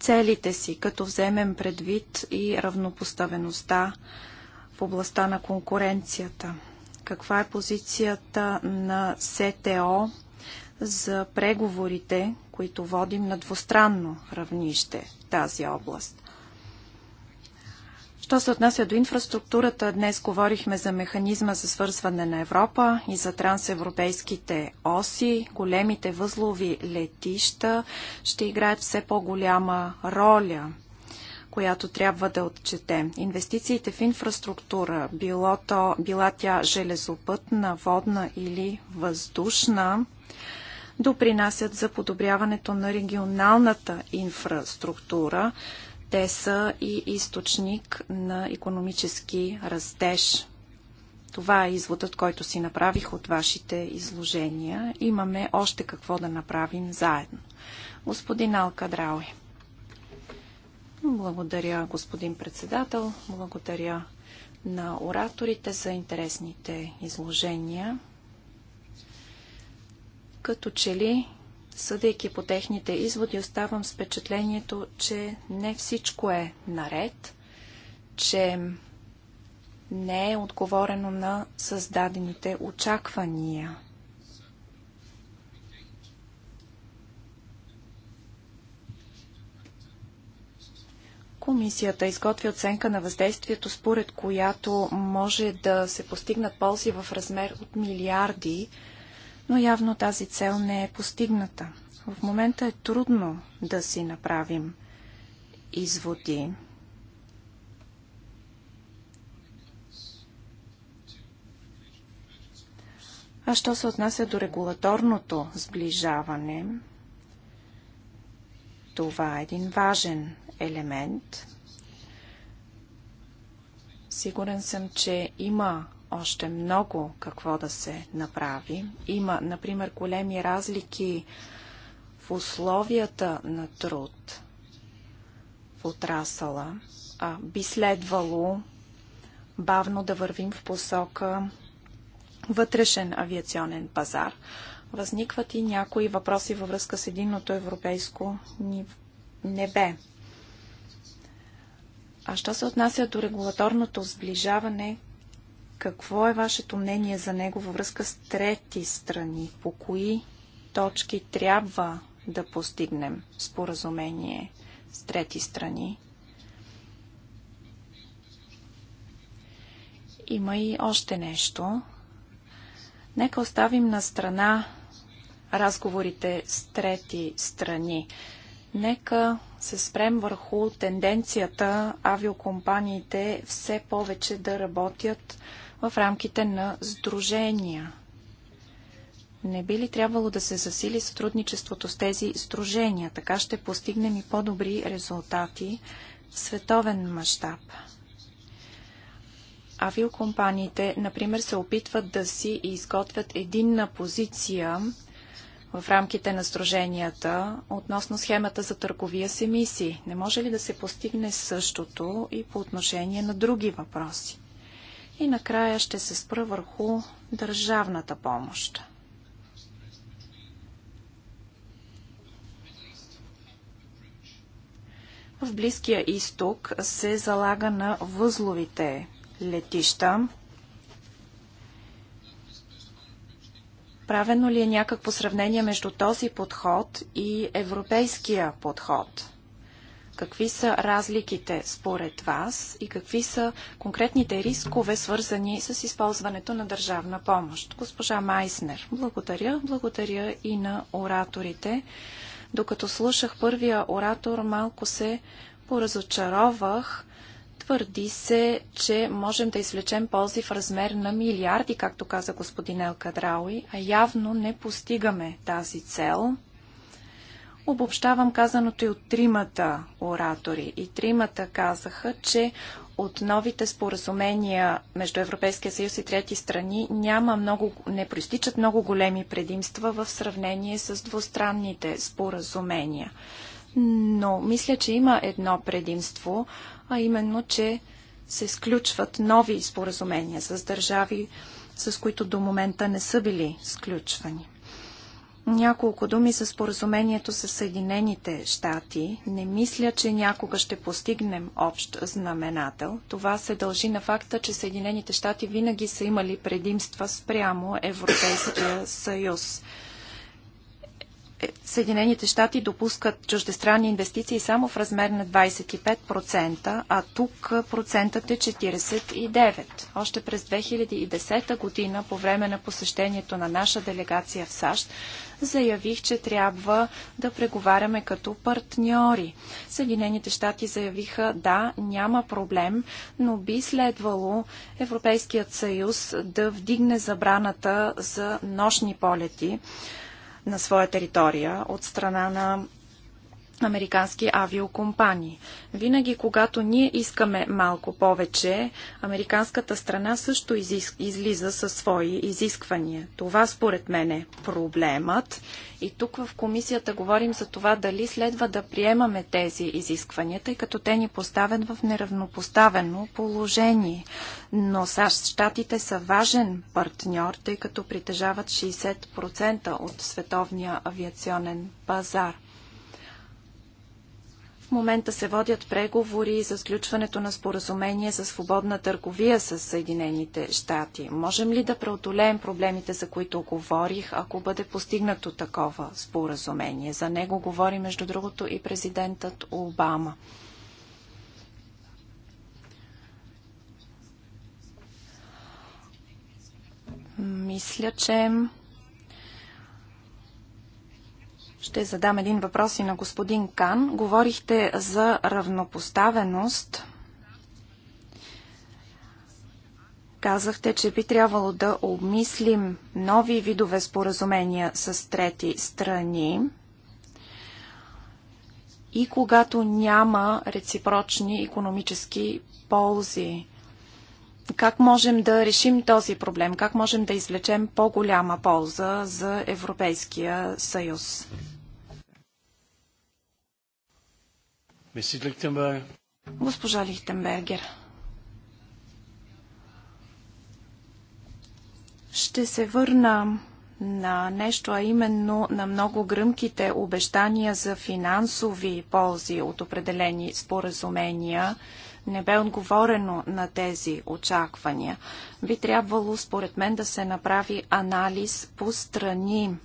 целите си, като вземем предвид и равнопоставеността в областта на конкуренцията. Каква е позицията на СТО за преговорите, които водим на двустранно равнище в тази област? Що се отнася до инфраструктурата, днес говорихме за механизма за свързване на Европа и за трансевропейските оси. Големите възлови летища ще играят все по-голяма роля която трябва да отчетем. Инвестициите в инфраструктура, било то, била тя железопътна, водна или въздушна, допринасят за подобряването на регионалната инфраструктура, те са и източник на економически растеж. Това е изводът, който си направих от вашите изложения. Имаме още какво да направим заедно. Господин Алкадрауи. Благодаря, господин председател. Благодаря на ораторите за интересните изложения. Като че ли Съдейки по техните изводи, оставам с впечатлението, че не всичко е наред, че не е отговорено на създадените очаквания. Комисията изготви оценка на въздействието, според която може да се постигнат ползи в размер от милиарди но явно тази цел не е постигната. В момента е трудно да си направим изводи. А що се отнася до регулаторното сближаване, това е един важен елемент. Сигурен съм, че има още много какво да се направи. Има, например, големи разлики в условията на труд в отрасала, а би следвало бавно да вървим в посока вътрешен авиационен пазар. Възникват и някои въпроси във връзка с единното европейско небе. А що се отнася до регулаторното сближаване, какво е вашето мнение за него във връзка с трети страни? По кои точки трябва да постигнем споразумение с трети страни? Има и още нещо. Нека оставим на страна разговорите с трети страни. Нека се спрем върху тенденцията авиокомпаниите все повече да работят в рамките на сдружения. Не би ли трябвало да се засили сътрудничеството с тези сдружения? Така ще постигнем и по-добри резултати в световен мащаб. Авиокомпаниите, например, се опитват да си изготвят единна позиция в рамките на сдруженията относно схемата за търговия с емисии. Не може ли да се постигне същото и по отношение на други въпроси? И накрая ще се спра върху държавната помощ. В Близкия изток се залага на възловите летища. Правено ли е някакво сравнение между този подход и европейския подход? Какви са разликите според вас и какви са конкретните рискове, свързани с използването на държавна помощ? Госпожа Майснер, благодаря. Благодаря и на ораторите. Докато слушах първия оратор, малко се поразочаровах. Твърди се, че можем да извлечем ползи в размер на милиарди, както каза господин Елкадрауи, а явно не постигаме тази цел – Обобщавам казаното и от тримата оратори. И тримата казаха, че от новите споразумения между Европейския съюз и трети страни няма много, не проистичат много големи предимства в сравнение с двустранните споразумения. Но мисля, че има едно предимство, а именно, че се сключват нови споразумения с държави, с които до момента не са били сключвани. Няколко думи за споразумението с Съединените щати. Не мисля, че някога ще постигнем общ знаменател. Това се дължи на факта, че Съединените щати винаги са имали предимства спрямо Европейския съюз. Съединените щати допускат чуждестранни инвестиции само в размер на 25%, а тук процентът е 49%. Още през 2010 година, по време на посещението на наша делегация в САЩ, заявих, че трябва да преговаряме като партньори. Съединените щати заявиха, да, няма проблем, но би следвало Европейският съюз да вдигне забраната за нощни полети на своя територия от страна на американски авиокомпании. Винаги, когато ние искаме малко повече, американската страна също излиза със свои изисквания. Това според мен е проблемът. И тук в комисията говорим за това дали следва да приемаме тези изисквания, тъй като те ни поставят в неравнопоставено положение. Но САЩ, щатите са важен партньор, тъй като притежават 60% от световния авиационен пазар момента се водят преговори за сключването на споразумение за свободна търговия с Съединените щати. Можем ли да преодолеем проблемите, за които говорих, ако бъде постигнато такова споразумение? За него говори, между другото, и президентът Обама. Мисля, че ще задам един въпрос и на господин Кан. Говорихте за равнопоставеност. Казахте, че би трябвало да обмислим нови видове споразумения с трети страни и когато няма реципрочни економически ползи. Как можем да решим този проблем? Как можем да извлечем по-голяма полза за Европейския съюз? Госпожа Лихтенбергер. Ще се върна на нещо, а именно на много гръмките обещания за финансови ползи от определени споразумения. Не бе отговорено на тези очаквания. Би трябвало, според мен, да се направи анализ по страни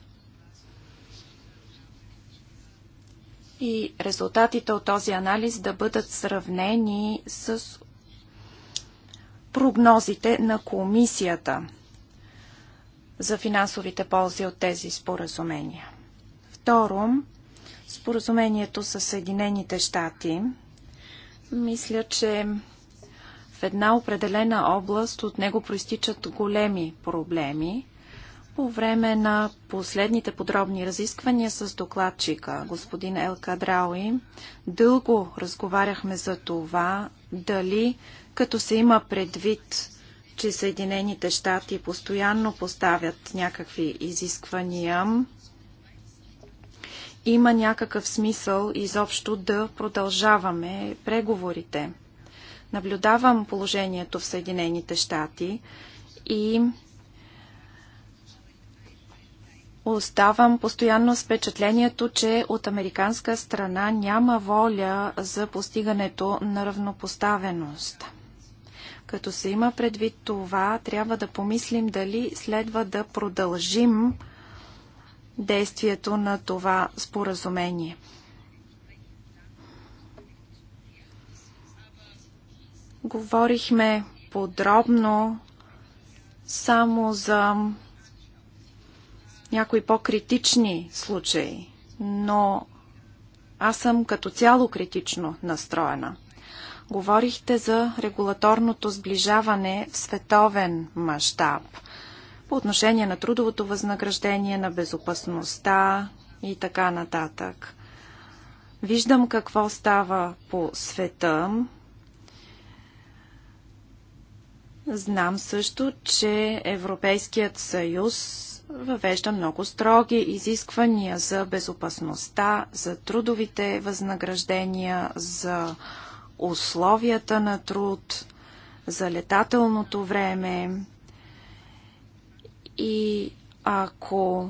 и резултатите от този анализ да бъдат сравнени с прогнозите на комисията за финансовите ползи от тези споразумения. Второ, споразумението с Съединените щати. Мисля, че в една определена област от него проистичат големи проблеми. По време на последните подробни разисквания с докладчика, господин Ел Кадрауи, дълго разговаряхме за това дали, като се има предвид, че Съединените щати постоянно поставят някакви изисквания, има някакъв смисъл изобщо да продължаваме преговорите. Наблюдавам положението в Съединените щати и Оставам постоянно с впечатлението, че от американска страна няма воля за постигането на равнопоставеност. Като се има предвид това, трябва да помислим дали следва да продължим действието на това споразумение. Говорихме подробно само за някои по-критични случаи, но аз съм като цяло критично настроена. Говорихте за регулаторното сближаване в световен мащаб по отношение на трудовото възнаграждение, на безопасността и така нататък. Виждам какво става по света. Знам също, че Европейският съюз въвежда много строги изисквания за безопасността, за трудовите възнаграждения, за условията на труд, за летателното време. И ако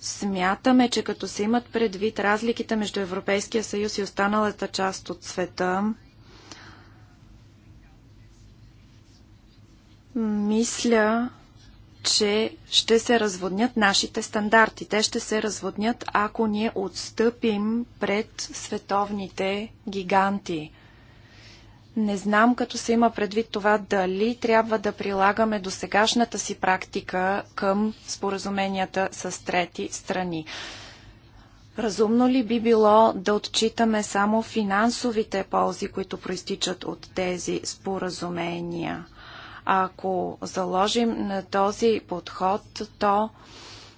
смятаме, че като се имат предвид разликите между Европейския съюз и останалата част от света, мисля, че ще се разводнят нашите стандарти. Те ще се разводнят, ако ние отстъпим пред световните гиганти. Не знам, като се има предвид това, дали трябва да прилагаме до сегашната си практика към споразуменията с трети страни. Разумно ли би било да отчитаме само финансовите ползи, които проистичат от тези споразумения? Ако заложим на този подход, то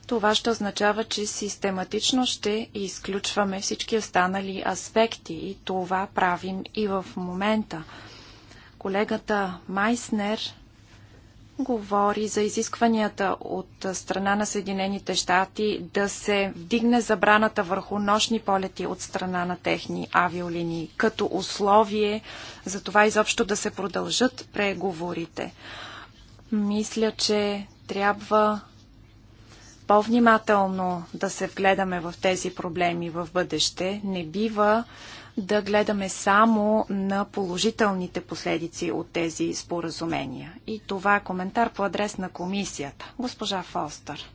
това ще означава, че систематично ще изключваме всички останали аспекти и това правим и в момента. Колегата Майснер говори за изискванията от страна на Съединените щати да се вдигне забраната върху нощни полети от страна на техни авиолинии, като условие за това изобщо да се продължат преговорите. Мисля, че трябва по-внимателно да се вгледаме в тези проблеми в бъдеще. Не бива да гледаме само на положителните последици от тези споразумения. И това е коментар по адрес на комисията. Госпожа Фолстър.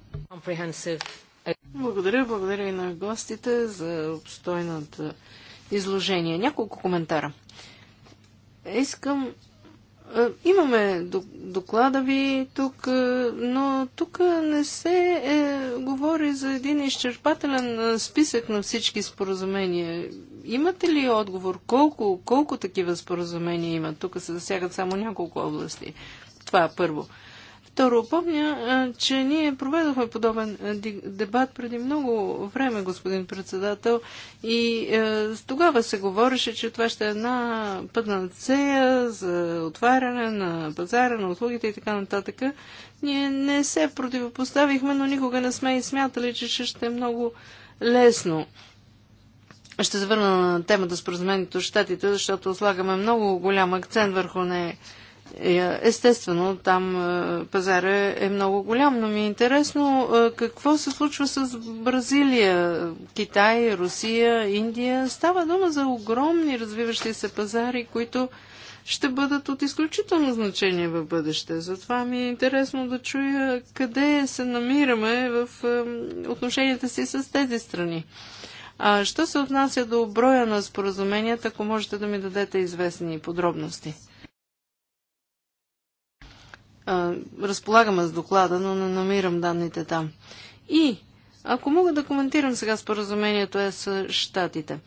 Благодаря, благодаря и на гостите за обстойната изложение. Няколко коментара. Искам е, Имаме доклада ви тук, е, но тук не се е, говори за един изчерпателен е, списък на всички споразумения имате ли отговор колко, колко такива споразумения има? Тук се засягат само няколко области. Това е първо. Второ, помня, че ние проведохме подобен дебат преди много време, господин председател, и е, тогава се говореше, че това ще е една пътна цея за отваряне на пазара, на услугите и така нататък. Ние не се противопоставихме, но никога не сме и смятали, че ще е много лесно. Ще се върна на темата споразумението с щатите, защото слагаме много голям акцент върху нея. Е, естествено, там е, пазара е много голям, но ми е интересно е, какво се случва с Бразилия, Китай, Русия, Индия. Става дума за огромни развиващи се пазари, които ще бъдат от изключително значение в бъдеще. Затова ми е интересно да чуя къде се намираме в отношенията си с тези страни. А, що се отнася до броя на споразуменията, ако можете да ми дадете известни подробности? А, разполагаме с доклада, но не намирам данните там. И, ако мога да коментирам сега споразумението е с Штатите.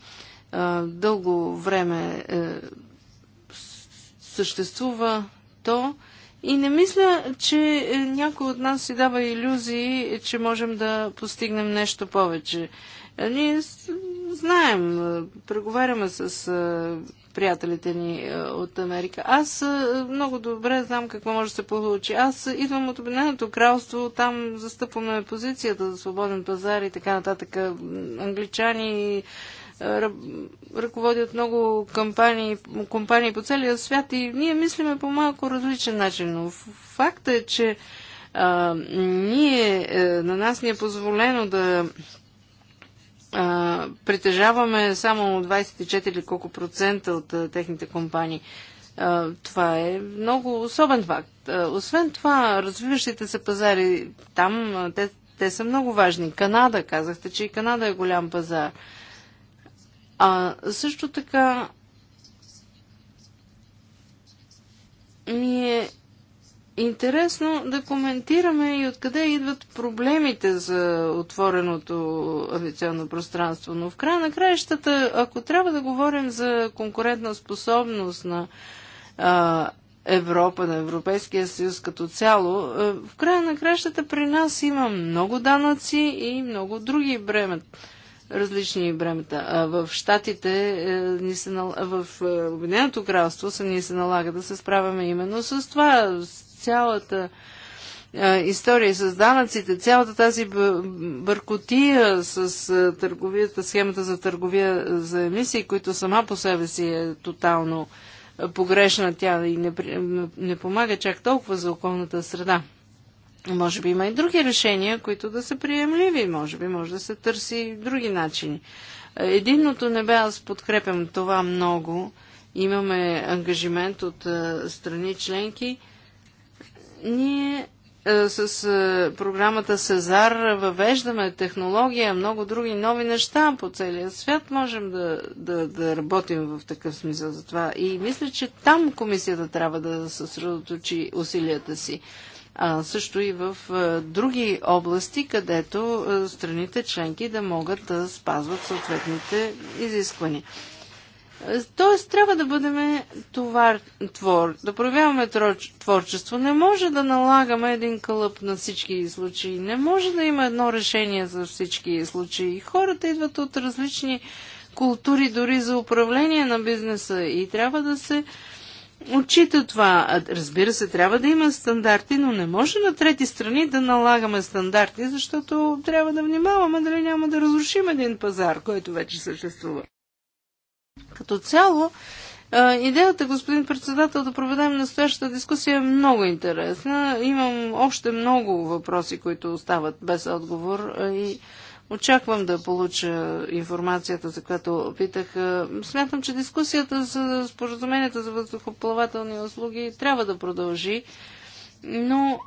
дълго време е, съществува то и не мисля, че е, някой от нас си дава иллюзии, че можем да постигнем нещо повече. Ние знаем, преговаряме с приятелите ни от Америка. Аз много добре знам какво може да се получи. Аз идвам от Обединеното кралство, там застъпваме позицията за свободен пазар и така нататък. Англичани ръководят много кампании, компании по целия свят и ние мислиме по малко различен начин. Но факта е, че а, ние, е, на нас ни е позволено да притежаваме само 24 или колко процента от а, техните компании. А, това е много особен факт. А, освен това, развиващите се пазари там, а, те, те са много важни. Канада, казахте, че и Канада е голям пазар. А, също така ми е интересно да коментираме и откъде идват проблемите за отвореното авиационно пространство. Но в края на краищата, ако трябва да говорим за конкурентна способност на а, Европа, на Европейския съюз като цяло, е, в края на краищата при нас има много данъци и много други бремет, различни бремета. А в Штатите, е, ни се, в е, Обединеното кралство се ни се налага да се справяме именно с това цялата история с данъците, цялата тази бъркотия с търговията, схемата за търговия за емисии, които сама по себе си е тотално погрешна, тя и не, не помага чак толкова за околната среда. Може би има и други решения, които да са приемливи. Може би може да се търси и други начини. Единното небе, аз подкрепям това много. Имаме ангажимент от страни членки – ние е, с е, програмата Сезар въвеждаме технология, много други нови неща по целия свят. Можем да, да, да работим в такъв смисъл за това. И мисля, че там комисията трябва да съсредоточи усилията си. А, също и в а, е, други области, където а, страните членки да могат да спазват съответните изисквания. Тоест, трябва да бъдем товар, твор, да проявяваме творчество. Не може да налагаме един кълъп на всички случаи. Не може да има едно решение за всички случаи. Хората идват от различни култури, дори за управление на бизнеса и трябва да се отчита това. Разбира се, трябва да има стандарти, но не може на трети страни да налагаме стандарти, защото трябва да внимаваме дали няма да разрушим един пазар, който вече съществува. Като цяло, идеята, господин председател, да проведем настоящата дискусия е много интересна. Имам още много въпроси, които остават без отговор и очаквам да получа информацията, за която питах. Смятам, че дискусията за споразуменията за въздухоплавателни услуги трябва да продължи, но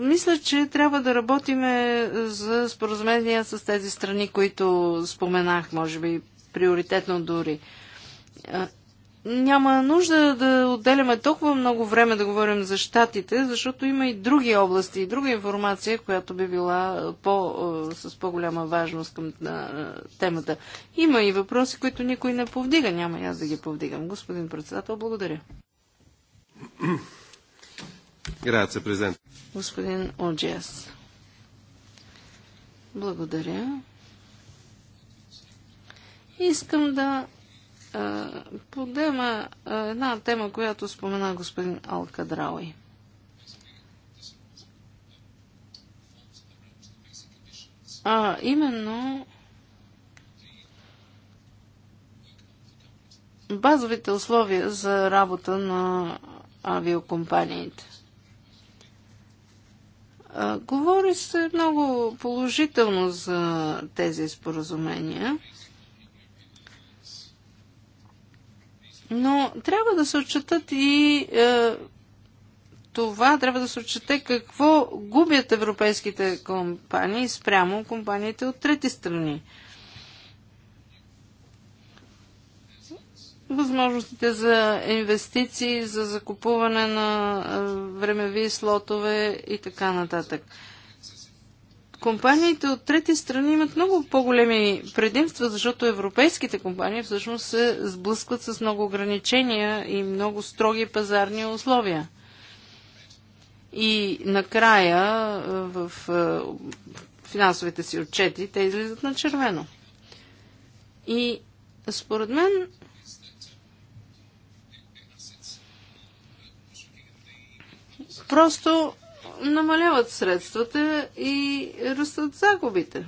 мисля, че трябва да работиме за споразумения с тези страни, които споменах, може би приоритетно дори. Няма нужда да отделяме толкова много време да говорим за щатите, защото има и други области и друга информация, която би била по, с по-голяма важност към темата. Има и въпроси, които никой не повдига. Няма и аз да ги повдигам. Господин председател, благодаря. Грация, президент. Господин Оджиас. Благодаря. Искам да а, подема а, една тема, която спомена господин Алкадрауи. А именно базовите условия за работа на авиокомпаниите. Говори се много положително за тези споразумения – Но трябва да се отчетат и е, това, трябва да се отчете какво губят европейските компании спрямо компаниите от трети страни. възможностите за инвестиции, за закупуване на е, времеви слотове и така нататък компаниите от трети страни имат много по-големи предимства, защото европейските компании всъщност се сблъскват с много ограничения и много строги пазарни условия. И накрая в финансовите си отчети те излизат на червено. И според мен просто намаляват средствата и растат загубите.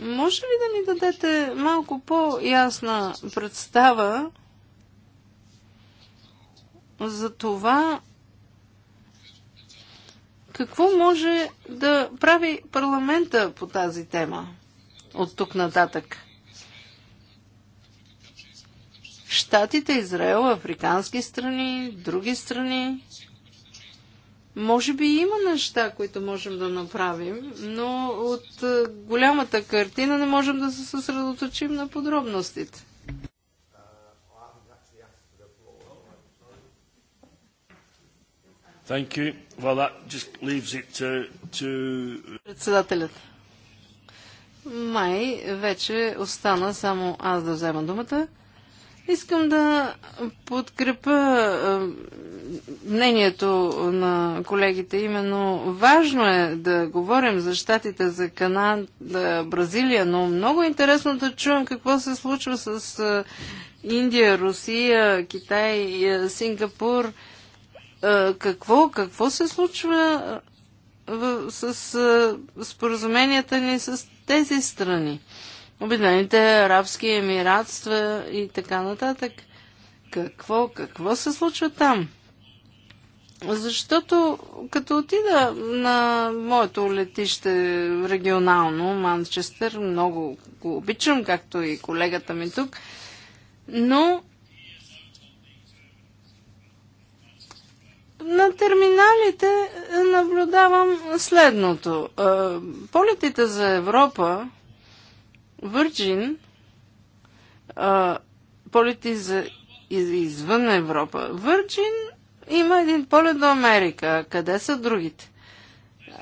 Може ли да ни дадете малко по-ясна представа за това какво може да прави парламента по тази тема от тук нататък? Штатите, Израел, африкански страни, други страни може би има неща, които можем да направим, но от е, голямата картина не можем да се съсредоточим на подробностите. Thank you. Well, that just leaves it to, to... Председателят. Май вече остана само аз да взема думата. Искам да подкрепа е, мнението на колегите. Именно важно е да говорим за щатите, за Канада, Бразилия, но много интересно да чуем какво се случва с Индия, Русия, Китай, Сингапур. Какво, какво се случва с споразуменията ни с тези страни? Обединените арабски емиратства и така нататък. Какво, какво се случва там? Защото като отида на моето летище регионално, Манчестър, много го обичам, както и колегата ми тук, но на терминалите наблюдавам следното. Е, полетите за Европа, Virgin, е, полети за извън Европа, Virgin има един полет до Америка. Къде са другите?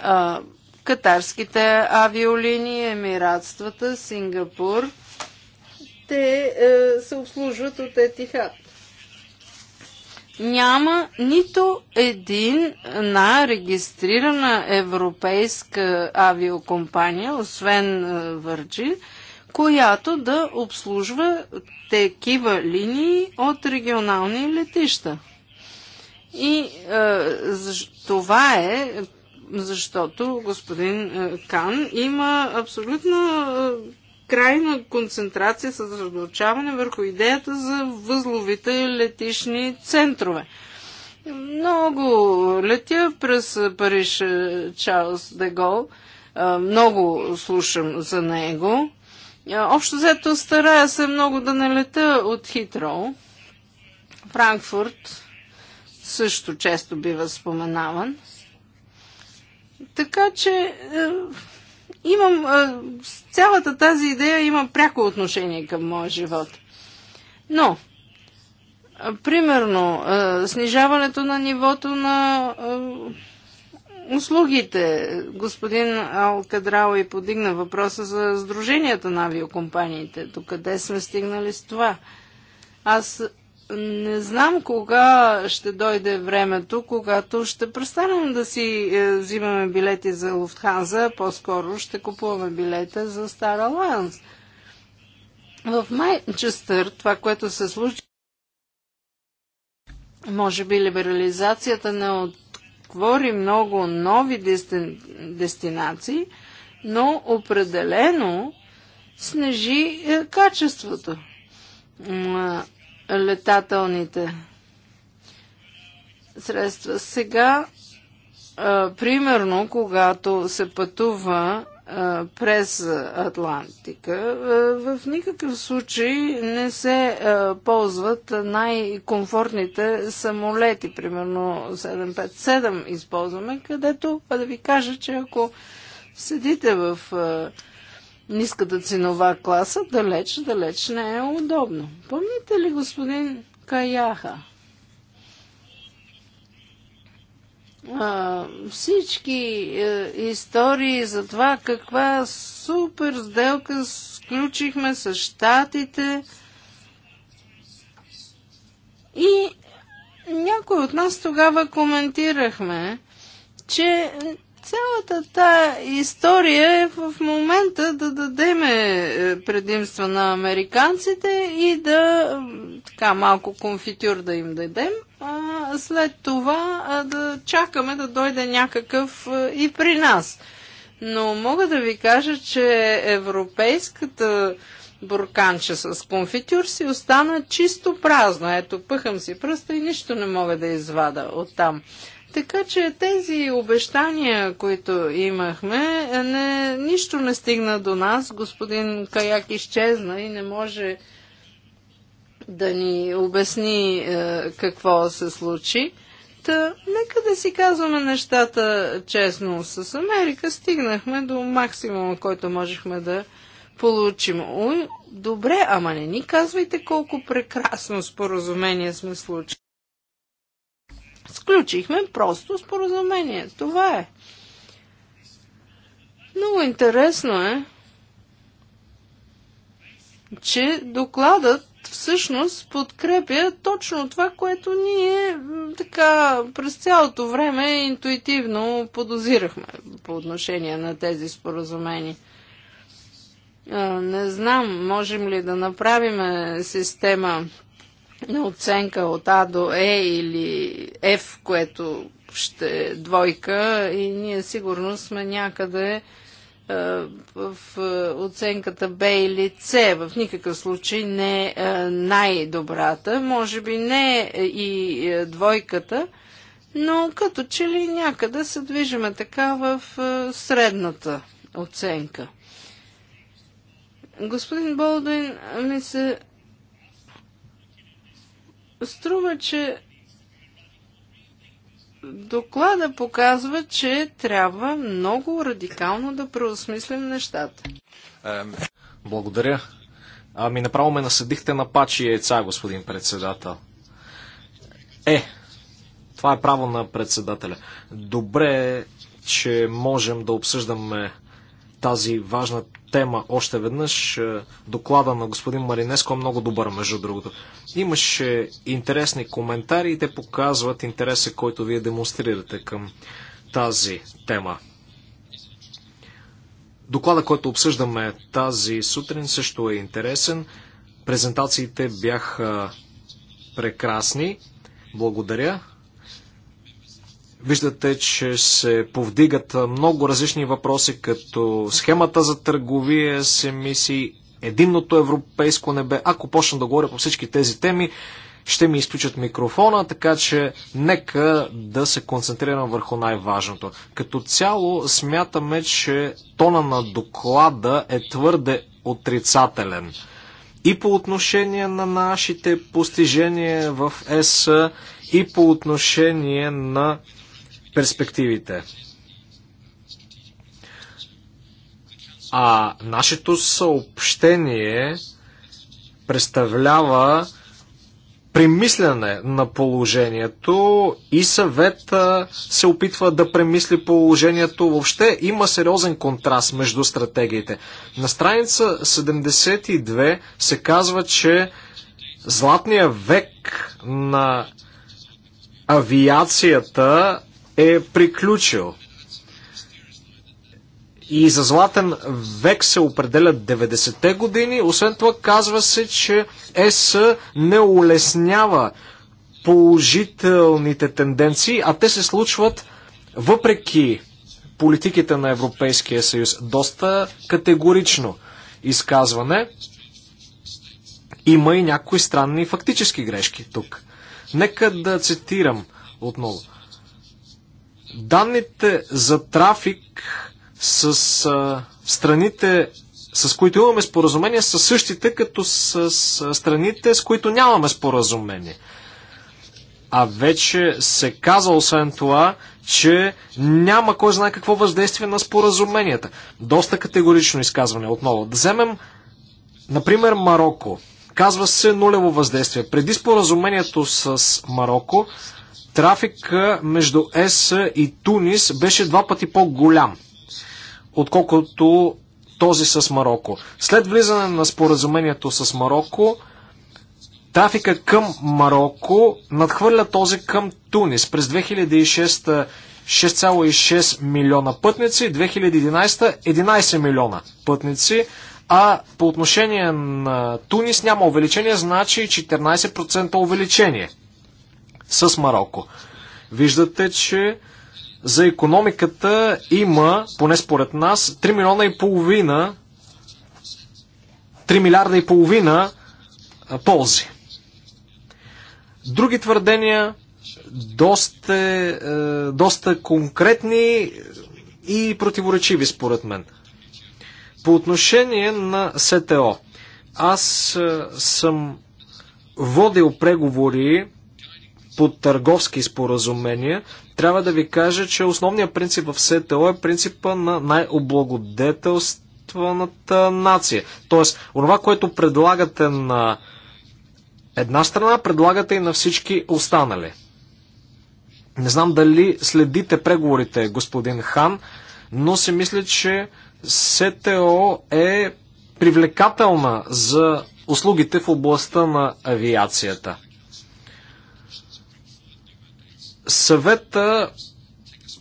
А, катарските авиолинии, Емиратствата, Сингапур, те е, се обслужват от Етихат. Няма нито един на регистрирана европейска авиокомпания, освен е, Върджин, която да обслужва такива линии от регионални летища. И е, това е защото господин е, Кан има абсолютно е, крайна концентрация, с разлучаване върху идеята за възловите летишни центрове. Много летя през Париж Чарлз Дегол. Много слушам за него. Общо взето старая се много да не лета от Хитро, Франкфурт също често бива споменаван. Така че е, имам е, цялата тази идея има пряко отношение към моя живот. Но, е, примерно, е, снижаването на нивото на е, услугите. Господин Алкадрал и подигна въпроса за сдруженията на авиокомпаниите. До къде сме стигнали с това? Аз не знам кога ще дойде времето, когато ще престанем да си е, взимаме билети за Луфтханза, по-скоро ще купуваме билета за Стар Алайанс. В Майчестър, това, което се случи, може би либерализацията не отвори много нови дестинации, но определено снежи е, качеството летателните средства. Сега, примерно, когато се пътува през Атлантика, в никакъв случай не се ползват най-комфортните самолети, примерно 757 използваме, където, да ви кажа, че ако седите в ниската ценова класа далеч, далеч не е удобно. Помните ли господин Каяха? А, всички е, истории за това каква супер сделка сключихме с щатите и някои от нас тогава коментирахме, че Цялата тая история е в момента да дадеме е, предимства на американците и да така малко конфитюр да им дадем, а след това да чакаме да дойде някакъв е, и при нас. Но мога да ви кажа, че европейската бурканче с конфитюр си остана чисто празно. Ето, пъхам си пръста и нищо не мога да извада оттам. там. Така че тези обещания, които имахме, не, нищо не стигна до нас. Господин Каяк изчезна и не може да ни обясни е, какво се случи. Та, нека да си казваме нещата честно. С Америка стигнахме до максимума, който можехме да получим. Ой, добре, ама не ни казвайте колко прекрасно споразумение сме случили. Сключихме просто споразумение. Това е. Много интересно е, че докладът всъщност подкрепя точно това, което ние така през цялото време интуитивно подозирахме по отношение на тези споразумения. Не знам, можем ли да направим система на оценка от А до Е или F, което ще е двойка и ние сигурно сме някъде е, в е, оценката Б или С. В никакъв случай не е, е най-добрата. Може би не и двойката, но като че ли някъде се движиме така в средната оценка. Господин Болдуин ми се струва, че доклада показва, че трябва много радикално да преосмислим нещата. Благодаря. Ами направо ме насъдихте на пачи яйца, господин председател. Е, това е право на председателя. Добре е, че можем да обсъждаме тази важна тема още веднъж. Е, доклада на господин Маринеско е много добър, между другото. Имаше интересни коментари и те показват интереса, който вие демонстрирате към тази тема. Доклада, който обсъждаме тази сутрин, също е интересен. Презентациите бяха прекрасни. Благодаря. Виждате, че се повдигат много различни въпроси, като схемата за търговия с емисии, единното европейско небе. Ако почна да говоря по всички тези теми, ще ми изключат микрофона, така че нека да се концентрирам върху най-важното. Като цяло смятаме, че тона на доклада е твърде отрицателен. И по отношение на нашите постижения в ЕС, и по отношение на перспективите. А нашето съобщение представлява премислене на положението и съвет се опитва да премисли положението. Въобще има сериозен контраст между стратегиите. На страница 72 се казва, че златния век на авиацията е приключил. И за златен век се определят 90-те години. Освен това казва се, че ЕС не улеснява положителните тенденции, а те се случват въпреки политиките на Европейския съюз. Доста категорично изказване. Има и някои странни фактически грешки тук. Нека да цитирам отново. Данните за трафик с а, страните, с които имаме споразумение, са същите като с, с страните, с които нямаме споразумение. А вече се каза, освен това, че няма кой знае какво въздействие на споразуменията. Доста категорично изказване отново. Да вземем, например, Марокко. Казва се нулево въздействие. Преди споразумението с Марокко Трафик между ЕС и Тунис беше два пъти по-голям, отколкото този с Марокко. След влизане на споразумението с Марокко, трафика към Марокко надхвърля този към Тунис. През 2006 6,6 милиона пътници, 2011 11 милиона пътници, а по отношение на Тунис няма увеличение, значи 14% увеличение с Марокко. Виждате, че за економиката има, поне според нас, 3 милиона и половина, 3 милиарда и половина ползи. Други твърдения, доста, е, доста конкретни и противоречиви, според мен. По отношение на СТО, аз е, съм водил преговори по търговски споразумения, трябва да ви кажа, че основният принцип в СТО е принципа на най-облагодетелстваната нация. Тоест, онова, което предлагате на една страна, предлагате и на всички останали. Не знам дали следите преговорите, господин Хан, но си мисля, че СТО е привлекателна за услугите в областта на авиацията. Съвета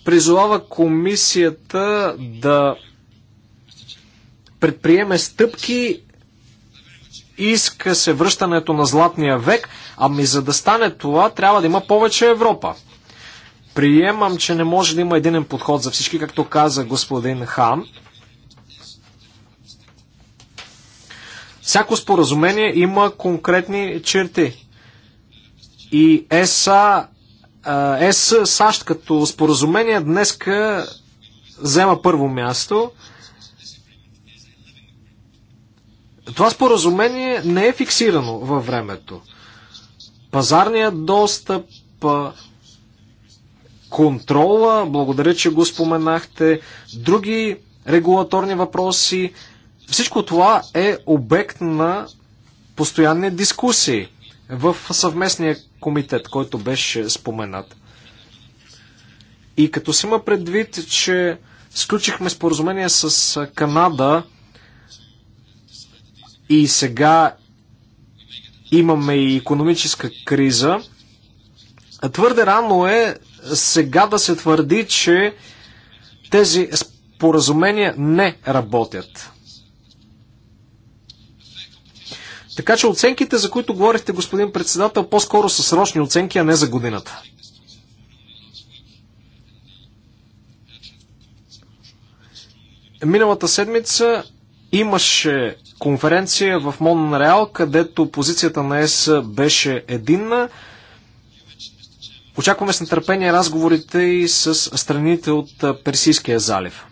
призовава комисията да предприеме стъпки иска се връщането на златния век, ами за да стане това, трябва да има повече Европа. Приемам, че не може да има единен подход за всички, както каза господин Хан. Всяко споразумение има конкретни черти. И ЕСА ЕС САЩ като споразумение днеска взема първо място. Това споразумение не е фиксирано във времето. Пазарният достъп, контрола, благодаря, че го споменахте, други регулаторни въпроси, всичко това е обект на постоянни дискусии в съвместния комитет, който беше споменат. И като си има предвид, че сключихме споразумение с Канада и сега имаме и економическа криза, твърде рано е сега да се твърди, че тези споразумения не работят. Така че оценките, за които говорихте, господин председател, по-скоро са срочни оценки, а не за годината. Миналата седмица имаше конференция в Монреал, където позицията на ЕС беше единна. Очакваме с нетърпение разговорите и с страните от Персийския залив.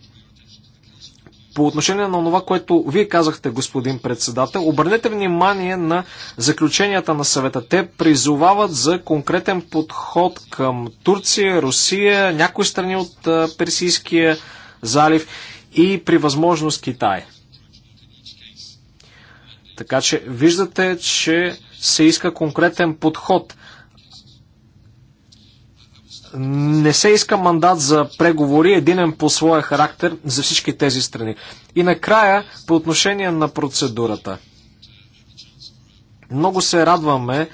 По отношение на това, което вие казахте, господин председател, обърнете внимание на заключенията на съвета. Те призовават за конкретен подход към Турция, Русия, някои страни от Персийския залив и при възможност Китай. Така че виждате, че се иска конкретен подход – не се иска мандат за преговори, единен по своя характер за всички тези страни. И накрая, по отношение на процедурата. Много се радваме е,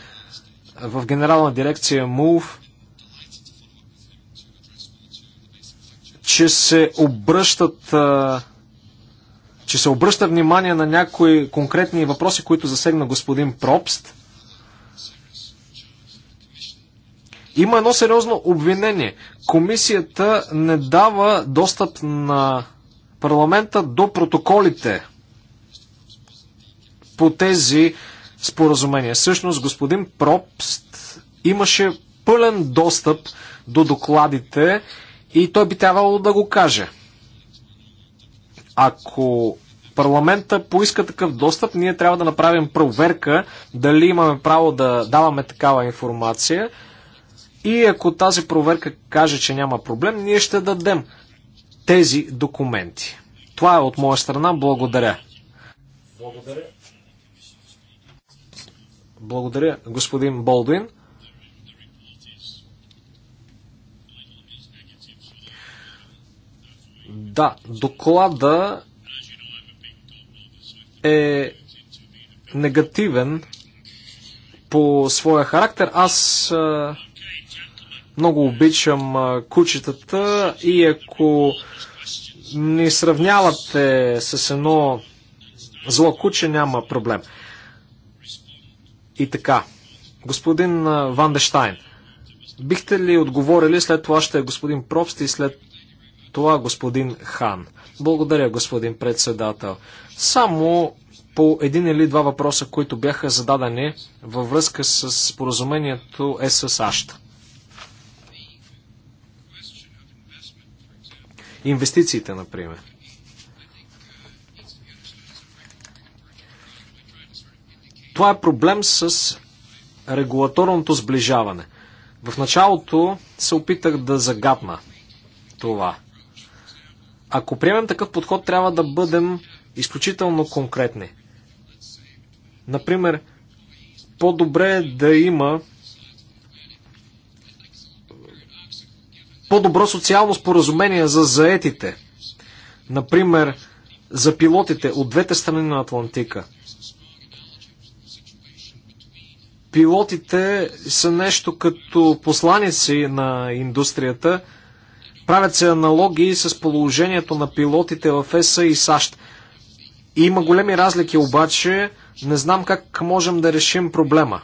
в генерална дирекция МУВ, че се обръщат е, че се обръща внимание на някои конкретни въпроси, които засегна господин Пробст – Има едно сериозно обвинение. Комисията не дава достъп на парламента до протоколите по тези споразумения. Същност, господин Пропст имаше пълен достъп до докладите и той би трябвало да го каже. Ако парламента поиска такъв достъп, ние трябва да направим проверка дали имаме право да даваме такава информация и ако тази проверка каже, че няма проблем, ние ще дадем тези документи. Това е от моя страна. Благодаря. Благодаря. Благодаря, господин Болдуин. Да, доклада е негативен по своя характер. Аз а, много обичам кучетата и ако ни сравнявате с едно зло куче, няма проблем. И така, господин Ван Дештайн, бихте ли отговорили, след това ще е господин Пробст и след това господин Хан. Благодаря, господин председател. Само по един или два въпроса, които бяха зададени във връзка с споразумението ЕС САЩ. Инвестициите, например. Това е проблем с регулаторното сближаване. В началото се опитах да загадна това. Ако приемем такъв подход, трябва да бъдем изключително конкретни. Например, по-добре е да има по-добро социално споразумение за заетите. Например, за пилотите от двете страни на Атлантика. Пилотите са нещо като посланици на индустрията. Правят се аналогии с положението на пилотите в ЕСА и САЩ. Има големи разлики, обаче не знам как можем да решим проблема.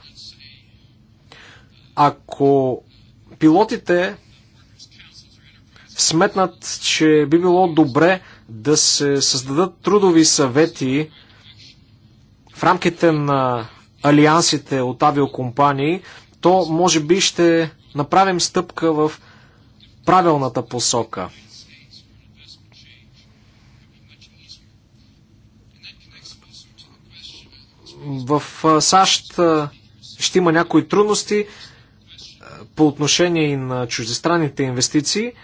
Ако пилотите сметнат, че би било добре да се създадат трудови съвети в рамките на алиансите от авиокомпании, то може би ще направим стъпка в правилната посока. В САЩ ще има някои трудности по отношение и на чуждестранните инвестиции –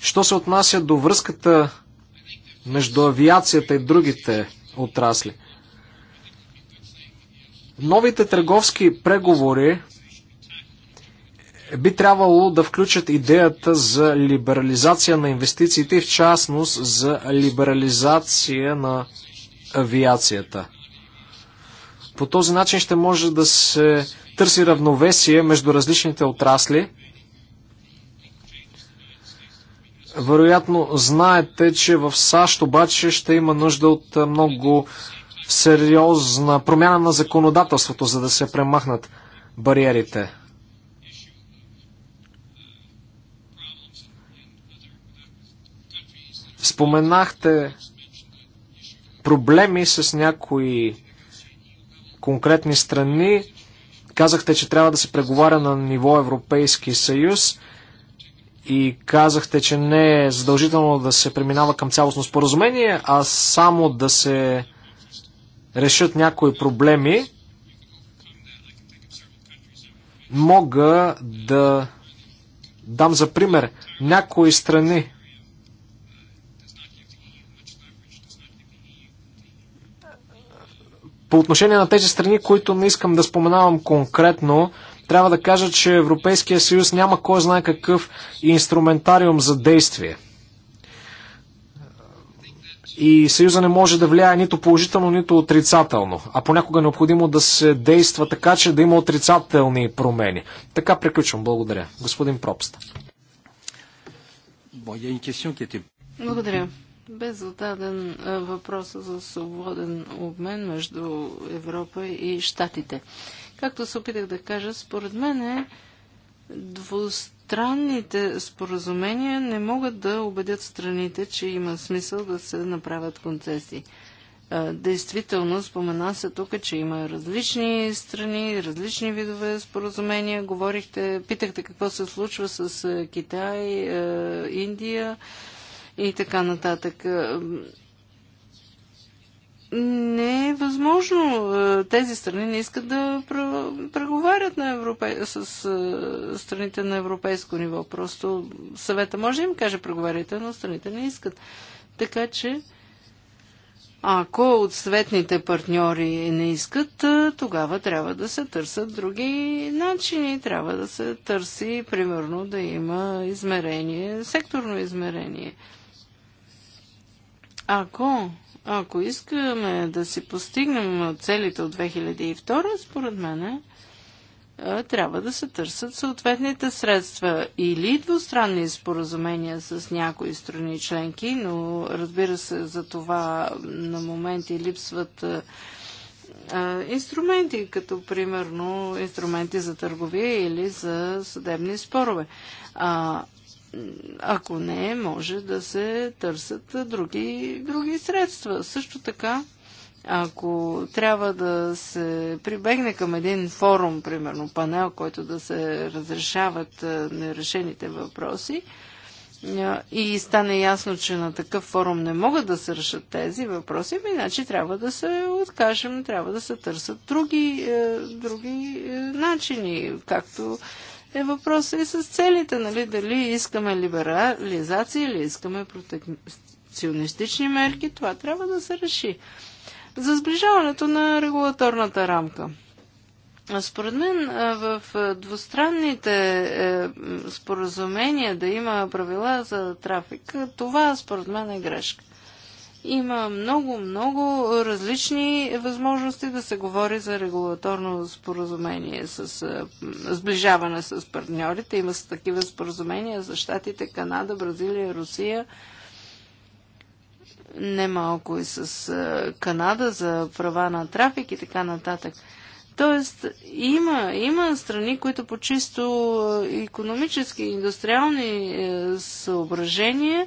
Що се отнася до връзката между авиацията и другите отрасли? Новите търговски преговори би трябвало да включат идеята за либерализация на инвестициите и в частност за либерализация на авиацията. По този начин ще може да се търси равновесие между различните отрасли – Вероятно знаете, че в САЩ обаче ще има нужда от е, много сериозна промяна на законодателството, за да се премахнат бариерите. Споменахте проблеми с някои конкретни страни. Казахте, че трябва да се преговаря на ниво Европейски съюз и казахте, че не е задължително да се преминава към цялостно споразумение, а само да се решат някои проблеми, мога да дам за пример някои страни. По отношение на тези страни, които не искам да споменавам конкретно, трябва да кажа, че Европейския съюз няма кой знае какъв инструментариум за действие. И съюза не може да влияе нито положително, нито отрицателно. А понякога е необходимо да се действа така, че да има отрицателни промени. Така приключвам. Благодаря. Господин Пропст. Благодаря. Бе зададен въпрос за свободен обмен между Европа и Штатите. Както се опитах да кажа, според мен е двустранните споразумения не могат да убедят страните, че има смисъл да се направят концесии. Действително, спомена се тук, че има различни страни, различни видове споразумения. Говорихте, питахте какво се случва с Китай, Индия и така нататък не е възможно. Е, тези страни не искат да преговарят на европе... с е, страните на европейско ниво. Просто съвета може да им каже преговаряйте, но страните не искат. Така че, ако от светните партньори не искат, е, тогава трябва да се търсят други начини. Трябва да се търси, примерно, да има измерение, секторно измерение. Ако ако искаме да си постигнем целите от 2002, според мен е, трябва да се търсят съответните средства или двустранни споразумения с някои страни членки, но разбира се, за това на моменти липсват е, е, инструменти, като примерно инструменти за търговия или за съдебни спорове ако не, може да се търсят други, други средства. Също така, ако трябва да се прибегне към един форум, примерно панел, който да се разрешават нерешените въпроси, и стане ясно, че на такъв форум не могат да се решат тези въпроси, иначе трябва да се откажем, трябва да се търсят други, е, други е, начини, както е въпросът и е с целите, нали, дали искаме либерализация или искаме протекционистични мерки, това трябва да се реши. За сближаването на регулаторната рамка. Според мен в двустранните е, споразумения да има правила за трафик, това според мен е грешка. Има много, много различни възможности да се говори за регулаторно споразумение с сближаване с партньорите. Има се такива споразумения за Штатите, Канада, Бразилия, Русия немалко и с Канада за права на трафик и така нататък. Тоест, има, има страни, които по чисто економически, индустриални е, съображения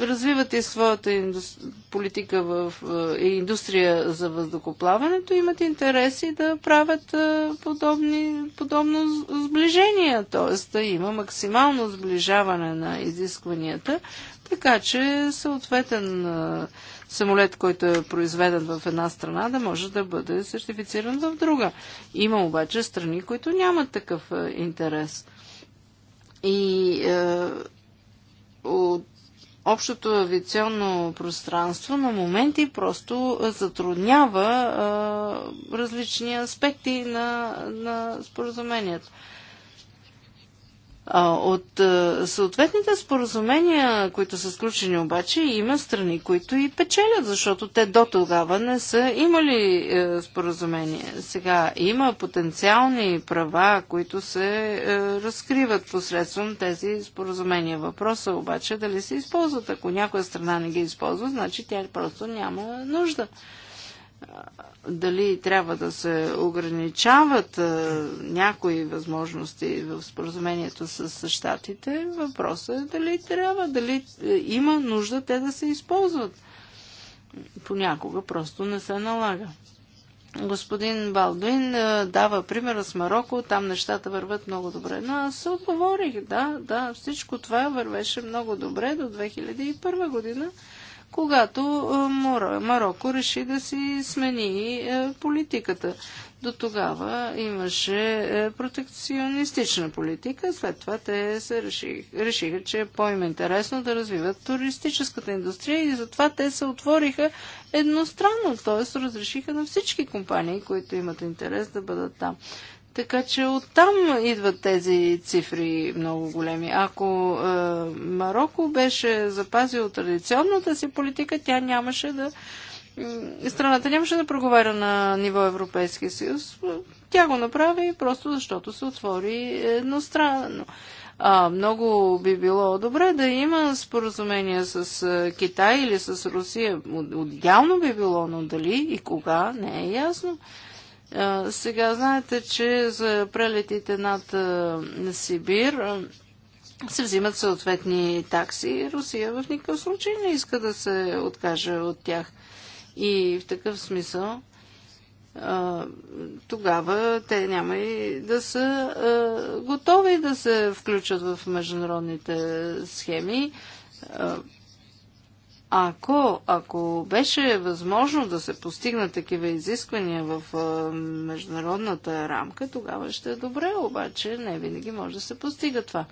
развиват и своята индустри... политика в е, индустрия за въздухоплаването, имат интереси да правят е, подобни, подобно сближение, т.е. да има максимално сближаване на изискванията, така че съответен е, самолет, който е произведен в една страна, да може да бъде сертифициран в друга. Има обаче страни, които нямат такъв е, интерес. И е, от общото авиационно пространство на моменти просто затруднява а, различни аспекти на, на споразумението. От съответните споразумения, които са сключени обаче, има страни, които и печелят, защото те до тогава не са имали е, споразумение. Сега има потенциални права, които се е, разкриват посредством тези споразумения. Въпросът обаче е дали се използват. Ако някоя страна не ги използва, значи тя просто няма нужда дали трябва да се ограничават някои възможности в споразумението с щатите, въпросът е дали трябва, дали е, има нужда те да се използват. Понякога просто не се налага. Господин Балдуин дава примера с Марокко, там нещата върват много добре. Но аз се отговорих, да, да, всичко това вървеше много добре до 2001 година когато Марокко реши да си смени политиката. До тогава имаше протекционистична политика, след това те се решиха, че е по-интересно да развиват туристическата индустрия и затова те се отвориха едностранно, т.е. разрешиха на всички компании, които имат интерес да бъдат там. Така че оттам идват тези цифри много големи. Ако е, Марокко беше запазил традиционната си политика, тя нямаше да. Страната нямаше да проговаря на ниво Европейския съюз. Тя го направи просто защото се отвори едностранно. А, много би било добре да има споразумение с е, Китай или с Русия. Отделно би било, но дали и кога не е ясно. Сега знаете, че за прелетите над Сибир се взимат съответни такси и Русия в никакъв случай не иска да се откаже от тях. И в такъв смисъл тогава те няма и да са готови да се включат в международните схеми. Ако, ако беше възможно да се постигнат такива изисквания в международната рамка, тогава ще е добре, обаче не винаги може да се постига това.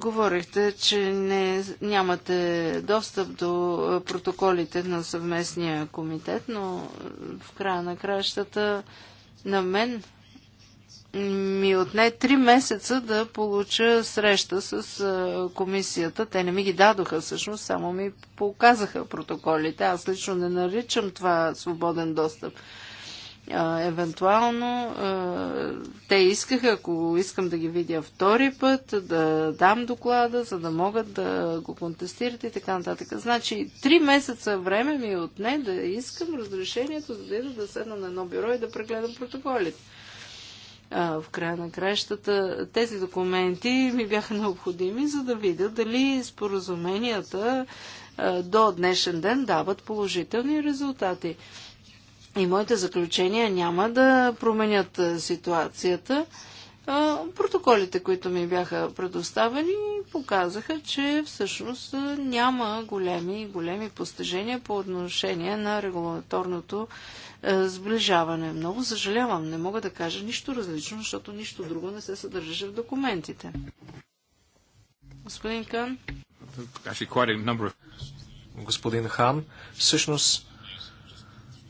говорихте, че не, нямате достъп до протоколите на съвместния комитет, но в края на краищата на мен ми отне три месеца да получа среща с комисията. Те не ми ги дадоха всъщност, само ми показаха протоколите. Аз лично не наричам това свободен достъп. А, евентуално а, те искаха, ако искам да ги видя втори път, да дам доклада, за да могат да го контестират и така нататък. Значи, три месеца време ми отне да искам разрешението, за да да седна на едно бюро и да прегледам протоколите в края на кращата. Тези документи ми бяха необходими, за да видя дали споразуменията до днешен ден дават положителни резултати. И моите заключения няма да променят ситуацията. Протоколите, които ми бяха предоставени, показаха, че всъщност няма големи, големи постижения по отношение на регулаторното е, сближаване. Много съжалявам, не мога да кажа нищо различно, защото нищо друго не се съдържаше в документите. Господин Кан? Господин Хан, всъщност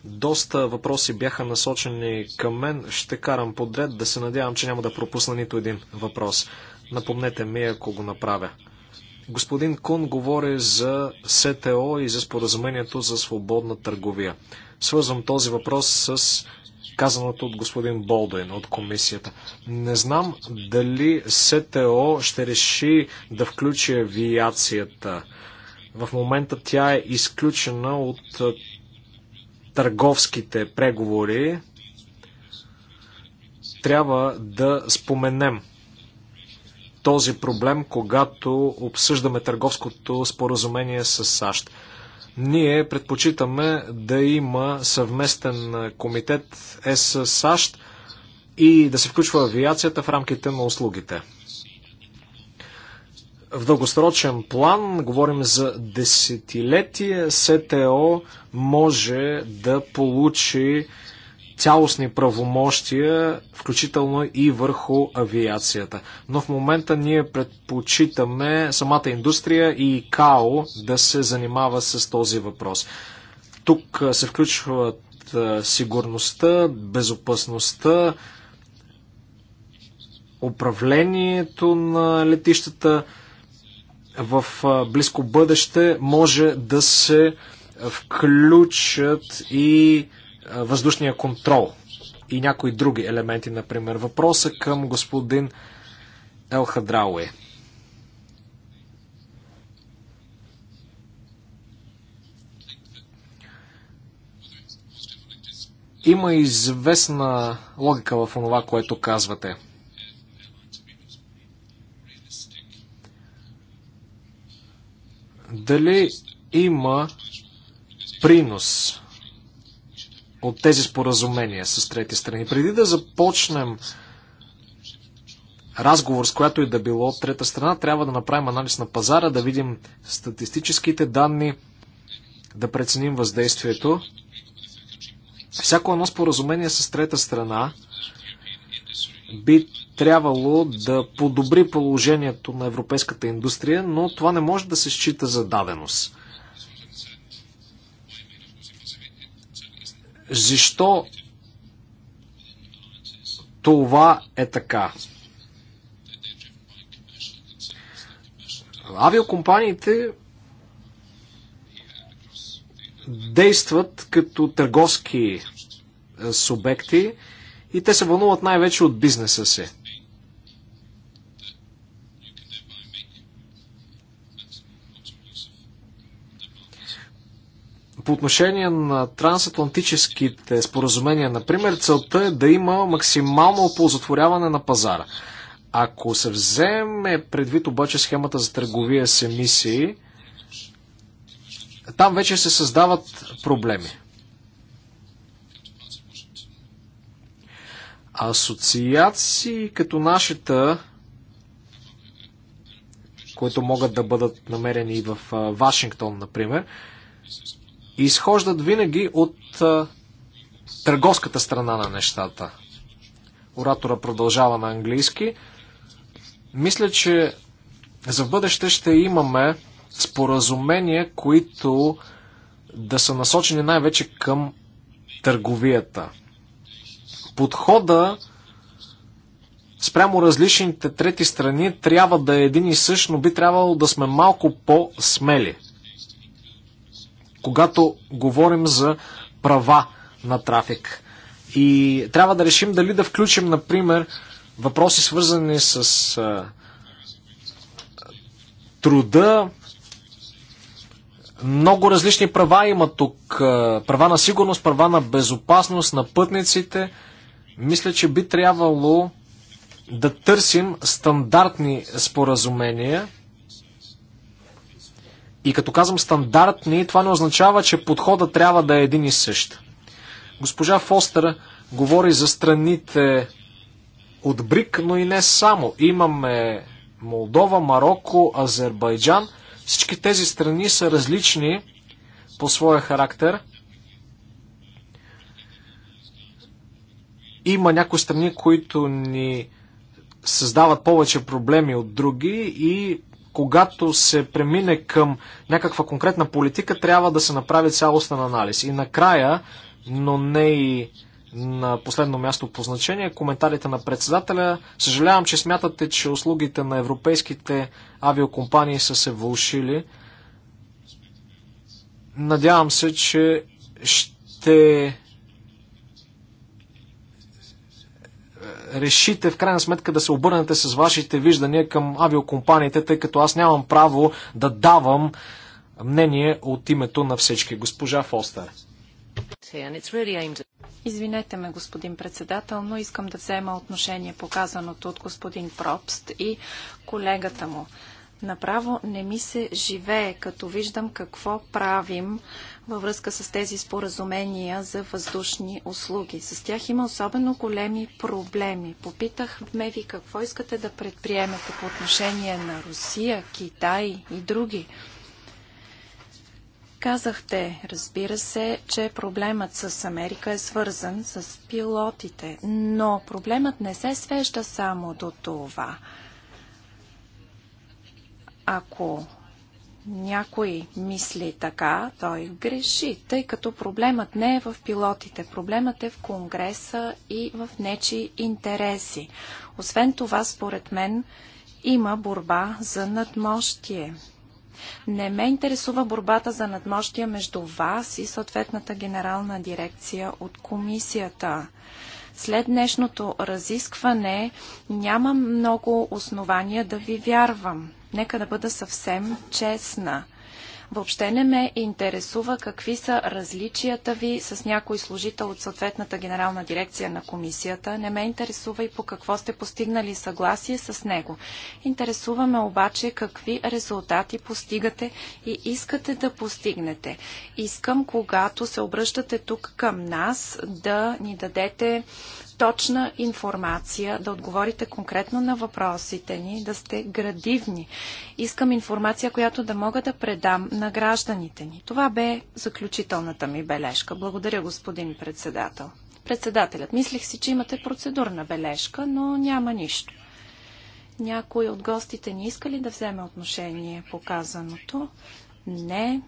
доста въпроси бяха насочени към мен. Ще карам подред да се надявам, че няма да пропусна нито един въпрос. Напомнете ми, ако го направя. Господин Кун говори за СТО и за споразумението за свободна търговия свързвам този въпрос с казаното от господин Болдуин от комисията. Не знам дали СТО ще реши да включи авиацията. В момента тя е изключена от търговските преговори. Трябва да споменем този проблем, когато обсъждаме търговското споразумение с САЩ. Ние предпочитаме да има съвместен комитет с САЩ и да се включва авиацията в рамките на услугите. В дългосрочен план, говорим за десетилетие, СТО може да получи цялостни правомощия, включително и върху авиацията. Но в момента ние предпочитаме самата индустрия и КАО да се занимава с този въпрос. Тук се включват сигурността, безопасността, управлението на летищата в близко бъдеще може да се включат и въздушния контрол и някои други елементи, например. Въпроса към господин Хадрауе. Има известна логика в това, което казвате. Дали има принос от тези споразумения с трети страни. Преди да започнем разговор с която и да било от трета страна, трябва да направим анализ на пазара, да видим статистическите данни, да преценим въздействието. Всяко едно споразумение с трета страна би трябвало да подобри положението на европейската индустрия, но това не може да се счита за даденост. Защо това е така? Авиокомпаниите действат като търговски субекти и те се вълнуват най-вече от бизнеса си. По отношение на трансатлантическите споразумения, например, целта е да има максимално оползотворяване на пазара. Ако се вземе предвид обаче схемата за търговия с емисии, там вече се създават проблеми. Асоциации като нашата, които могат да бъдат намерени и в Вашингтон, например, изхождат винаги от търговската страна на нещата. Оратора продължава на английски. Мисля, че за бъдеще ще имаме споразумения, които да са насочени най-вече към търговията. Подхода спрямо различните трети страни трябва да е един и същ, но би трябвало да сме малко по-смели – когато говорим за права на трафик. И трябва да решим дали да включим, например, въпроси свързани с а, труда. Много различни права има тук. Права на сигурност, права на безопасност на пътниците. Мисля, че би трябвало да търсим стандартни споразумения и като казвам стандартни, това не означава, че подхода трябва да е един и същ. Госпожа Фостер говори за страните от БРИК, но и не само. Имаме Молдова, Марокко, Азербайджан. Всички тези страни са различни по своя характер. Има някои страни, които ни създават повече проблеми от други и когато се премине към някаква конкретна политика, трябва да се направи цялостен анализ. И накрая, но не и на последно място по значение, коментарите на председателя. Съжалявам, че смятате, че услугите на европейските авиокомпании са се вълшили. Надявам се, че ще решите в крайна сметка да се обърнете с вашите виждания към авиокомпаниите, тъй като аз нямам право да давам мнение от името на всички. Госпожа Фостер. Извинете ме, господин председател, но искам да взема отношение показаното от господин Пробст и колегата му. Направо не ми се живее, като виждам какво правим във връзка с тези споразумения за въздушни услуги. С тях има особено големи проблеми. Попитахме ви какво искате да предприемете по отношение на Русия, Китай и други. Казахте, разбира се, че проблемът с Америка е свързан с пилотите, но проблемът не се свежда само до това. Ако някой мисли така, той греши, тъй като проблемът не е в пилотите, проблемът е в Конгреса и в нечи интереси. Освен това, според мен, има борба за надмощие. Не ме интересува борбата за надмощие между вас и съответната генерална дирекция от комисията. След днешното разискване нямам много основания да ви вярвам. Нека да бъда съвсем честна. Въобще не ме интересува какви са различията ви с някой служител от съответната генерална дирекция на комисията. Не ме интересува и по какво сте постигнали съгласие с него. Интересуваме обаче какви резултати постигате и искате да постигнете. Искам, когато се обръщате тук към нас, да ни дадете точна информация, да отговорите конкретно на въпросите ни, да сте градивни. Искам информация, която да мога да предам на гражданите ни. Това бе заключителната ми бележка. Благодаря, господин председател. Председателят, мислех си, че имате процедурна бележка, но няма нищо. Някой от гостите ни иска ли да вземе отношение по казаното? Не.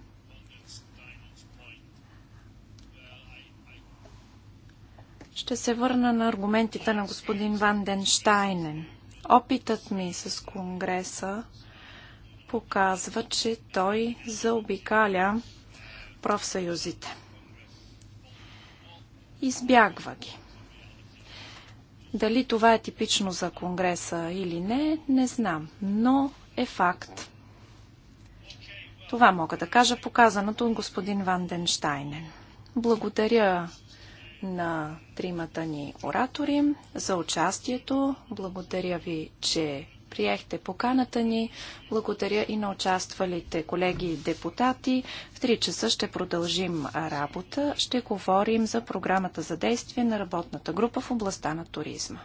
Ще се върна на аргументите на господин Ван Денштайнен. Опитът ми с Конгреса показва, че той заобикаля профсъюзите. Избягва ги. Дали това е типично за Конгреса или не, не знам, но е факт. Това мога да кажа показаното от господин Ванденштайнен. Благодаря на тримата ни оратори за участието. Благодаря ви, че приехте поканата ни. Благодаря и на участвалите колеги и депутати. В 3 часа ще продължим работа. Ще говорим за програмата за действие на работната група в областта на туризма.